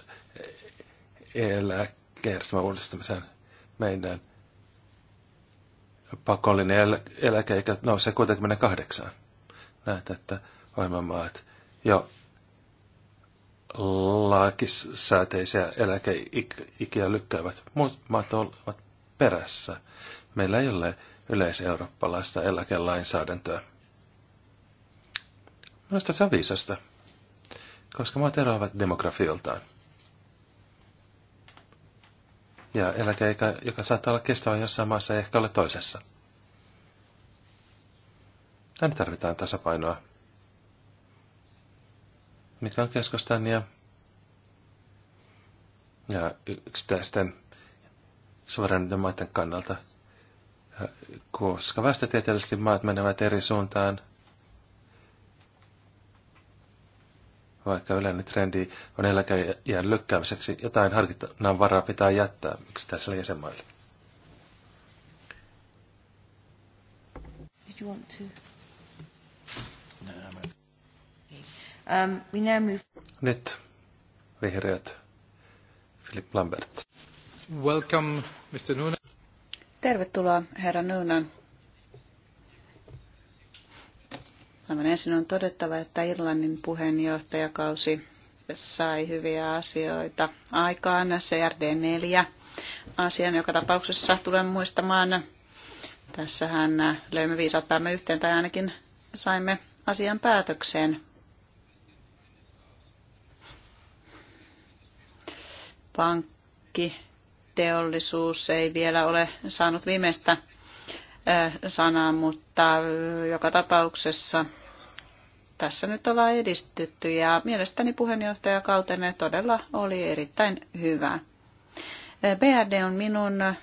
eläkejärjestelmän uudistamisen meidän pakollinen eläkeikä nousee 68. Näet, että maat jo laakissääteisiä eläkeikiä lykkäävät. Muut maat ovat perässä. Meillä ei ole yleiseurooppalaista eläkelainsäädäntöä. Minusta se on viisasta, koska maat eroavat demografioltaan. Ja eläkeikä, joka saattaa olla kestävä jossain maassa, ei ehkä ole toisessa. Tänne tarvitaan tasapainoa. Mikä on keskustan ja, ja yksittäisten suoran maiden kannalta, koska väestötieteellisesti maat menevät eri suuntaan, vaikka yleinen trendi on eläkeiän lykkäämiseksi, jotain harkinnan varaa pitää jättää yksittäisille jäsenmaille. Did you want to? Um, Nyt vihreät Philip Lambert. Welcome, Mr. Noonan. Tervetuloa, herra Noonan. Aivan ensin on todettava, että Irlannin puheenjohtajakausi sai hyviä asioita aikaan. CRD4 asian joka tapauksessa tulen muistamaan. Tässähän löimme viisaat päämme yhteen tai ainakin saimme asian päätökseen Pankkiteollisuus ei vielä ole saanut viimeistä sanaa, mutta joka tapauksessa tässä nyt ollaan edistytty ja mielestäni puheenjohtajakautenne todella oli erittäin hyvä. BRD on minun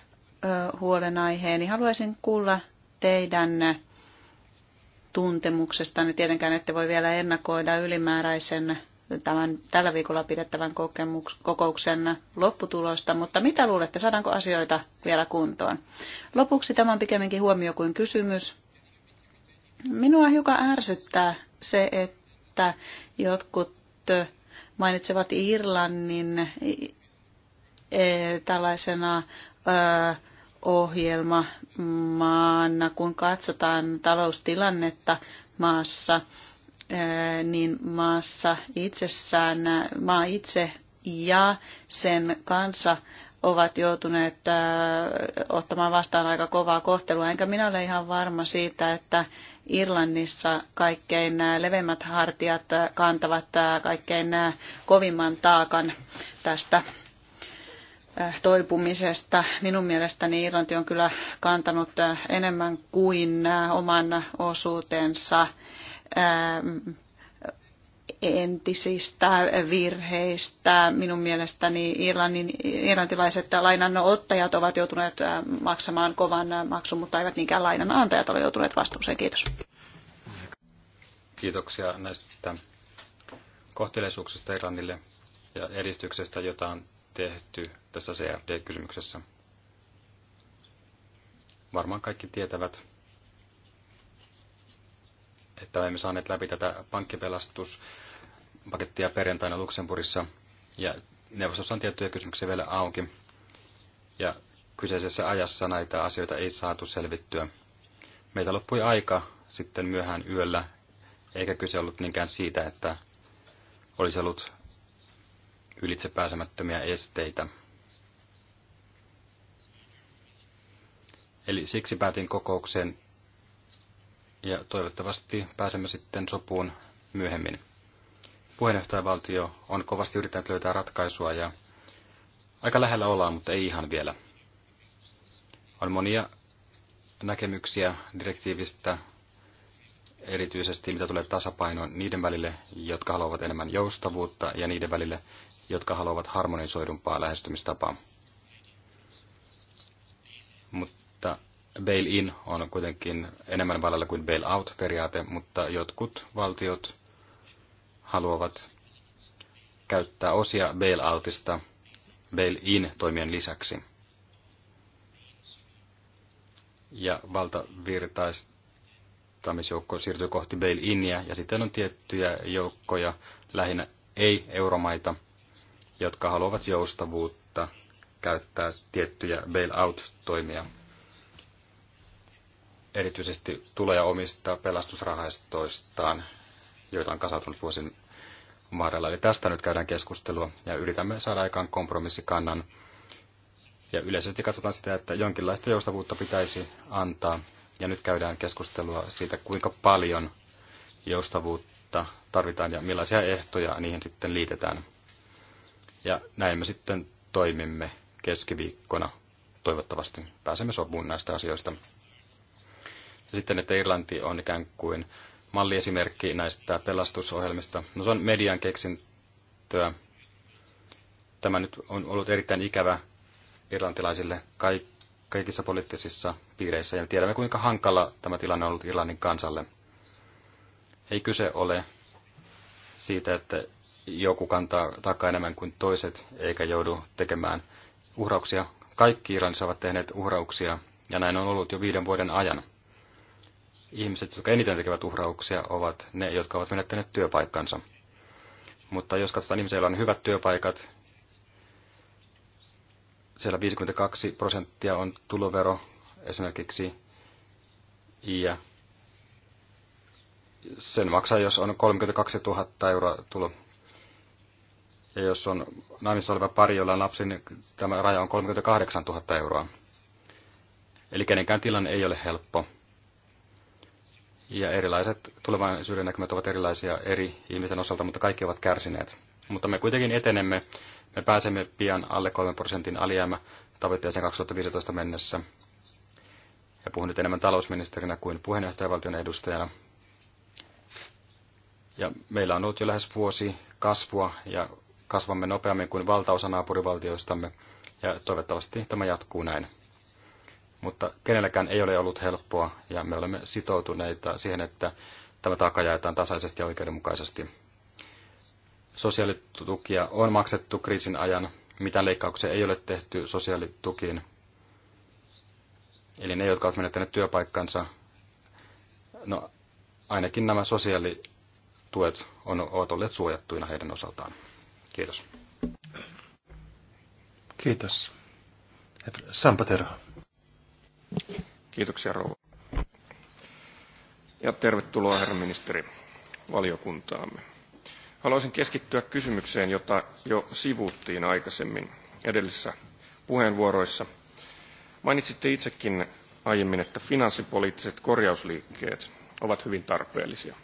huolenaiheeni. Haluaisin kuulla teidän tuntemuksestanne. Tietenkään ette voi vielä ennakoida ylimääräisen tämän tällä viikolla pidettävän kokemuks, kokouksen lopputulosta, mutta mitä luulette, saadaanko asioita vielä kuntoon? Lopuksi tämä on pikemminkin huomio kuin kysymys. Minua hiukan ärsyttää se, että jotkut mainitsevat Irlannin e, tällaisena ohjelmamaana, kun katsotaan taloustilannetta maassa – niin maassa itsessään, maa itse ja sen kansa ovat joutuneet ottamaan vastaan aika kovaa kohtelua. Enkä minä ole ihan varma siitä, että Irlannissa kaikkein levemmät hartiat kantavat kaikkein kovimman taakan tästä toipumisesta. Minun mielestäni Irlanti on kyllä kantanut enemmän kuin oman osuutensa entisistä virheistä. Minun mielestäni Irlannin, irlantilaiset lainanottajat ovat joutuneet maksamaan kovan maksun, mutta eivät niinkään lainanantajat ole joutuneet vastuuseen. Kiitos. Kiitoksia näistä kohteleisuuksista Irlannille ja edistyksestä, jota on tehty tässä CRD-kysymyksessä. Varmaan kaikki tietävät, että olemme saaneet läpi tätä pankkipelastuspakettia perjantaina Luxemburgissa. Ja neuvostossa on tiettyjä kysymyksiä vielä auki. Ja kyseisessä ajassa näitä asioita ei saatu selvittyä. Meitä loppui aika sitten myöhään yöllä, eikä kyse ollut niinkään siitä, että olisi ollut ylitsepääsemättömiä esteitä. Eli siksi päätin kokoukseen ja toivottavasti pääsemme sitten sopuun myöhemmin. Puheenjohtajavaltio on kovasti yrittänyt löytää ratkaisua ja aika lähellä ollaan, mutta ei ihan vielä. On monia näkemyksiä direktiivistä, erityisesti mitä tulee tasapainoon niiden välille, jotka haluavat enemmän joustavuutta ja niiden välille, jotka haluavat harmonisoidumpaa lähestymistapaa. Mutta bail-in on kuitenkin enemmän vallalla kuin bail-out-periaate, mutta jotkut valtiot haluavat käyttää osia bail-outista bail-in-toimien lisäksi. Ja valtavirtaistamisjoukko siirtyy kohti bail-inia, ja sitten on tiettyjä joukkoja, lähinnä ei-euromaita, jotka haluavat joustavuutta käyttää tiettyjä bail-out-toimia erityisesti tuloja omista pelastusrahastoistaan, joita on kasautunut vuosin varrella. Eli tästä nyt käydään keskustelua ja yritämme saada aikaan kompromissikannan. Ja yleisesti katsotaan sitä, että jonkinlaista joustavuutta pitäisi antaa. Ja nyt käydään keskustelua siitä, kuinka paljon joustavuutta tarvitaan ja millaisia ehtoja niihin sitten liitetään. Ja näin me sitten toimimme keskiviikkona. Toivottavasti pääsemme sopuun näistä asioista. Ja sitten, että Irlanti on ikään kuin malliesimerkki näistä pelastusohjelmista. No se on median keksintöä. Tämä nyt on ollut erittäin ikävä irlantilaisille kaikissa poliittisissa piireissä. Ja tiedämme, kuinka hankala tämä tilanne on ollut Irlannin kansalle. Ei kyse ole siitä, että joku kantaa takaa enemmän kuin toiset, eikä joudu tekemään uhrauksia. Kaikki Irlannissa ovat tehneet uhrauksia, ja näin on ollut jo viiden vuoden ajan ihmiset, jotka eniten tekevät uhrauksia, ovat ne, jotka ovat menettäneet työpaikkansa. Mutta jos katsotaan ihmisiä, joilla on hyvät työpaikat, siellä 52 prosenttia on tulovero esimerkiksi, ja sen maksaa, jos on 32 000 euroa tulo. Ja jos on naimissa oleva pari, jolla on lapsi, niin tämä raja on 38 000 euroa. Eli kenenkään tilanne ei ole helppo. Ja erilaiset tulevaisuuden näkymät ovat erilaisia eri ihmisten osalta, mutta kaikki ovat kärsineet. Mutta me kuitenkin etenemme. Me pääsemme pian alle 3 prosentin alijäämä tavoitteeseen 2015 mennessä. Ja puhun nyt enemmän talousministerinä kuin puheenjohtajavaltion edustajana. Ja meillä on ollut jo lähes vuosi kasvua ja kasvamme nopeammin kuin valtaosa naapurivaltioistamme. Ja toivottavasti tämä jatkuu näin mutta kenelläkään ei ole ollut helppoa ja me olemme sitoutuneita siihen, että tämä taakka jaetaan tasaisesti ja oikeudenmukaisesti. Sosiaalitukia on maksettu kriisin ajan, mitään leikkauksia ei ole tehty sosiaalitukiin. Eli ne, jotka ovat menettäneet työpaikkansa, no ainakin nämä sosiaalituet on, ovat olleet suojattuina heidän osaltaan. Kiitos. Kiitos. Sampa Terho. Kiitoksia rouva. Ja tervetuloa herra ministeri valiokuntaamme. Haluaisin keskittyä kysymykseen, jota jo sivuuttiin aikaisemmin edellisissä puheenvuoroissa. Mainitsitte itsekin aiemmin, että finanssipoliittiset korjausliikkeet ovat hyvin tarpeellisia.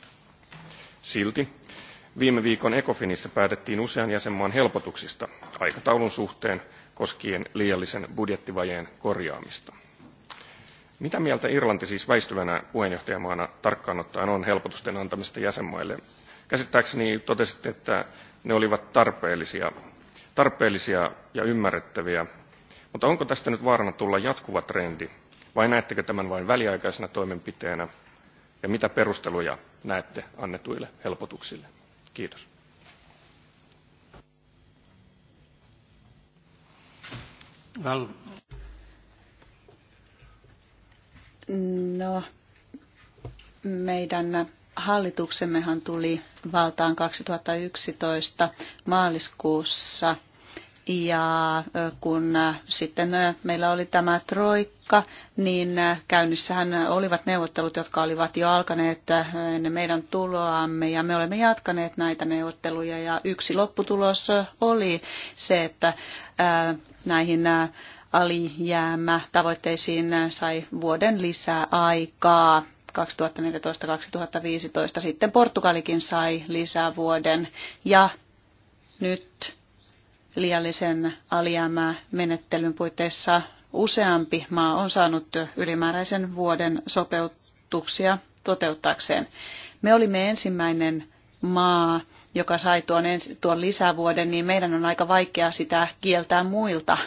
Silti viime viikon Ecofinissä päätettiin usean jäsenmaan helpotuksista aikataulun suhteen koskien liiallisen budjettivajeen korjaamista mitä mieltä irlanti siis väistyvänä puheenjohtajamaana tarkkaan ottaen on helpotusten antamisesta jäsenmaille? käsittääkseni totesitte että ne olivat tarpeellisia, tarpeellisia ja ymmärrettäviä mutta onko tästä nyt vaarana tulla jatkuva trendi vai näettekö tämän vain väliaikaisena toimenpiteenä ja mitä perusteluja näette annetuille helpotuksille? Kiitos. Well, No, meidän hallituksemmehan tuli valtaan 2011 maaliskuussa ja kun sitten meillä oli tämä troikka, niin käynnissähän olivat neuvottelut, jotka olivat jo alkaneet ennen meidän tuloamme ja me olemme jatkaneet näitä neuvotteluja ja yksi lopputulos oli se, että näihin alijäämä tavoitteisiin sai vuoden lisää aikaa. 2014-2015 sitten Portugalikin sai lisää vuoden ja nyt liiallisen alijäämämenettelyn puitteissa useampi maa on saanut ylimääräisen vuoden sopeutuksia toteuttaakseen. Me olimme ensimmäinen maa, joka sai tuon, tuon lisävuoden, niin meidän on aika vaikea sitä kieltää muilta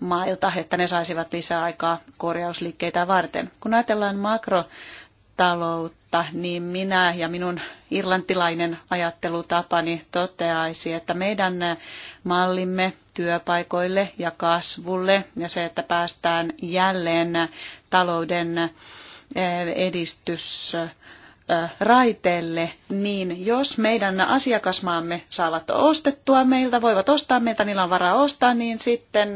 mailta, että ne saisivat lisäaikaa korjausliikkeitä varten. Kun ajatellaan makrotaloutta, niin minä ja minun irlantilainen ajattelutapani niin toteaisi, että meidän mallimme työpaikoille ja kasvulle ja se, että päästään jälleen talouden eh, edistys raiteelle, niin jos meidän asiakasmaamme saavat ostettua meiltä, voivat ostaa meiltä, niillä on varaa ostaa, niin sitten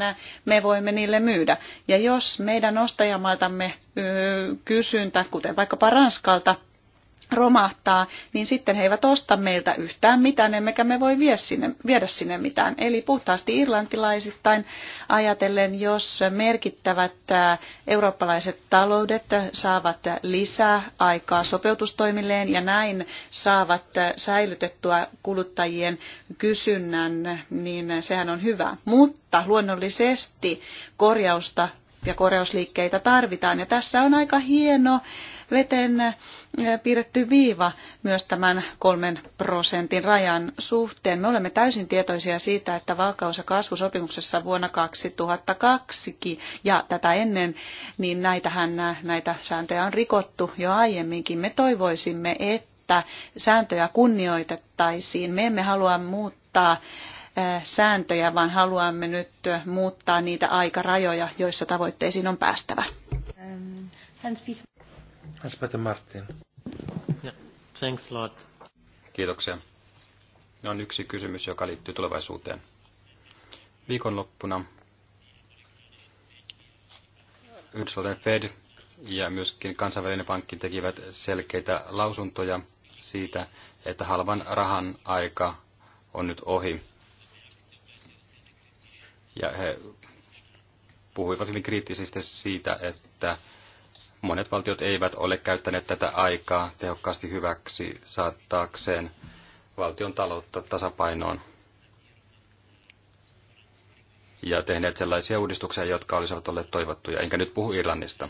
me voimme niille myydä. Ja jos meidän ostajamailtamme kysyntä, kuten vaikkapa Ranskalta, romahtaa, niin sitten he eivät osta meiltä yhtään mitään, emmekä me voi vie sinne, viedä sinne mitään. Eli puhtaasti irlantilaisittain ajatellen, jos merkittävät eurooppalaiset taloudet saavat lisää aikaa sopeutustoimilleen ja näin saavat säilytettyä kuluttajien kysynnän, niin sehän on hyvä. Mutta luonnollisesti korjausta ja korjausliikkeitä tarvitaan. Ja tässä on aika hieno veteen eh, piirretty viiva myös tämän kolmen prosentin rajan suhteen. Me olemme täysin tietoisia siitä, että vakaus- ja kasvusopimuksessa vuonna 2002 ja tätä ennen, niin näitähän eh, näitä sääntöjä on rikottu jo aiemminkin. Me toivoisimme, että sääntöjä kunnioitettaisiin. Me emme halua muuttaa eh, sääntöjä, vaan haluamme nyt muuttaa niitä aikarajoja, joissa tavoitteisiin on päästävä. Ähm, Hans Martin. Yeah. Thanks lot. Kiitoksia. On yksi kysymys, joka liittyy tulevaisuuteen. Viikonloppuna Yhdysvaltain Fed ja myöskin kansainvälinen pankki tekivät selkeitä lausuntoja siitä, että halvan rahan aika on nyt ohi. Ja he puhuivat hyvin kriittisesti siitä, että monet valtiot eivät ole käyttäneet tätä aikaa tehokkaasti hyväksi saattaakseen valtion taloutta tasapainoon ja tehneet sellaisia uudistuksia, jotka olisivat olleet toivottuja. Enkä nyt puhu Irlannista.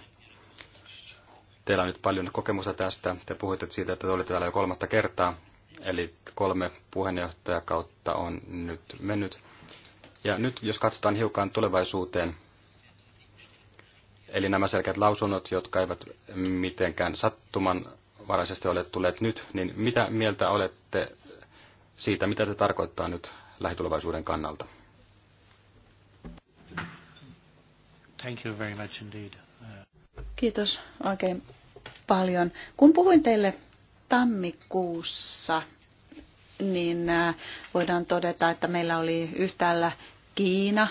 Teillä on nyt paljon kokemusta tästä. Te puhuitte siitä, että te olitte täällä jo kolmatta kertaa. Eli kolme puheenjohtajakautta on nyt mennyt. Ja nyt jos katsotaan hiukan tulevaisuuteen, Eli nämä selkeät lausunnot, jotka eivät mitenkään sattumanvaraisesti ole tulleet nyt, niin mitä mieltä olette siitä, mitä se tarkoittaa nyt lähitulevaisuuden kannalta? Thank you very much indeed. Kiitos oikein paljon. Kun puhuin teille tammikuussa, niin äh, voidaan todeta, että meillä oli yhtäällä Kiina,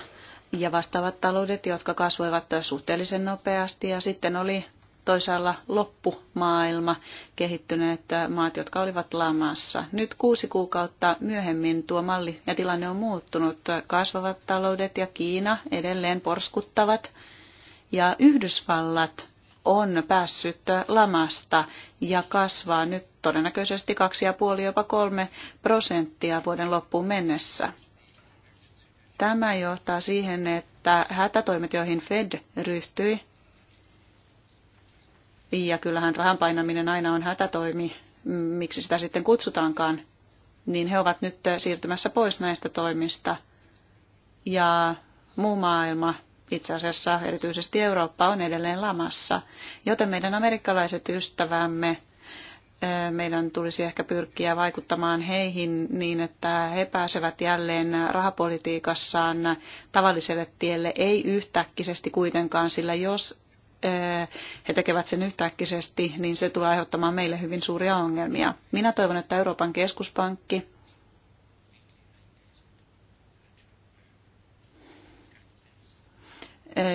ja vastaavat taloudet, jotka kasvoivat suhteellisen nopeasti ja sitten oli toisaalla loppumaailma, kehittyneet maat, jotka olivat lamassa. Nyt kuusi kuukautta myöhemmin tuo malli ja tilanne on muuttunut. Kasvavat taloudet ja Kiina edelleen porskuttavat ja Yhdysvallat on päässyt lamasta ja kasvaa nyt todennäköisesti 2,5 jopa 3 prosenttia vuoden loppuun mennessä. Tämä johtaa siihen, että hätätoimet, joihin Fed ryhtyi, ja kyllähän rahan painaminen aina on hätätoimi, miksi sitä sitten kutsutaankaan, niin he ovat nyt siirtymässä pois näistä toimista. Ja muu maailma, itse asiassa erityisesti Eurooppa, on edelleen lamassa. Joten meidän amerikkalaiset ystävämme meidän tulisi ehkä pyrkiä vaikuttamaan heihin niin, että he pääsevät jälleen rahapolitiikassaan tavalliselle tielle, ei yhtäkkisesti kuitenkaan, sillä jos he tekevät sen yhtäkkisesti, niin se tulee aiheuttamaan meille hyvin suuria ongelmia. Minä toivon, että Euroopan keskuspankki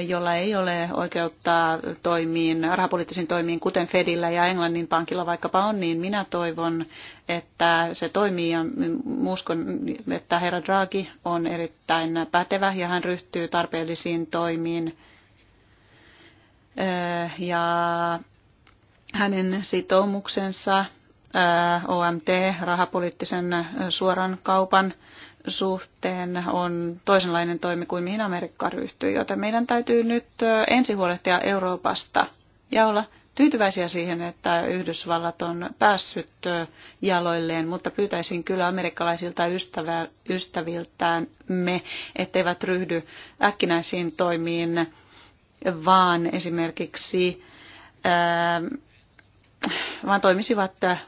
jolla ei ole oikeutta toimiin, rahapoliittisiin toimiin, kuten Fedillä ja Englannin pankilla vaikkapa on, niin minä toivon, että se toimii ja uskon, että herra Draghi on erittäin pätevä ja hän ryhtyy tarpeellisiin toimiin. Ja hänen sitoumuksensa OMT, rahapoliittisen suoran kaupan suhteen on toisenlainen toimi kuin mihin Amerikka ryhtyy, joten meidän täytyy nyt ensi huolehtia Euroopasta ja olla tyytyväisiä siihen, että Yhdysvallat on päässyt jaloilleen, mutta pyytäisin kyllä amerikkalaisilta ystävä, ystäviltään me, etteivät ryhdy äkkinäisiin toimiin, vaan esimerkiksi ää, vaan toimisivat ää,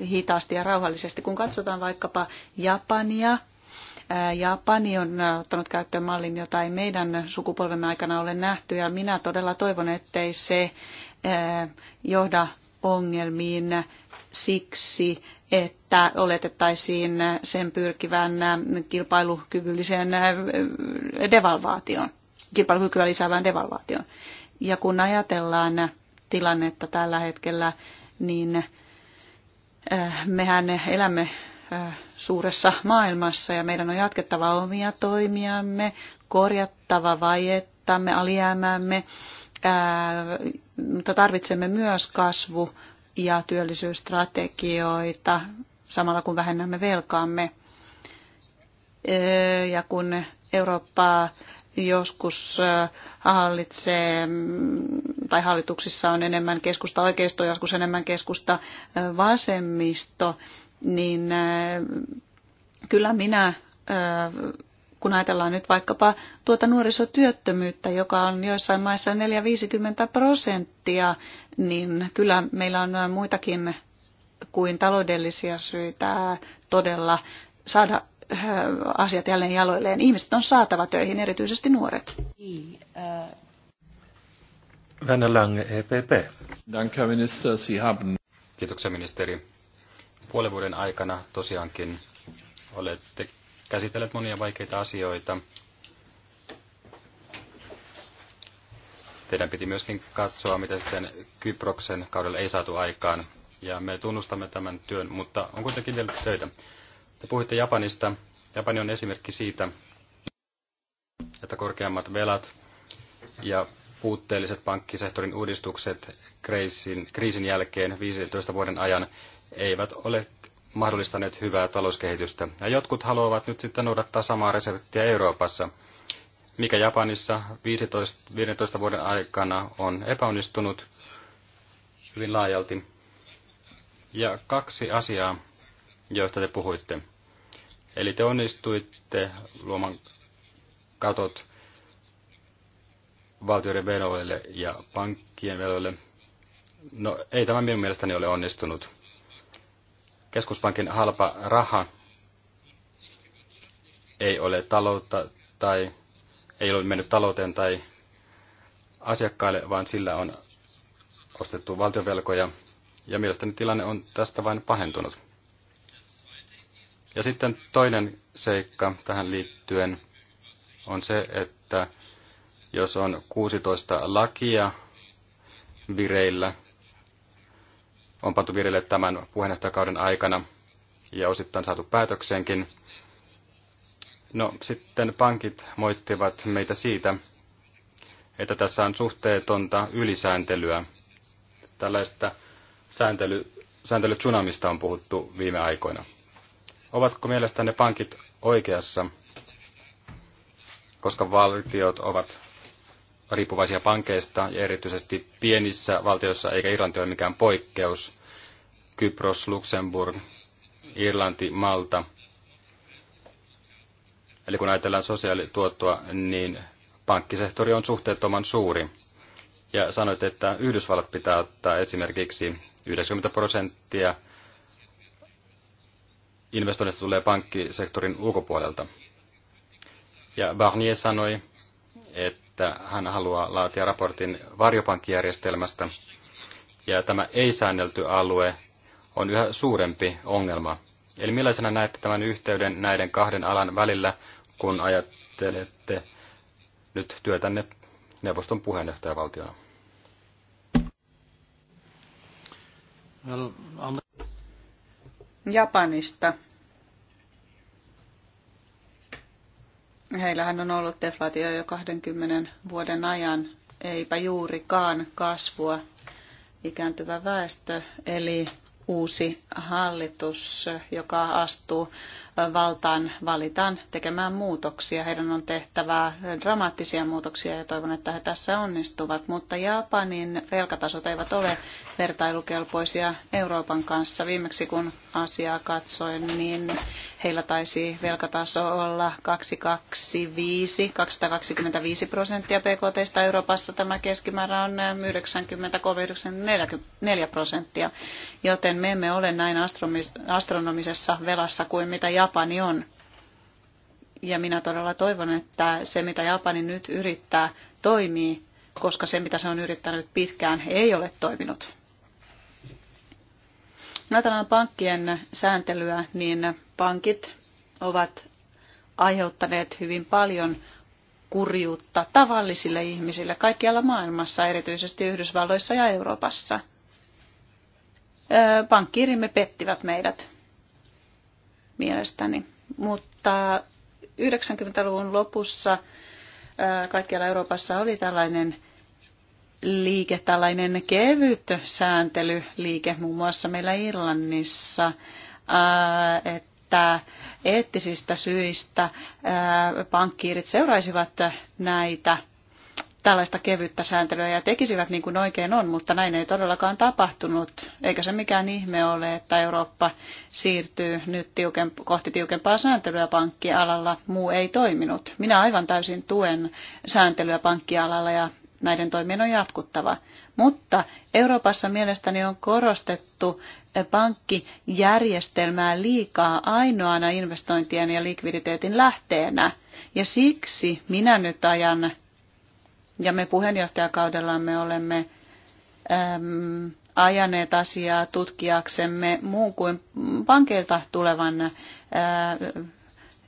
hitaasti ja rauhallisesti. Kun katsotaan vaikkapa Japania, Japani on ottanut käyttöön mallin, jota ei meidän sukupolvemme aikana ole nähty, ja minä todella toivon, ettei se johda ongelmiin siksi, että oletettaisiin sen pyrkivän kilpailukyvylliseen devalvaatioon, kilpailukykyä lisäävään devalvaatioon. Ja kun ajatellaan tilannetta tällä hetkellä, niin Äh, mehän elämme äh, suuressa maailmassa ja meidän on jatkettava omia toimiamme, korjattava vajettamme, alijäämäämme, äh, mutta tarvitsemme myös kasvu- ja työllisyysstrategioita samalla kun vähennämme velkaamme. Ja kun Eurooppaa joskus äh, hallitsee, mm, tai hallituksissa on enemmän keskusta oikeisto, joskus enemmän keskusta äh, vasemmisto, niin äh, kyllä minä, kun ajatellaan nyt vaikkapa tuota nuorisotyöttömyyttä, joka on joissain maissa 4-50 prosenttia, niin kyllä meillä on muitakin kuin taloudellisia syitä todella saada Äh, asiat jälleen jaloilleen. Ihmiset on saatava töihin, erityisesti nuoret. Vänä Lange, EPP. Kiitoksia, ministeri. Puolen vuoden aikana tosiaankin olette käsitelleet monia vaikeita asioita. Teidän piti myöskin katsoa, mitä sitten Kyproksen kaudella ei saatu aikaan. Ja me tunnustamme tämän työn, mutta on kuitenkin vielä töitä. Te puhuitte Japanista. Japani on esimerkki siitä, että korkeammat velat ja puutteelliset pankkisektorin uudistukset kriisin, kriisin jälkeen 15 vuoden ajan eivät ole mahdollistaneet hyvää talouskehitystä. Ja jotkut haluavat nyt sitten noudattaa samaa reseptiä Euroopassa, mikä Japanissa 15, 15 vuoden aikana on epäonnistunut hyvin laajalti. Ja kaksi asiaa, joista te puhuitte. Eli te onnistuitte luomaan katot valtioiden veloille ja pankkien veloille. No ei tämä minun mielestäni ole onnistunut. Keskuspankin halpa raha ei ole taloutta tai ei ole mennyt talouteen tai asiakkaille, vaan sillä on ostettu valtionvelkoja. Ja mielestäni tilanne on tästä vain pahentunut. Ja sitten toinen seikka tähän liittyen on se, että jos on 16 lakia vireillä, on pantu vireille tämän puheenjohtajakauden aikana ja osittain saatu päätökseenkin. No sitten pankit moittivat meitä siitä, että tässä on suhteetonta ylisääntelyä. Tällaista sääntely, sääntelytsunamista on puhuttu viime aikoina. Ovatko mielestänne pankit oikeassa, koska valtiot ovat riippuvaisia pankeista ja erityisesti pienissä valtioissa, eikä Irlanti ole mikään poikkeus. Kypros, Luxemburg, Irlanti, Malta. Eli kun ajatellaan sosiaalituottoa, niin pankkisektori on suhteettoman suuri. Ja sanoit, että Yhdysvallat pitää ottaa esimerkiksi 90 prosenttia investoinnista tulee pankkisektorin ulkopuolelta. Ja Barnier sanoi, että hän haluaa laatia raportin varjopankkijärjestelmästä, ja tämä ei-säännelty alue on yhä suurempi ongelma. Eli millaisena näette tämän yhteyden näiden kahden alan välillä, kun ajattelette nyt työtänne neuvoston puheenjohtajavaltiona? Japanista. Heillähän on ollut deflaatio jo 20 vuoden ajan, eipä juurikaan kasvua ikääntyvä väestö, eli uusi hallitus, joka astuu valtaan valitaan tekemään muutoksia. Heidän on tehtävä dramaattisia muutoksia ja toivon, että he tässä onnistuvat. Mutta Japanin velkatasot eivät ole vertailukelpoisia Euroopan kanssa. Viimeksi kun asiaa katsoin, niin heillä taisi velkataso olla 225, 225 prosenttia PKT. Euroopassa tämä keskimäärä on 93-94 prosenttia, joten me emme ole näin astronomisessa velassa kuin mitä Japan Japani on. Ja minä todella toivon, että se mitä Japani nyt yrittää toimii, koska se mitä se on yrittänyt pitkään ei ole toiminut. Ajatellaan pankkien sääntelyä, niin pankit ovat aiheuttaneet hyvin paljon kurjuutta tavallisille ihmisille kaikkialla maailmassa, erityisesti Yhdysvalloissa ja Euroopassa. Pankkiirimme pettivät meidät mielestäni. Mutta 90-luvun lopussa kaikkialla Euroopassa oli tällainen liike, tällainen kevyt sääntelyliike muun muassa meillä Irlannissa, että eettisistä syistä pankkiirit seuraisivat näitä tällaista kevyttä sääntelyä ja tekisivät niin kuin oikein on, mutta näin ei todellakaan tapahtunut. Eikä se mikään ihme ole, että Eurooppa siirtyy nyt tiuken, kohti tiukempaa sääntelyä pankkialalla. Muu ei toiminut. Minä aivan täysin tuen sääntelyä pankkialalla ja näiden toimien on jatkuttava. Mutta Euroopassa mielestäni on korostettu pankkijärjestelmää liikaa ainoana investointien ja likviditeetin lähteenä. Ja siksi minä nyt ajan ja me puheenjohtajakaudellamme olemme äm, ajaneet asiaa tutkiaksemme muun kuin pankeilta tulevan ä,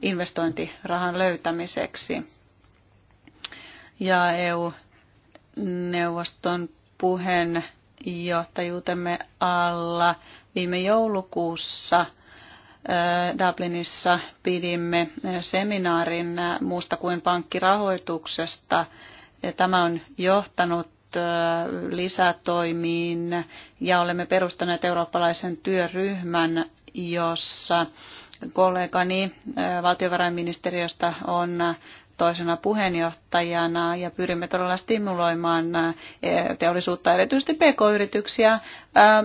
investointirahan löytämiseksi. Ja EU-neuvoston puheenjohtajuutemme alla viime joulukuussa Dublinissa pidimme seminaarin muusta kuin pankkirahoituksesta – Tämä on johtanut lisätoimiin ja olemme perustaneet eurooppalaisen työryhmän, jossa kollegani valtiovarainministeriöstä on toisena puheenjohtajana ja pyrimme todella stimuloimaan teollisuutta, erityisesti pk-yrityksiä,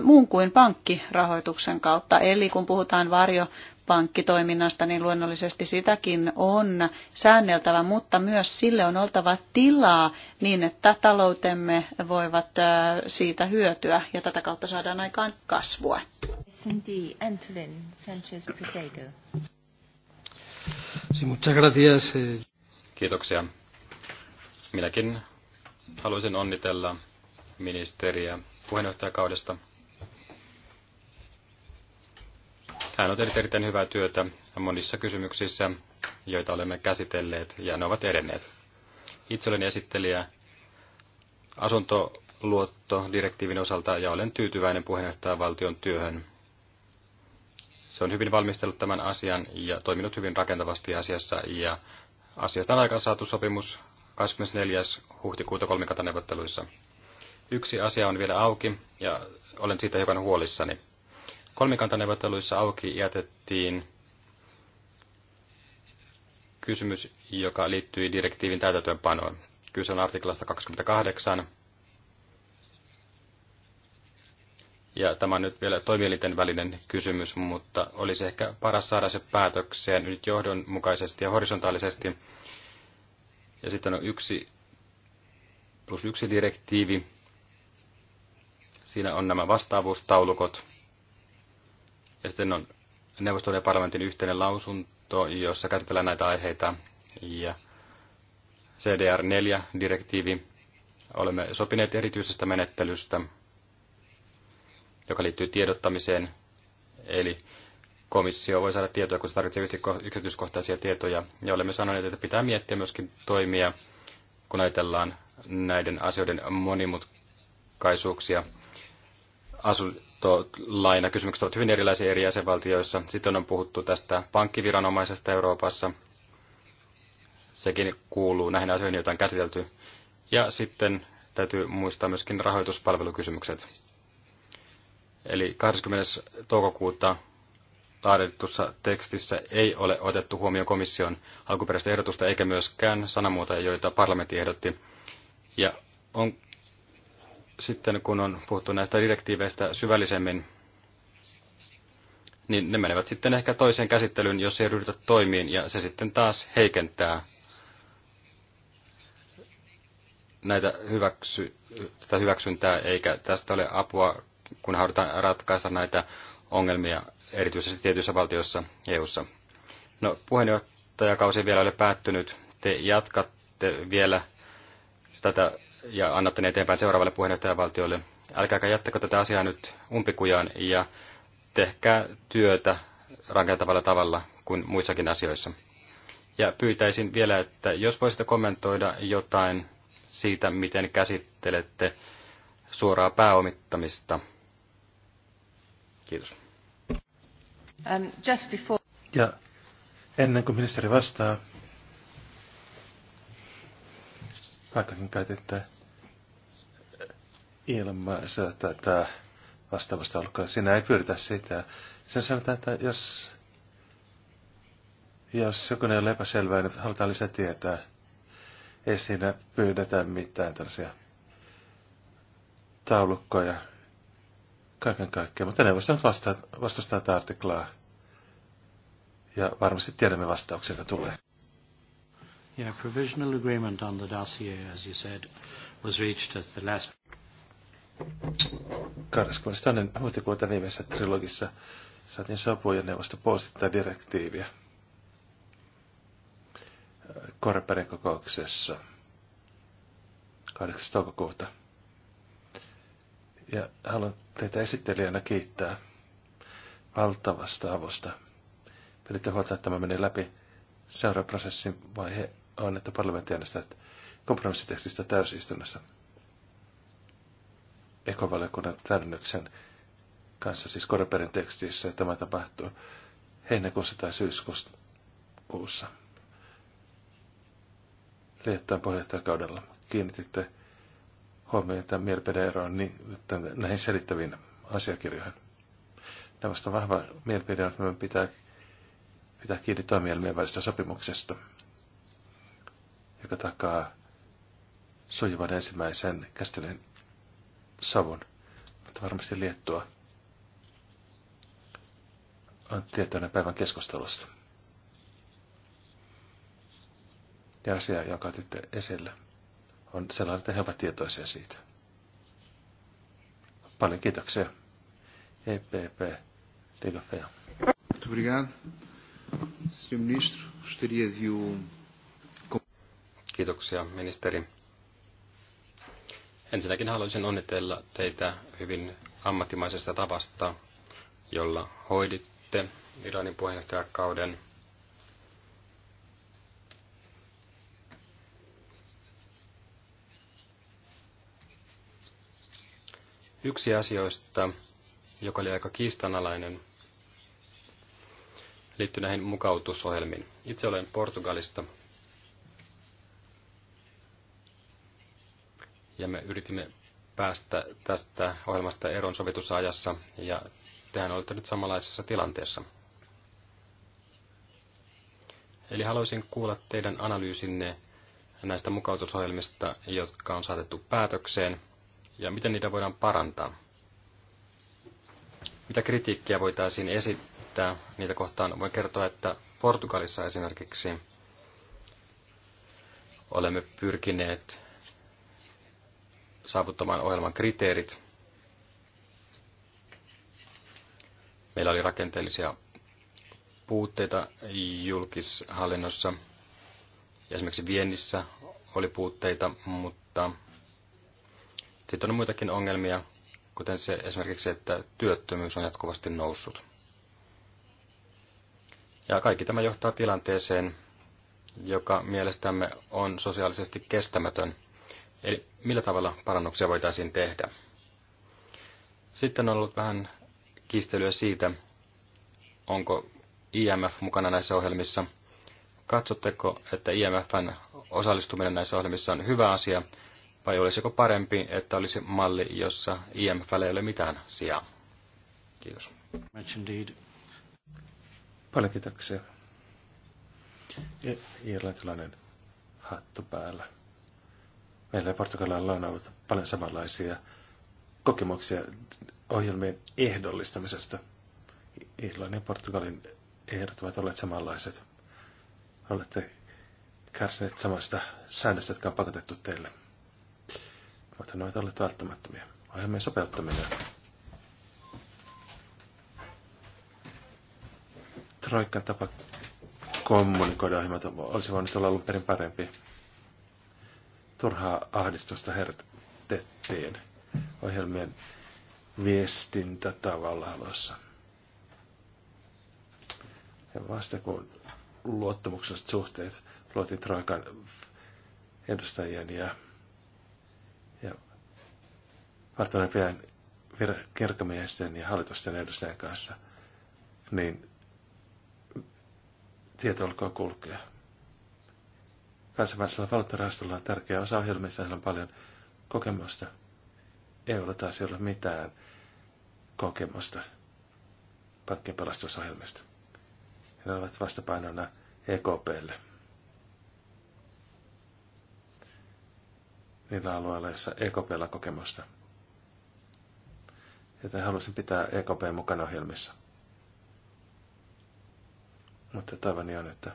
muun kuin pankkirahoituksen kautta. Eli kun puhutaan varjo pankkitoiminnasta, niin luonnollisesti sitäkin on säänneltävä, mutta myös sille on oltava tilaa niin, että taloutemme voivat siitä hyötyä ja tätä kautta saadaan aikaan kasvua. muchas gracias. Eh. Kiitoksia. Minäkin haluaisin onnitella ministeriä puheenjohtajakaudesta. Hän on tehnyt erittäin hyvää työtä monissa kysymyksissä, joita olemme käsitelleet, ja ne ovat edenneet. Itse olen esittelijä asuntoluottodirektiivin osalta, ja olen tyytyväinen puheenjohtajan valtion työhön. Se on hyvin valmistellut tämän asian ja toiminut hyvin rakentavasti asiassa, ja asiasta on aikaan saatu sopimus 24. huhtikuuta kolmikantaneuvotteluissa. Yksi asia on vielä auki, ja olen siitä hiukan huolissani – Kolmikantaneuvotteluissa auki jätettiin kysymys, joka liittyi direktiivin täytäntöönpanoon. Kyse on artiklasta 28. Ja tämä on nyt vielä toimielinten välinen kysymys, mutta olisi ehkä paras saada se päätökseen nyt johdonmukaisesti ja horisontaalisesti. Ja sitten on yksi plus yksi direktiivi. Siinä on nämä vastaavuustaulukot. Ja sitten on neuvoston ja parlamentin yhteinen lausunto, jossa käsitellään näitä aiheita. Ja CDR4-direktiivi. Olemme sopineet erityisestä menettelystä, joka liittyy tiedottamiseen. Eli komissio voi saada tietoja, kun se tarvitsee yksityiskohtaisia tietoja. Ja olemme sanoneet, että pitää miettiä myöskin toimia, kun ajatellaan näiden asioiden monimutkaisuuksia luottolainakysymykset ovat hyvin erilaisia eri jäsenvaltioissa. Sitten on puhuttu tästä pankkiviranomaisesta Euroopassa. Sekin kuuluu näihin asioihin, joita on käsitelty. Ja sitten täytyy muistaa myöskin rahoituspalvelukysymykset. Eli 20. toukokuuta laadittussa tekstissä ei ole otettu huomioon komission alkuperäistä ehdotusta eikä myöskään sanamuotoja, joita parlamentti ehdotti. Ja on sitten kun on puhuttu näistä direktiiveistä syvällisemmin, niin ne menevät sitten ehkä toiseen käsittelyyn, jos ei ryhdytä toimiin, ja se sitten taas heikentää näitä hyväksy, tätä hyväksyntää, eikä tästä ole apua, kun halutaan ratkaista näitä ongelmia, erityisesti tietyissä valtioissa EU-ssa. No, puheenjohtajakausi vielä ole päättynyt. Te jatkatte vielä tätä ja annatte ne eteenpäin seuraavalle puheenjohtajavaltiolle. Älkääkä jättäkö tätä asiaa nyt umpikujaan ja tehkää työtä rakentavalla tavalla kuin muissakin asioissa. Ja pyytäisin vielä, että jos voisitte kommentoida jotain siitä, miten käsittelette suoraa pääomittamista. Kiitos. Um, just before... Ja ennen kuin ministeri vastaa, Vaikkakin että äh, ilmaista tätä vastaavasta olkoon. Siinä ei pyritä sitä. Sen sanotaan, että jos, jos joku ei ole epäselvää, niin halutaan lisää tietää. Ei siinä pyydetä mitään tällaisia taulukkoja kaiken kaikkiaan. Mutta ne voisivat vastata vastustaa tätä artiklaa. Ja varmasti tiedämme vastauksia, tulee. Yeah, provisional agreement on the dossier, as you said, was reached at the last... 22. huhtikuuta viimeisessä trilogissa saatiin sopua ja neuvosto poistettaa direktiiviä Korperin kokouksessa 8. toukokuuta. Ja haluan teitä esittelijänä kiittää valtavasta avusta. Pelitte huolta, että tämä menee läpi. Seuraava prosessin vaihe on, että parlamentti äänestää kompromissitekstistä täysistunnossa. Ekovaliokunnan täydennyksen kanssa, siis Koreperin tekstissä, tämä tapahtuu heinäkuussa tai syyskuussa. Liettään puheenjohtajakaudella kiinnititte huomiota mielipideeroon niin, että näihin selittäviin asiakirjoihin. Nämä vahva mielipide on, että pitää, pitää kiinni toimielmien välistä sopimuksesta joka takaa sujuvan ensimmäisen käsittelyn savun, mutta varmasti liettua on tietoinen päivän keskustelusta. Ja asia, jonka otitte esille, on sellainen, että he ovat tietoisia siitä. Paljon kiitoksia. EPP, Liga Fea. Muito obrigado. Sr. Ministro, gostaria de o um Kiitoksia, ministeri. Ensinnäkin haluaisin onnitella teitä hyvin ammattimaisesta tavasta, jolla hoiditte Iranin puheenjohtajakauden. Yksi asioista, joka oli aika kiistanalainen, liittyi näihin mukautusohjelmiin. Itse olen Portugalista ja me yritimme päästä tästä ohjelmasta eron sovitusajassa, ja tehän olette nyt samanlaisessa tilanteessa. Eli haluaisin kuulla teidän analyysinne näistä mukautusohjelmista, jotka on saatettu päätökseen, ja miten niitä voidaan parantaa. Mitä kritiikkiä voitaisiin esittää niitä kohtaan? Voin kertoa, että Portugalissa esimerkiksi olemme pyrkineet saavuttamaan ohjelman kriteerit. Meillä oli rakenteellisia puutteita julkishallinnossa. Esimerkiksi viennissä oli puutteita, mutta sitten on muitakin ongelmia, kuten se esimerkiksi, että työttömyys on jatkuvasti noussut. Ja kaikki tämä johtaa tilanteeseen, joka mielestämme on sosiaalisesti kestämätön – Eli millä tavalla parannuksia voitaisiin tehdä? Sitten on ollut vähän kiistelyä siitä, onko IMF mukana näissä ohjelmissa. Katsotteko, että IMFn osallistuminen näissä ohjelmissa on hyvä asia, vai olisiko parempi, että olisi malli, jossa IMF ei ole mitään sijaa? Kiitos. Paljon kiitoksia. Irlantilainen hattu päällä. Meillä ja Portugalilla on ollut paljon samanlaisia kokemuksia ohjelmien ehdollistamisesta. Irlannin ja Portugalin ehdot ovat olleet samanlaiset. Olette kärsineet samasta säännöstä, jotka on pakotettu teille. Mutta ne ovat olleet välttämättömiä. Ohjelmien sopeuttaminen. Troikan tapa kommunikoida ohjelmat olisi voinut olla alun perin parempi turhaa ahdistusta herätettiin ohjelmien viestintätavallalossa. Ja vasta kun luottamukselliset suhteet luotiin Troikan edustajien ja, ja varttuneempien kirkkomiesten ja hallitusten edustajien kanssa, niin tieto alkoi kulkea pääsemässä valuuttarahastolla on tärkeä osa ohjelmissa, heillä on paljon kokemusta. ole taas ei ole mitään kokemusta pankkien pelastusohjelmista. He ovat vastapainona EKPlle. Niillä alueilla, joissa EKPlla on kokemusta. Joten halusin pitää EKP mukana ohjelmissa. Mutta tavani on, että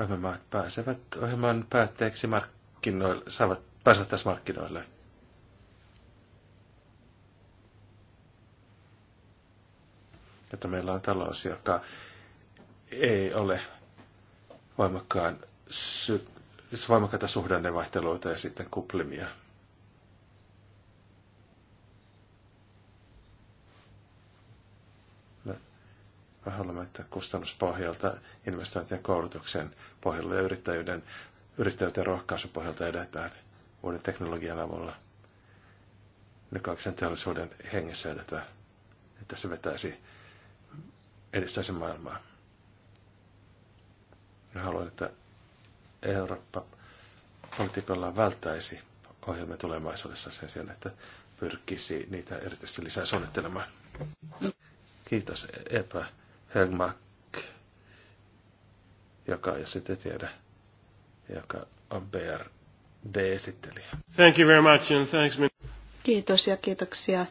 ohjelmamaat pääsevät ohjelman päätteeksi markkinoille, saavat, pääsevät tässä markkinoille. Että meillä on talous, joka ei ole voimakkaan sy- voimakkaita suhdannevaihteluita ja sitten kuplimia. Me haluamme, että kustannuspohjalta, investointien koulutuksen pohjalta ja yrittäjyyden, yrittäjyyden rohkaisupohjalta edetään uuden teknologian avulla. nykyaikaisen teollisuuden hengessä edetään, että se vetäisi edistäisi maailmaa. Me haluan, että Eurooppa politiikalla välttäisi ohjelmia tulevaisuudessa sen sijaan, että pyrkisi niitä erityisesti lisää suunnittelemaan. Kiitos Epä. Helgmark, joka, jos sitten tiedä, joka on BRD-esittelijä. Thank you very much and thanks. Kiitos ja kiitoksia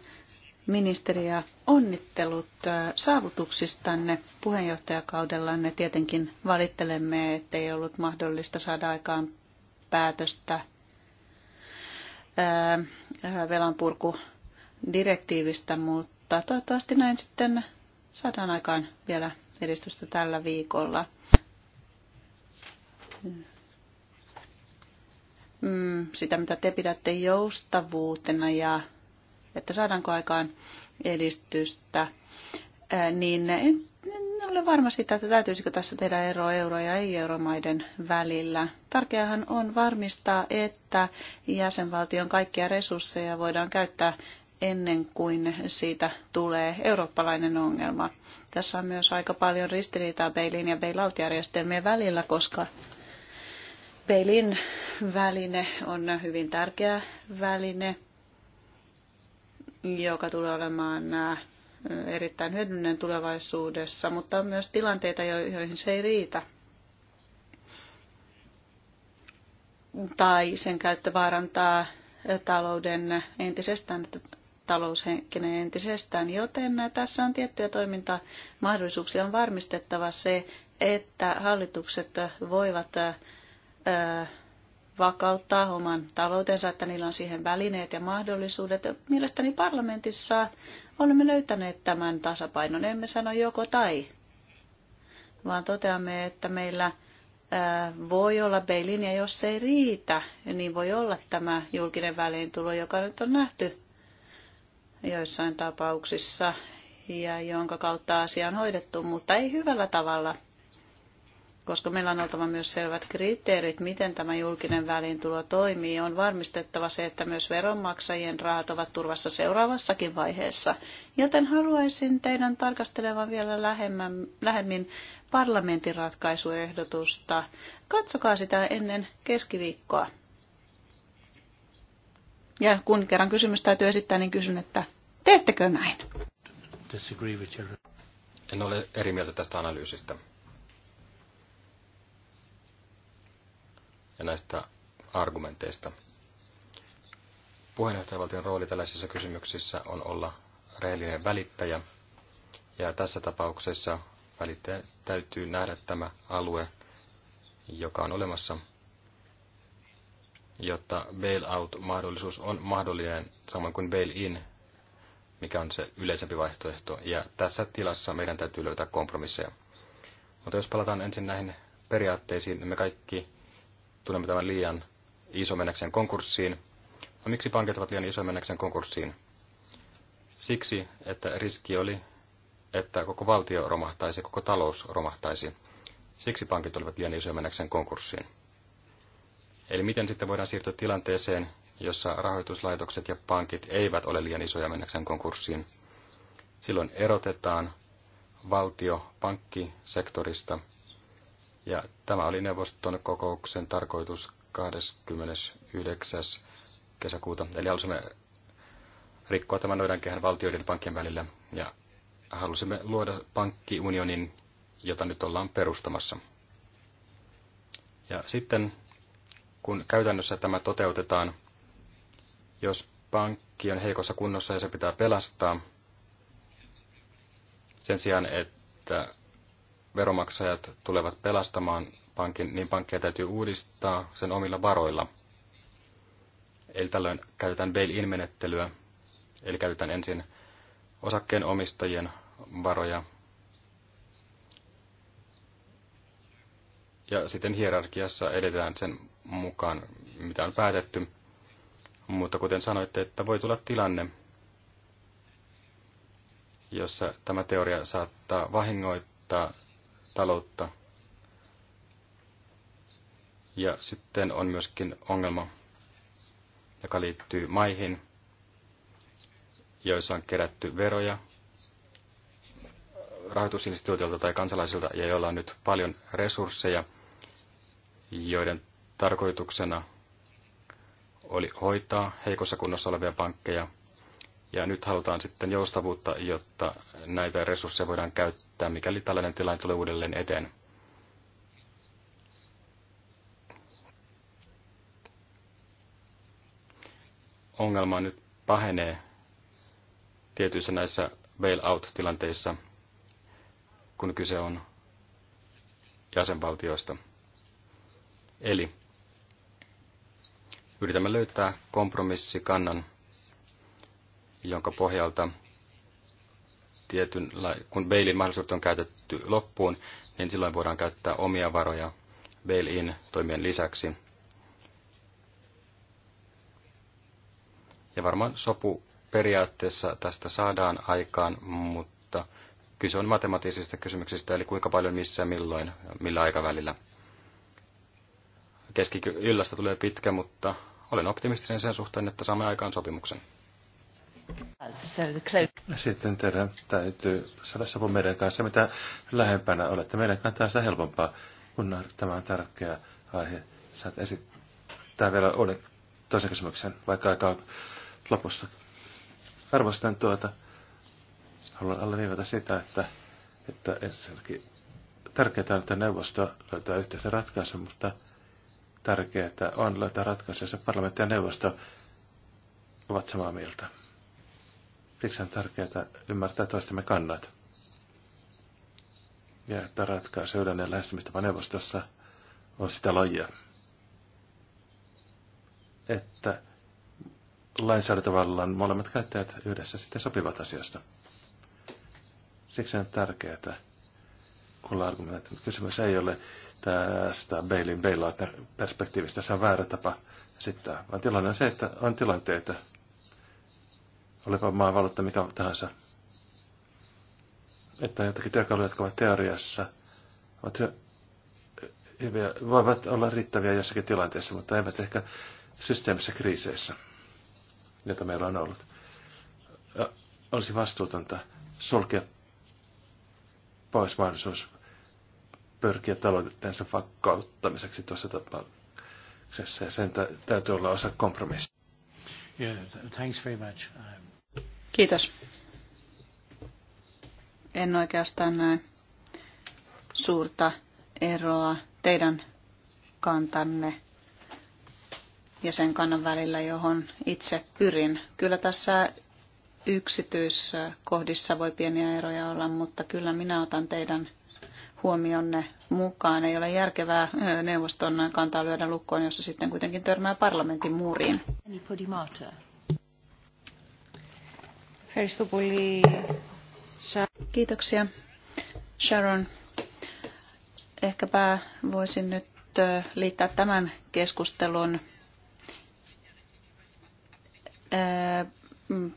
ministeri ja onnittelut saavutuksistanne puheenjohtajakaudellanne. Tietenkin valittelemme, että ei ollut mahdollista saada aikaan päätöstä velanpurkudirektiivistä, mutta toivottavasti näin sitten saadaan aikaan vielä edistystä tällä viikolla. Mm, sitä, mitä te pidätte joustavuutena ja että saadaanko aikaan edistystä, niin en, en ole varma sitä, että täytyisikö tässä tehdä ero euro- ja ei-euromaiden välillä. Tärkeähän on varmistaa, että jäsenvaltion kaikkia resursseja voidaan käyttää ennen kuin siitä tulee eurooppalainen ongelma. Tässä on myös aika paljon ristiriitaa Beilin ja Bailout-järjestelmien välillä, koska Beilin väline on hyvin tärkeä väline, joka tulee olemaan äh, erittäin hyödyllinen tulevaisuudessa, mutta on myös tilanteita, joihin se ei riitä. Tai sen käyttö vaarantaa talouden entisestään, että taloushenkinen entisestään, joten tässä on tiettyjä toimintamahdollisuuksia. On varmistettava se, että hallitukset voivat vakauttaa oman taloutensa, että niillä on siihen välineet ja mahdollisuudet. Mielestäni parlamentissa olemme löytäneet tämän tasapainon. Emme sano joko tai, vaan toteamme, että meillä voi olla beilin ja jos se ei riitä, niin voi olla tämä julkinen väliintulo, joka nyt on nähty joissain tapauksissa ja jonka kautta asia on hoidettu, mutta ei hyvällä tavalla, koska meillä on oltava myös selvät kriteerit, miten tämä julkinen väliintulo toimii. On varmistettava se, että myös veronmaksajien rahat ovat turvassa seuraavassakin vaiheessa. Joten haluaisin teidän tarkastelevan vielä lähemmän, lähemmin parlamentin ratkaisuehdotusta. Katsokaa sitä ennen keskiviikkoa. Ja kun kerran kysymys täytyy esittää, niin kysyn, että teettekö näin? En ole eri mieltä tästä analyysistä. Ja näistä argumenteista. Puheenjohtajavaltion rooli tällaisissa kysymyksissä on olla rehellinen välittäjä. Ja tässä tapauksessa välittäjä täytyy nähdä tämä alue, joka on olemassa jotta bailout-mahdollisuus on mahdollinen, samoin kuin bail-in, mikä on se yleisempi vaihtoehto. Ja tässä tilassa meidän täytyy löytää kompromisseja. Mutta jos palataan ensin näihin periaatteisiin, niin me kaikki tulemme tämän liian iso mennäkseen konkurssiin. No, miksi pankit ovat liian iso mennäkseen konkurssiin? Siksi, että riski oli, että koko valtio romahtaisi, koko talous romahtaisi. Siksi pankit olivat liian isoja mennäkseen konkurssiin. Eli miten sitten voidaan siirtyä tilanteeseen, jossa rahoituslaitokset ja pankit eivät ole liian isoja mennäkseen konkurssiin. Silloin erotetaan valtio pankkisektorista, ja tämä oli neuvoston kokouksen tarkoitus 29. kesäkuuta. Eli halusimme rikkoa tämän noidankehän valtioiden ja pankkien välillä, ja halusimme luoda pankkiunionin, jota nyt ollaan perustamassa. Ja sitten kun käytännössä tämä toteutetaan, jos pankki on heikossa kunnossa ja se pitää pelastaa, sen sijaan, että veromaksajat tulevat pelastamaan pankin, niin pankkia täytyy uudistaa sen omilla varoilla. Eli tällöin käytetään bail-in-menettelyä, eli käytetään ensin osakkeen omistajien varoja ja sitten hierarkiassa edetään sen mukaan, mitä on päätetty. Mutta kuten sanoitte, että voi tulla tilanne, jossa tämä teoria saattaa vahingoittaa taloutta. Ja sitten on myöskin ongelma, joka liittyy maihin, joissa on kerätty veroja rahoitusinstituutioilta tai kansalaisilta ja joilla on nyt paljon resursseja, joiden tarkoituksena oli hoitaa heikossa kunnossa olevia pankkeja, ja nyt halutaan sitten joustavuutta, jotta näitä resursseja voidaan käyttää, mikäli tällainen tilanne tulee uudelleen eteen. Ongelma nyt pahenee tietyissä näissä bailout-tilanteissa, kun kyse on jäsenvaltioista. Eli yritämme löytää kompromissikannan, jonka pohjalta tietyn, kun bailin mahdollisuudet on käytetty loppuun, niin silloin voidaan käyttää omia varoja Bailin toimien lisäksi. Ja varmaan sopu periaatteessa tästä saadaan aikaan, mutta kyse on matemaattisista kysymyksistä, eli kuinka paljon missä, milloin, millä aikavälillä. Keski yllästä tulee pitkä, mutta olen optimistinen sen suhteen, että saamme aikaan sopimuksen. Sitten teidän täytyy saada sopua meidän kanssa. Mitä lähempänä olette meidän kanssa, sitä helpompaa, kun tämä on tärkeä aihe. Saat esittää vielä uuden toisen kysymyksen, vaikka aika on lopussa. Arvostan tuota. Haluan alleviivata sitä, että, että ensinnäkin tärkeää on, että neuvosto löytää yhteisen ratkaisun, mutta tärkeää on löytää ratkaisuja, jos parlamentti ja neuvosto ovat samaa mieltä. Siksi on tärkeää ymmärtää toistemme kannat. Ja että ratkaisu yleinen lähestymistapa neuvostossa on sitä lajia. Että lainsäädäntövallan molemmat käyttäjät yhdessä sitten sopivat asiasta. Siksi on tärkeää, kuulla argumentit. Kysymys ei ole tästä Bailin bailout perspektiivistä, se on väärä tapa esittää, vaan tilanne on se, että on tilanteita, olipa maan valuutta mikä tahansa, että jotakin työkaluja, jotka ovat teoriassa, ovat hyviä, voivat olla riittäviä jossakin tilanteessa, mutta eivät ehkä systeemissä kriiseissä, joita meillä on ollut. Olisi vastuutonta sulkea pois mahdollisuus pyrkiä tavoitteensa vakauttamiseksi tuossa tapauksessa, ja sen täytyy olla osa kompromissia. Yeah, thanks very much. Kiitos. En oikeastaan näe suurta eroa teidän kantanne ja sen kannan välillä, johon itse pyrin. Kyllä tässä yksityiskohdissa voi pieniä eroja olla, mutta kyllä minä otan teidän huomionne mukaan. Ei ole järkevää neuvoston kantaa lyödä lukkoon, jossa sitten kuitenkin törmää parlamentin muuriin. Kiitoksia. Sharon, ehkäpä voisin nyt liittää tämän keskustelun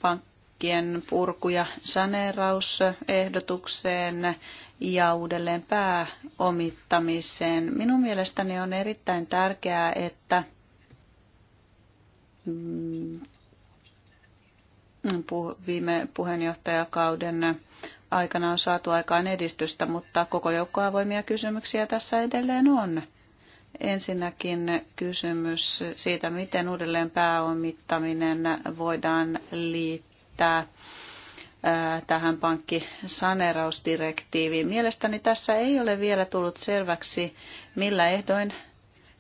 pank- kaikkien purku- ja saneerausehdotukseen ja uudelleen pääomittamiseen. Minun mielestäni on erittäin tärkeää, että mm, viime puheenjohtajakauden aikana on saatu aikaan edistystä, mutta koko joukko avoimia kysymyksiä tässä edelleen on. Ensinnäkin kysymys siitä, miten uudelleen pääomittaminen voidaan liittää liittää tähän pankkisaneerausdirektiiviin. Mielestäni tässä ei ole vielä tullut selväksi, millä ehdoin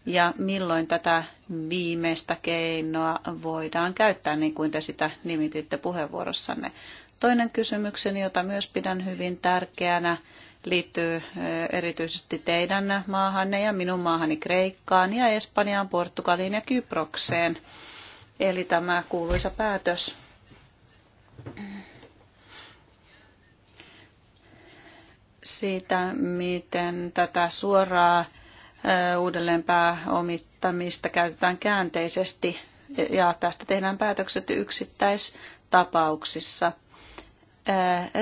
ja milloin tätä viimeistä keinoa voidaan käyttää, niin kuin te sitä nimititte puheenvuorossanne. Toinen kysymykseni, jota myös pidän hyvin tärkeänä, liittyy erityisesti teidän maahanne ja minun maahani Kreikkaan ja Espanjaan, Portugaliin ja Kyprokseen. Eli tämä kuuluisa päätös siitä, miten tätä suoraa uudelleenpääomittamista käytetään käänteisesti ja tästä tehdään päätökset yksittäistapauksissa.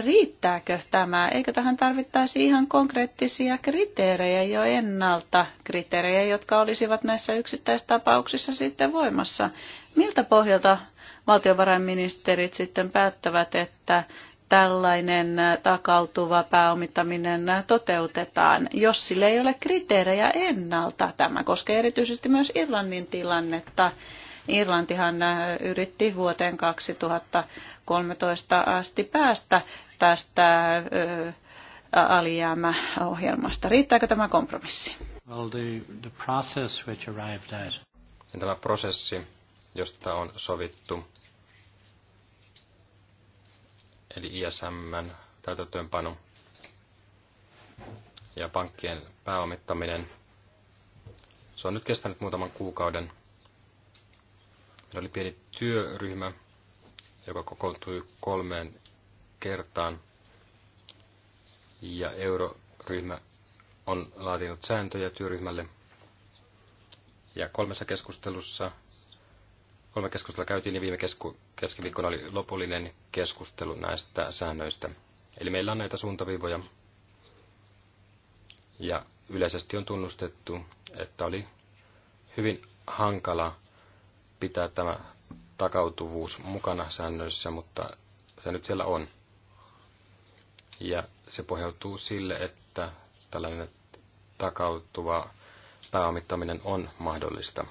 Riittääkö tämä? Eikö tähän tarvittaisi ihan konkreettisia kriteerejä jo ennalta, kriteerejä, jotka olisivat näissä yksittäistapauksissa sitten voimassa? Miltä pohjalta valtiovarainministerit sitten päättävät, että tällainen takautuva pääomittaminen toteutetaan, jos sille ei ole kriteerejä ennalta. Tämä koskee erityisesti myös Irlannin tilannetta. Irlantihan yritti vuoteen 2013 asti päästä tästä alijäämäohjelmasta. Riittääkö tämä kompromissi? Well, the, the process which arrived at. Tämä prosessi, josta on sovittu, eli ISM täytäntöönpano ja pankkien pääomittaminen. Se on nyt kestänyt muutaman kuukauden. Meillä oli pieni työryhmä, joka kokoontui kolmeen kertaan. Ja euroryhmä on laatinut sääntöjä työryhmälle. Ja kolmessa keskustelussa Kolme keskustelua käytiin ja viime kesku, keskiviikkona oli lopullinen keskustelu näistä säännöistä. Eli meillä on näitä suuntaviivoja ja yleisesti on tunnustettu, että oli hyvin hankala pitää tämä takautuvuus mukana säännöissä, mutta se nyt siellä on. Ja se pohjautuu sille, että tällainen takautuva pääomittaminen on mahdollista.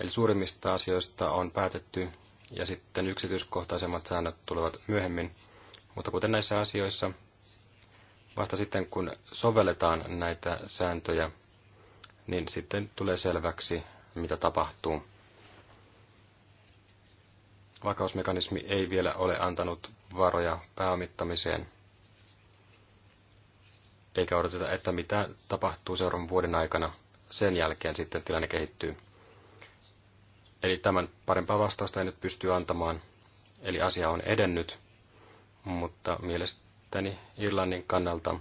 Eli suurimmista asioista on päätetty ja sitten yksityiskohtaisemmat säännöt tulevat myöhemmin. Mutta kuten näissä asioissa, vasta sitten kun sovelletaan näitä sääntöjä, niin sitten tulee selväksi, mitä tapahtuu. Vakausmekanismi ei vielä ole antanut varoja pääomittamiseen, eikä odoteta, että mitä tapahtuu seuraavan vuoden aikana. Sen jälkeen sitten tilanne kehittyy. Eli tämän parempaa vastausta ei nyt pysty antamaan. Eli asia on edennyt, mutta mielestäni Irlannin kannalta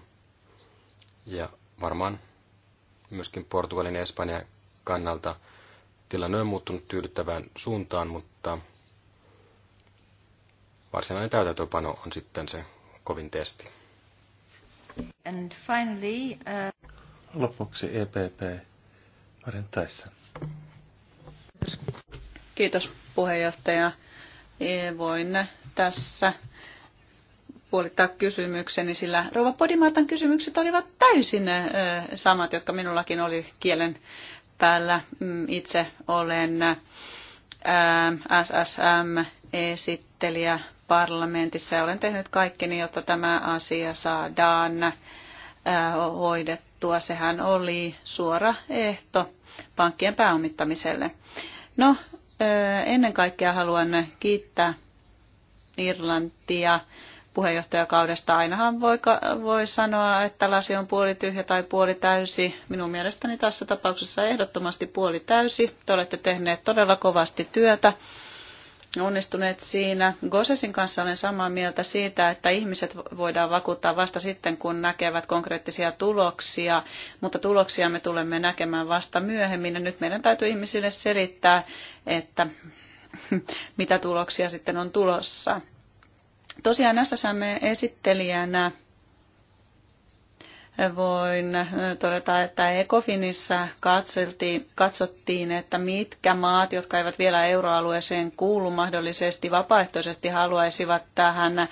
ja varmaan myöskin Portugalin ja Espanjan kannalta tilanne on muuttunut tyydyttävään suuntaan, mutta varsinainen täytäntöpano on sitten se kovin testi. And finally, uh... Lopuksi EPP Maren Kiitos puheenjohtaja. Eh, voin tässä puolittaa kysymykseni, sillä Rouva Podimaatan kysymykset olivat täysin eh, samat, jotka minullakin oli kielen päällä. Mm, itse olen eh, SSM-esittelijä parlamentissa ja olen tehnyt kaikkeni, jotta tämä asia saadaan hoidettua. Sehän oli suora ehto pankkien pääomittamiselle. No, Ennen kaikkea haluan kiittää Irlantia puheenjohtajakaudesta. Ainahan voi, voi sanoa, että lasi on puoli tyhjä tai puoli täysi. Minun mielestäni tässä tapauksessa ehdottomasti puoli täysi. Te olette tehneet todella kovasti työtä onnistuneet siinä. Gosesin kanssa olen samaa mieltä siitä, että ihmiset voidaan vakuuttaa vasta sitten, kun näkevät konkreettisia tuloksia, mutta tuloksia me tulemme näkemään vasta myöhemmin. Ja nyt meidän täytyy ihmisille selittää, että mitä tuloksia sitten on tulossa. Tosiaan SSM esittelijänä voin todeta, että Ecofinissa katsottiin, että mitkä maat, jotka eivät vielä euroalueeseen kuulu, mahdollisesti vapaaehtoisesti haluaisivat tähän äh,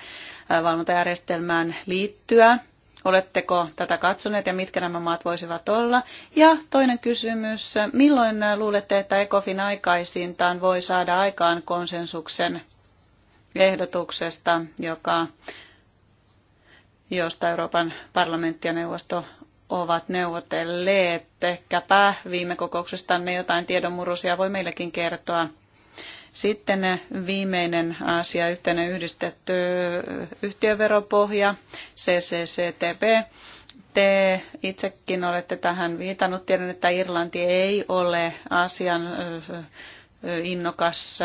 valvontajärjestelmään liittyä. Oletteko tätä katsoneet ja mitkä nämä maat voisivat olla? Ja toinen kysymys, milloin luulette, että ECOFIN aikaisintaan voi saada aikaan konsensuksen ehdotuksesta, joka josta Euroopan parlamentti ja neuvosto ovat neuvotelleet. Ehkäpä viime ne jotain tiedonmurusia voi meillekin kertoa. Sitten viimeinen asia, yhteinen yhdistetty yhtiöveropohja, CCCTP. Te itsekin olette tähän viitannut. Tiedän, että Irlanti ei ole asian innokas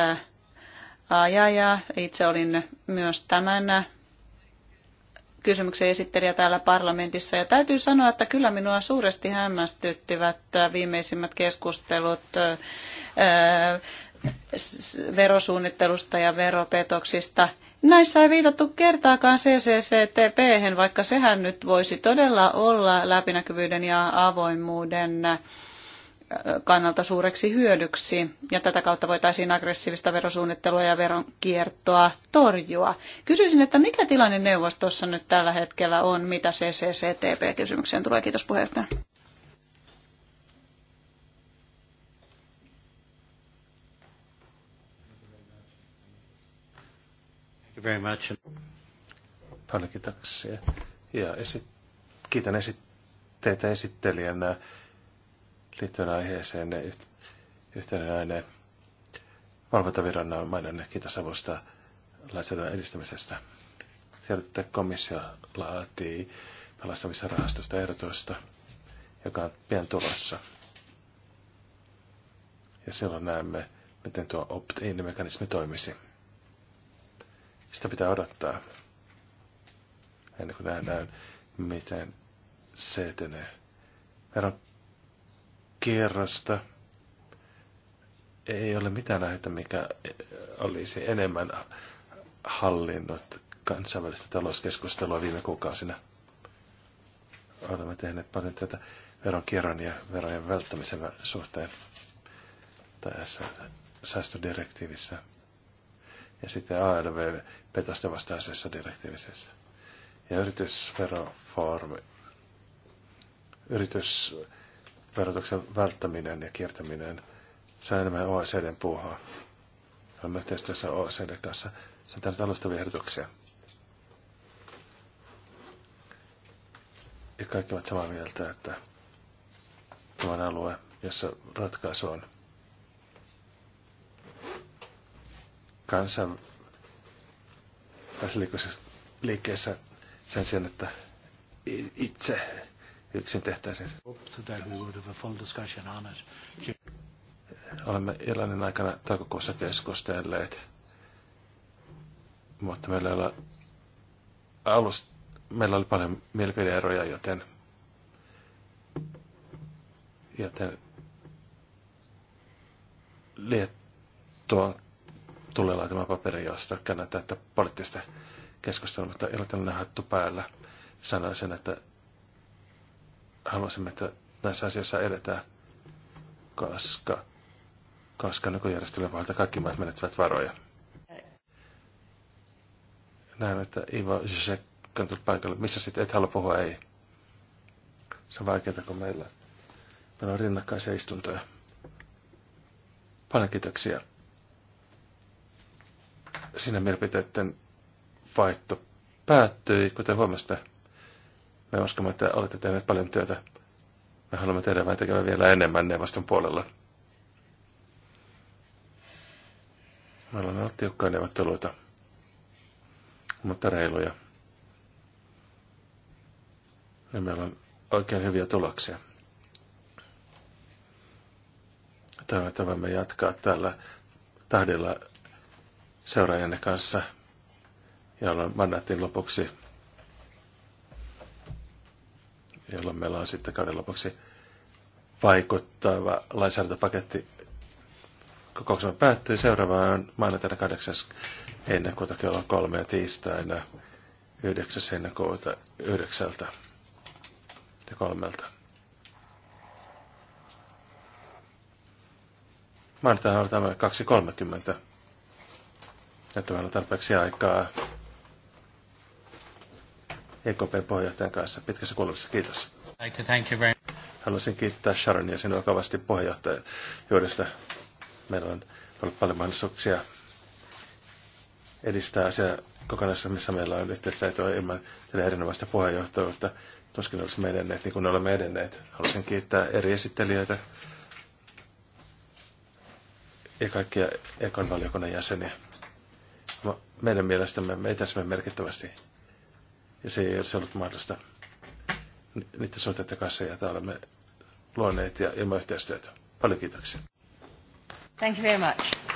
ajaja. Itse olin myös tämän kysymyksen esittelijä täällä parlamentissa. Ja täytyy sanoa, että kyllä minua suuresti hämmästyttivät äh, viimeisimmät keskustelut äh, verosuunnittelusta ja veropetoksista. Näissä ei viitattu kertaakaan ccctp vaikka sehän nyt voisi todella olla läpinäkyvyyden ja avoimuuden äh, kannalta suureksi hyödyksi, ja tätä kautta voitaisiin aggressiivista verosuunnittelua ja veronkiertoa torjua. Kysyisin, että mikä tilanne neuvostossa nyt tällä hetkellä on, mitä CCCTP-kysymykseen tulee? Kiitos puheenjohtaja. Paljon kiitoksia. Ja esit- kiitän esitteitä teitä esittelijänä liittyen aiheeseen yhtenäinen valvontaviranomainen. Kiitos avusta lainsäädännön edistämisestä. Tiedätte, että komissio laatii pelastamisen rahastosta ehdotusta, joka on pian tulossa. Ja silloin näemme, miten tuo opt-in-mekanismi toimisi. Sitä pitää odottaa, ennen kuin nähdään, miten se etenee. Meillä on kierrosta ei ole mitään aiheita, mikä olisi enemmän hallinnut kansainvälistä talouskeskustelua viime kuukausina. Olemme tehneet paljon tätä veronkierron ja verojen välttämisen suhteen tässä säästödirektiivissä ja sitten ALV-petosten vastaisessa direktiivisessä. Ja yritysverofoorumi, yritys verotuksen välttäminen ja kiertäminen. Se on enemmän OECDn puuhaa. Olemme yhteistyössä OECD kanssa. Se on tämmöistä alustavia ehdotuksia. Ja kaikki ovat samaa mieltä, että tämä on alue, jossa ratkaisu on kansan liikkeessä sen sijaan, että itse yksin tehtäisiin. Olemme Irlannin aikana toukokuussa keskustelleet, mutta meillä oli, alusta, meillä oli paljon mielipideeroja, joten, joten liettua tulee laitamaan paperi, josta kannattaa että poliittista keskustelua, mutta Irlannin hattu päällä sanoisin, että haluaisimme, että näissä asioissa edetään, koska, koska nykyjärjestelmän niin valta kaikki maat menettävät varoja. Näen, että Ivo Zizek on tullut paikalle. Missä sitten et halua puhua? Ei. Se on vaikeaa, kun meillä, meillä on rinnakkaisia istuntoja. Paljon kiitoksia siinä mielipiteiden vaihto päättyi, kuten huomasta. Me uskomme, että olette tehneet paljon työtä. Me haluamme tehdä vain tekemään vielä enemmän neuvoston puolella. Me haluamme olla tiukkaa neuvotteluita, mutta reiluja. Ja meillä on oikein hyviä tuloksia. Toivon, että voimme jatkaa tällä tahdilla seuraajanne kanssa, ja jolloin mandaattiin lopuksi jolloin meillä on sitten kauden lopuksi vaikuttava lainsäädäntöpaketti. kokouksena päättyy seuraavaan maanantaina 8. heinäkuuta kello kolme ja tiistaina 9. heinäkuuta yhdeksältä ja kolmelta. Maanantaina on tämä 2.30. Että meillä on tarpeeksi aikaa EKPn puheenjohtajan kanssa pitkässä kuulemisessa. Kiitos. Haluaisin kiittää Sharonia sinua kavasti kovasti puheenjohtajuudesta. Meillä on ollut paljon mahdollisuuksia edistää asiaa kokonaisuudessa, missä meillä on yhteistä etua ilman tätä erinomaista puheenjohtajuutta. Tuskin olisimme edenneet niin kuin olemme edenneet. Haluaisin kiittää eri esittelijöitä ja kaikkia ekon valiokunnan jäseniä. Meidän mielestämme me etäsimme merkittävästi ja se ei olisi ollut mahdollista niiden suhteiden kanssa, joita olemme luoneet ja ilman yhteistyötä. Paljon kiitoksia. Thank you very much.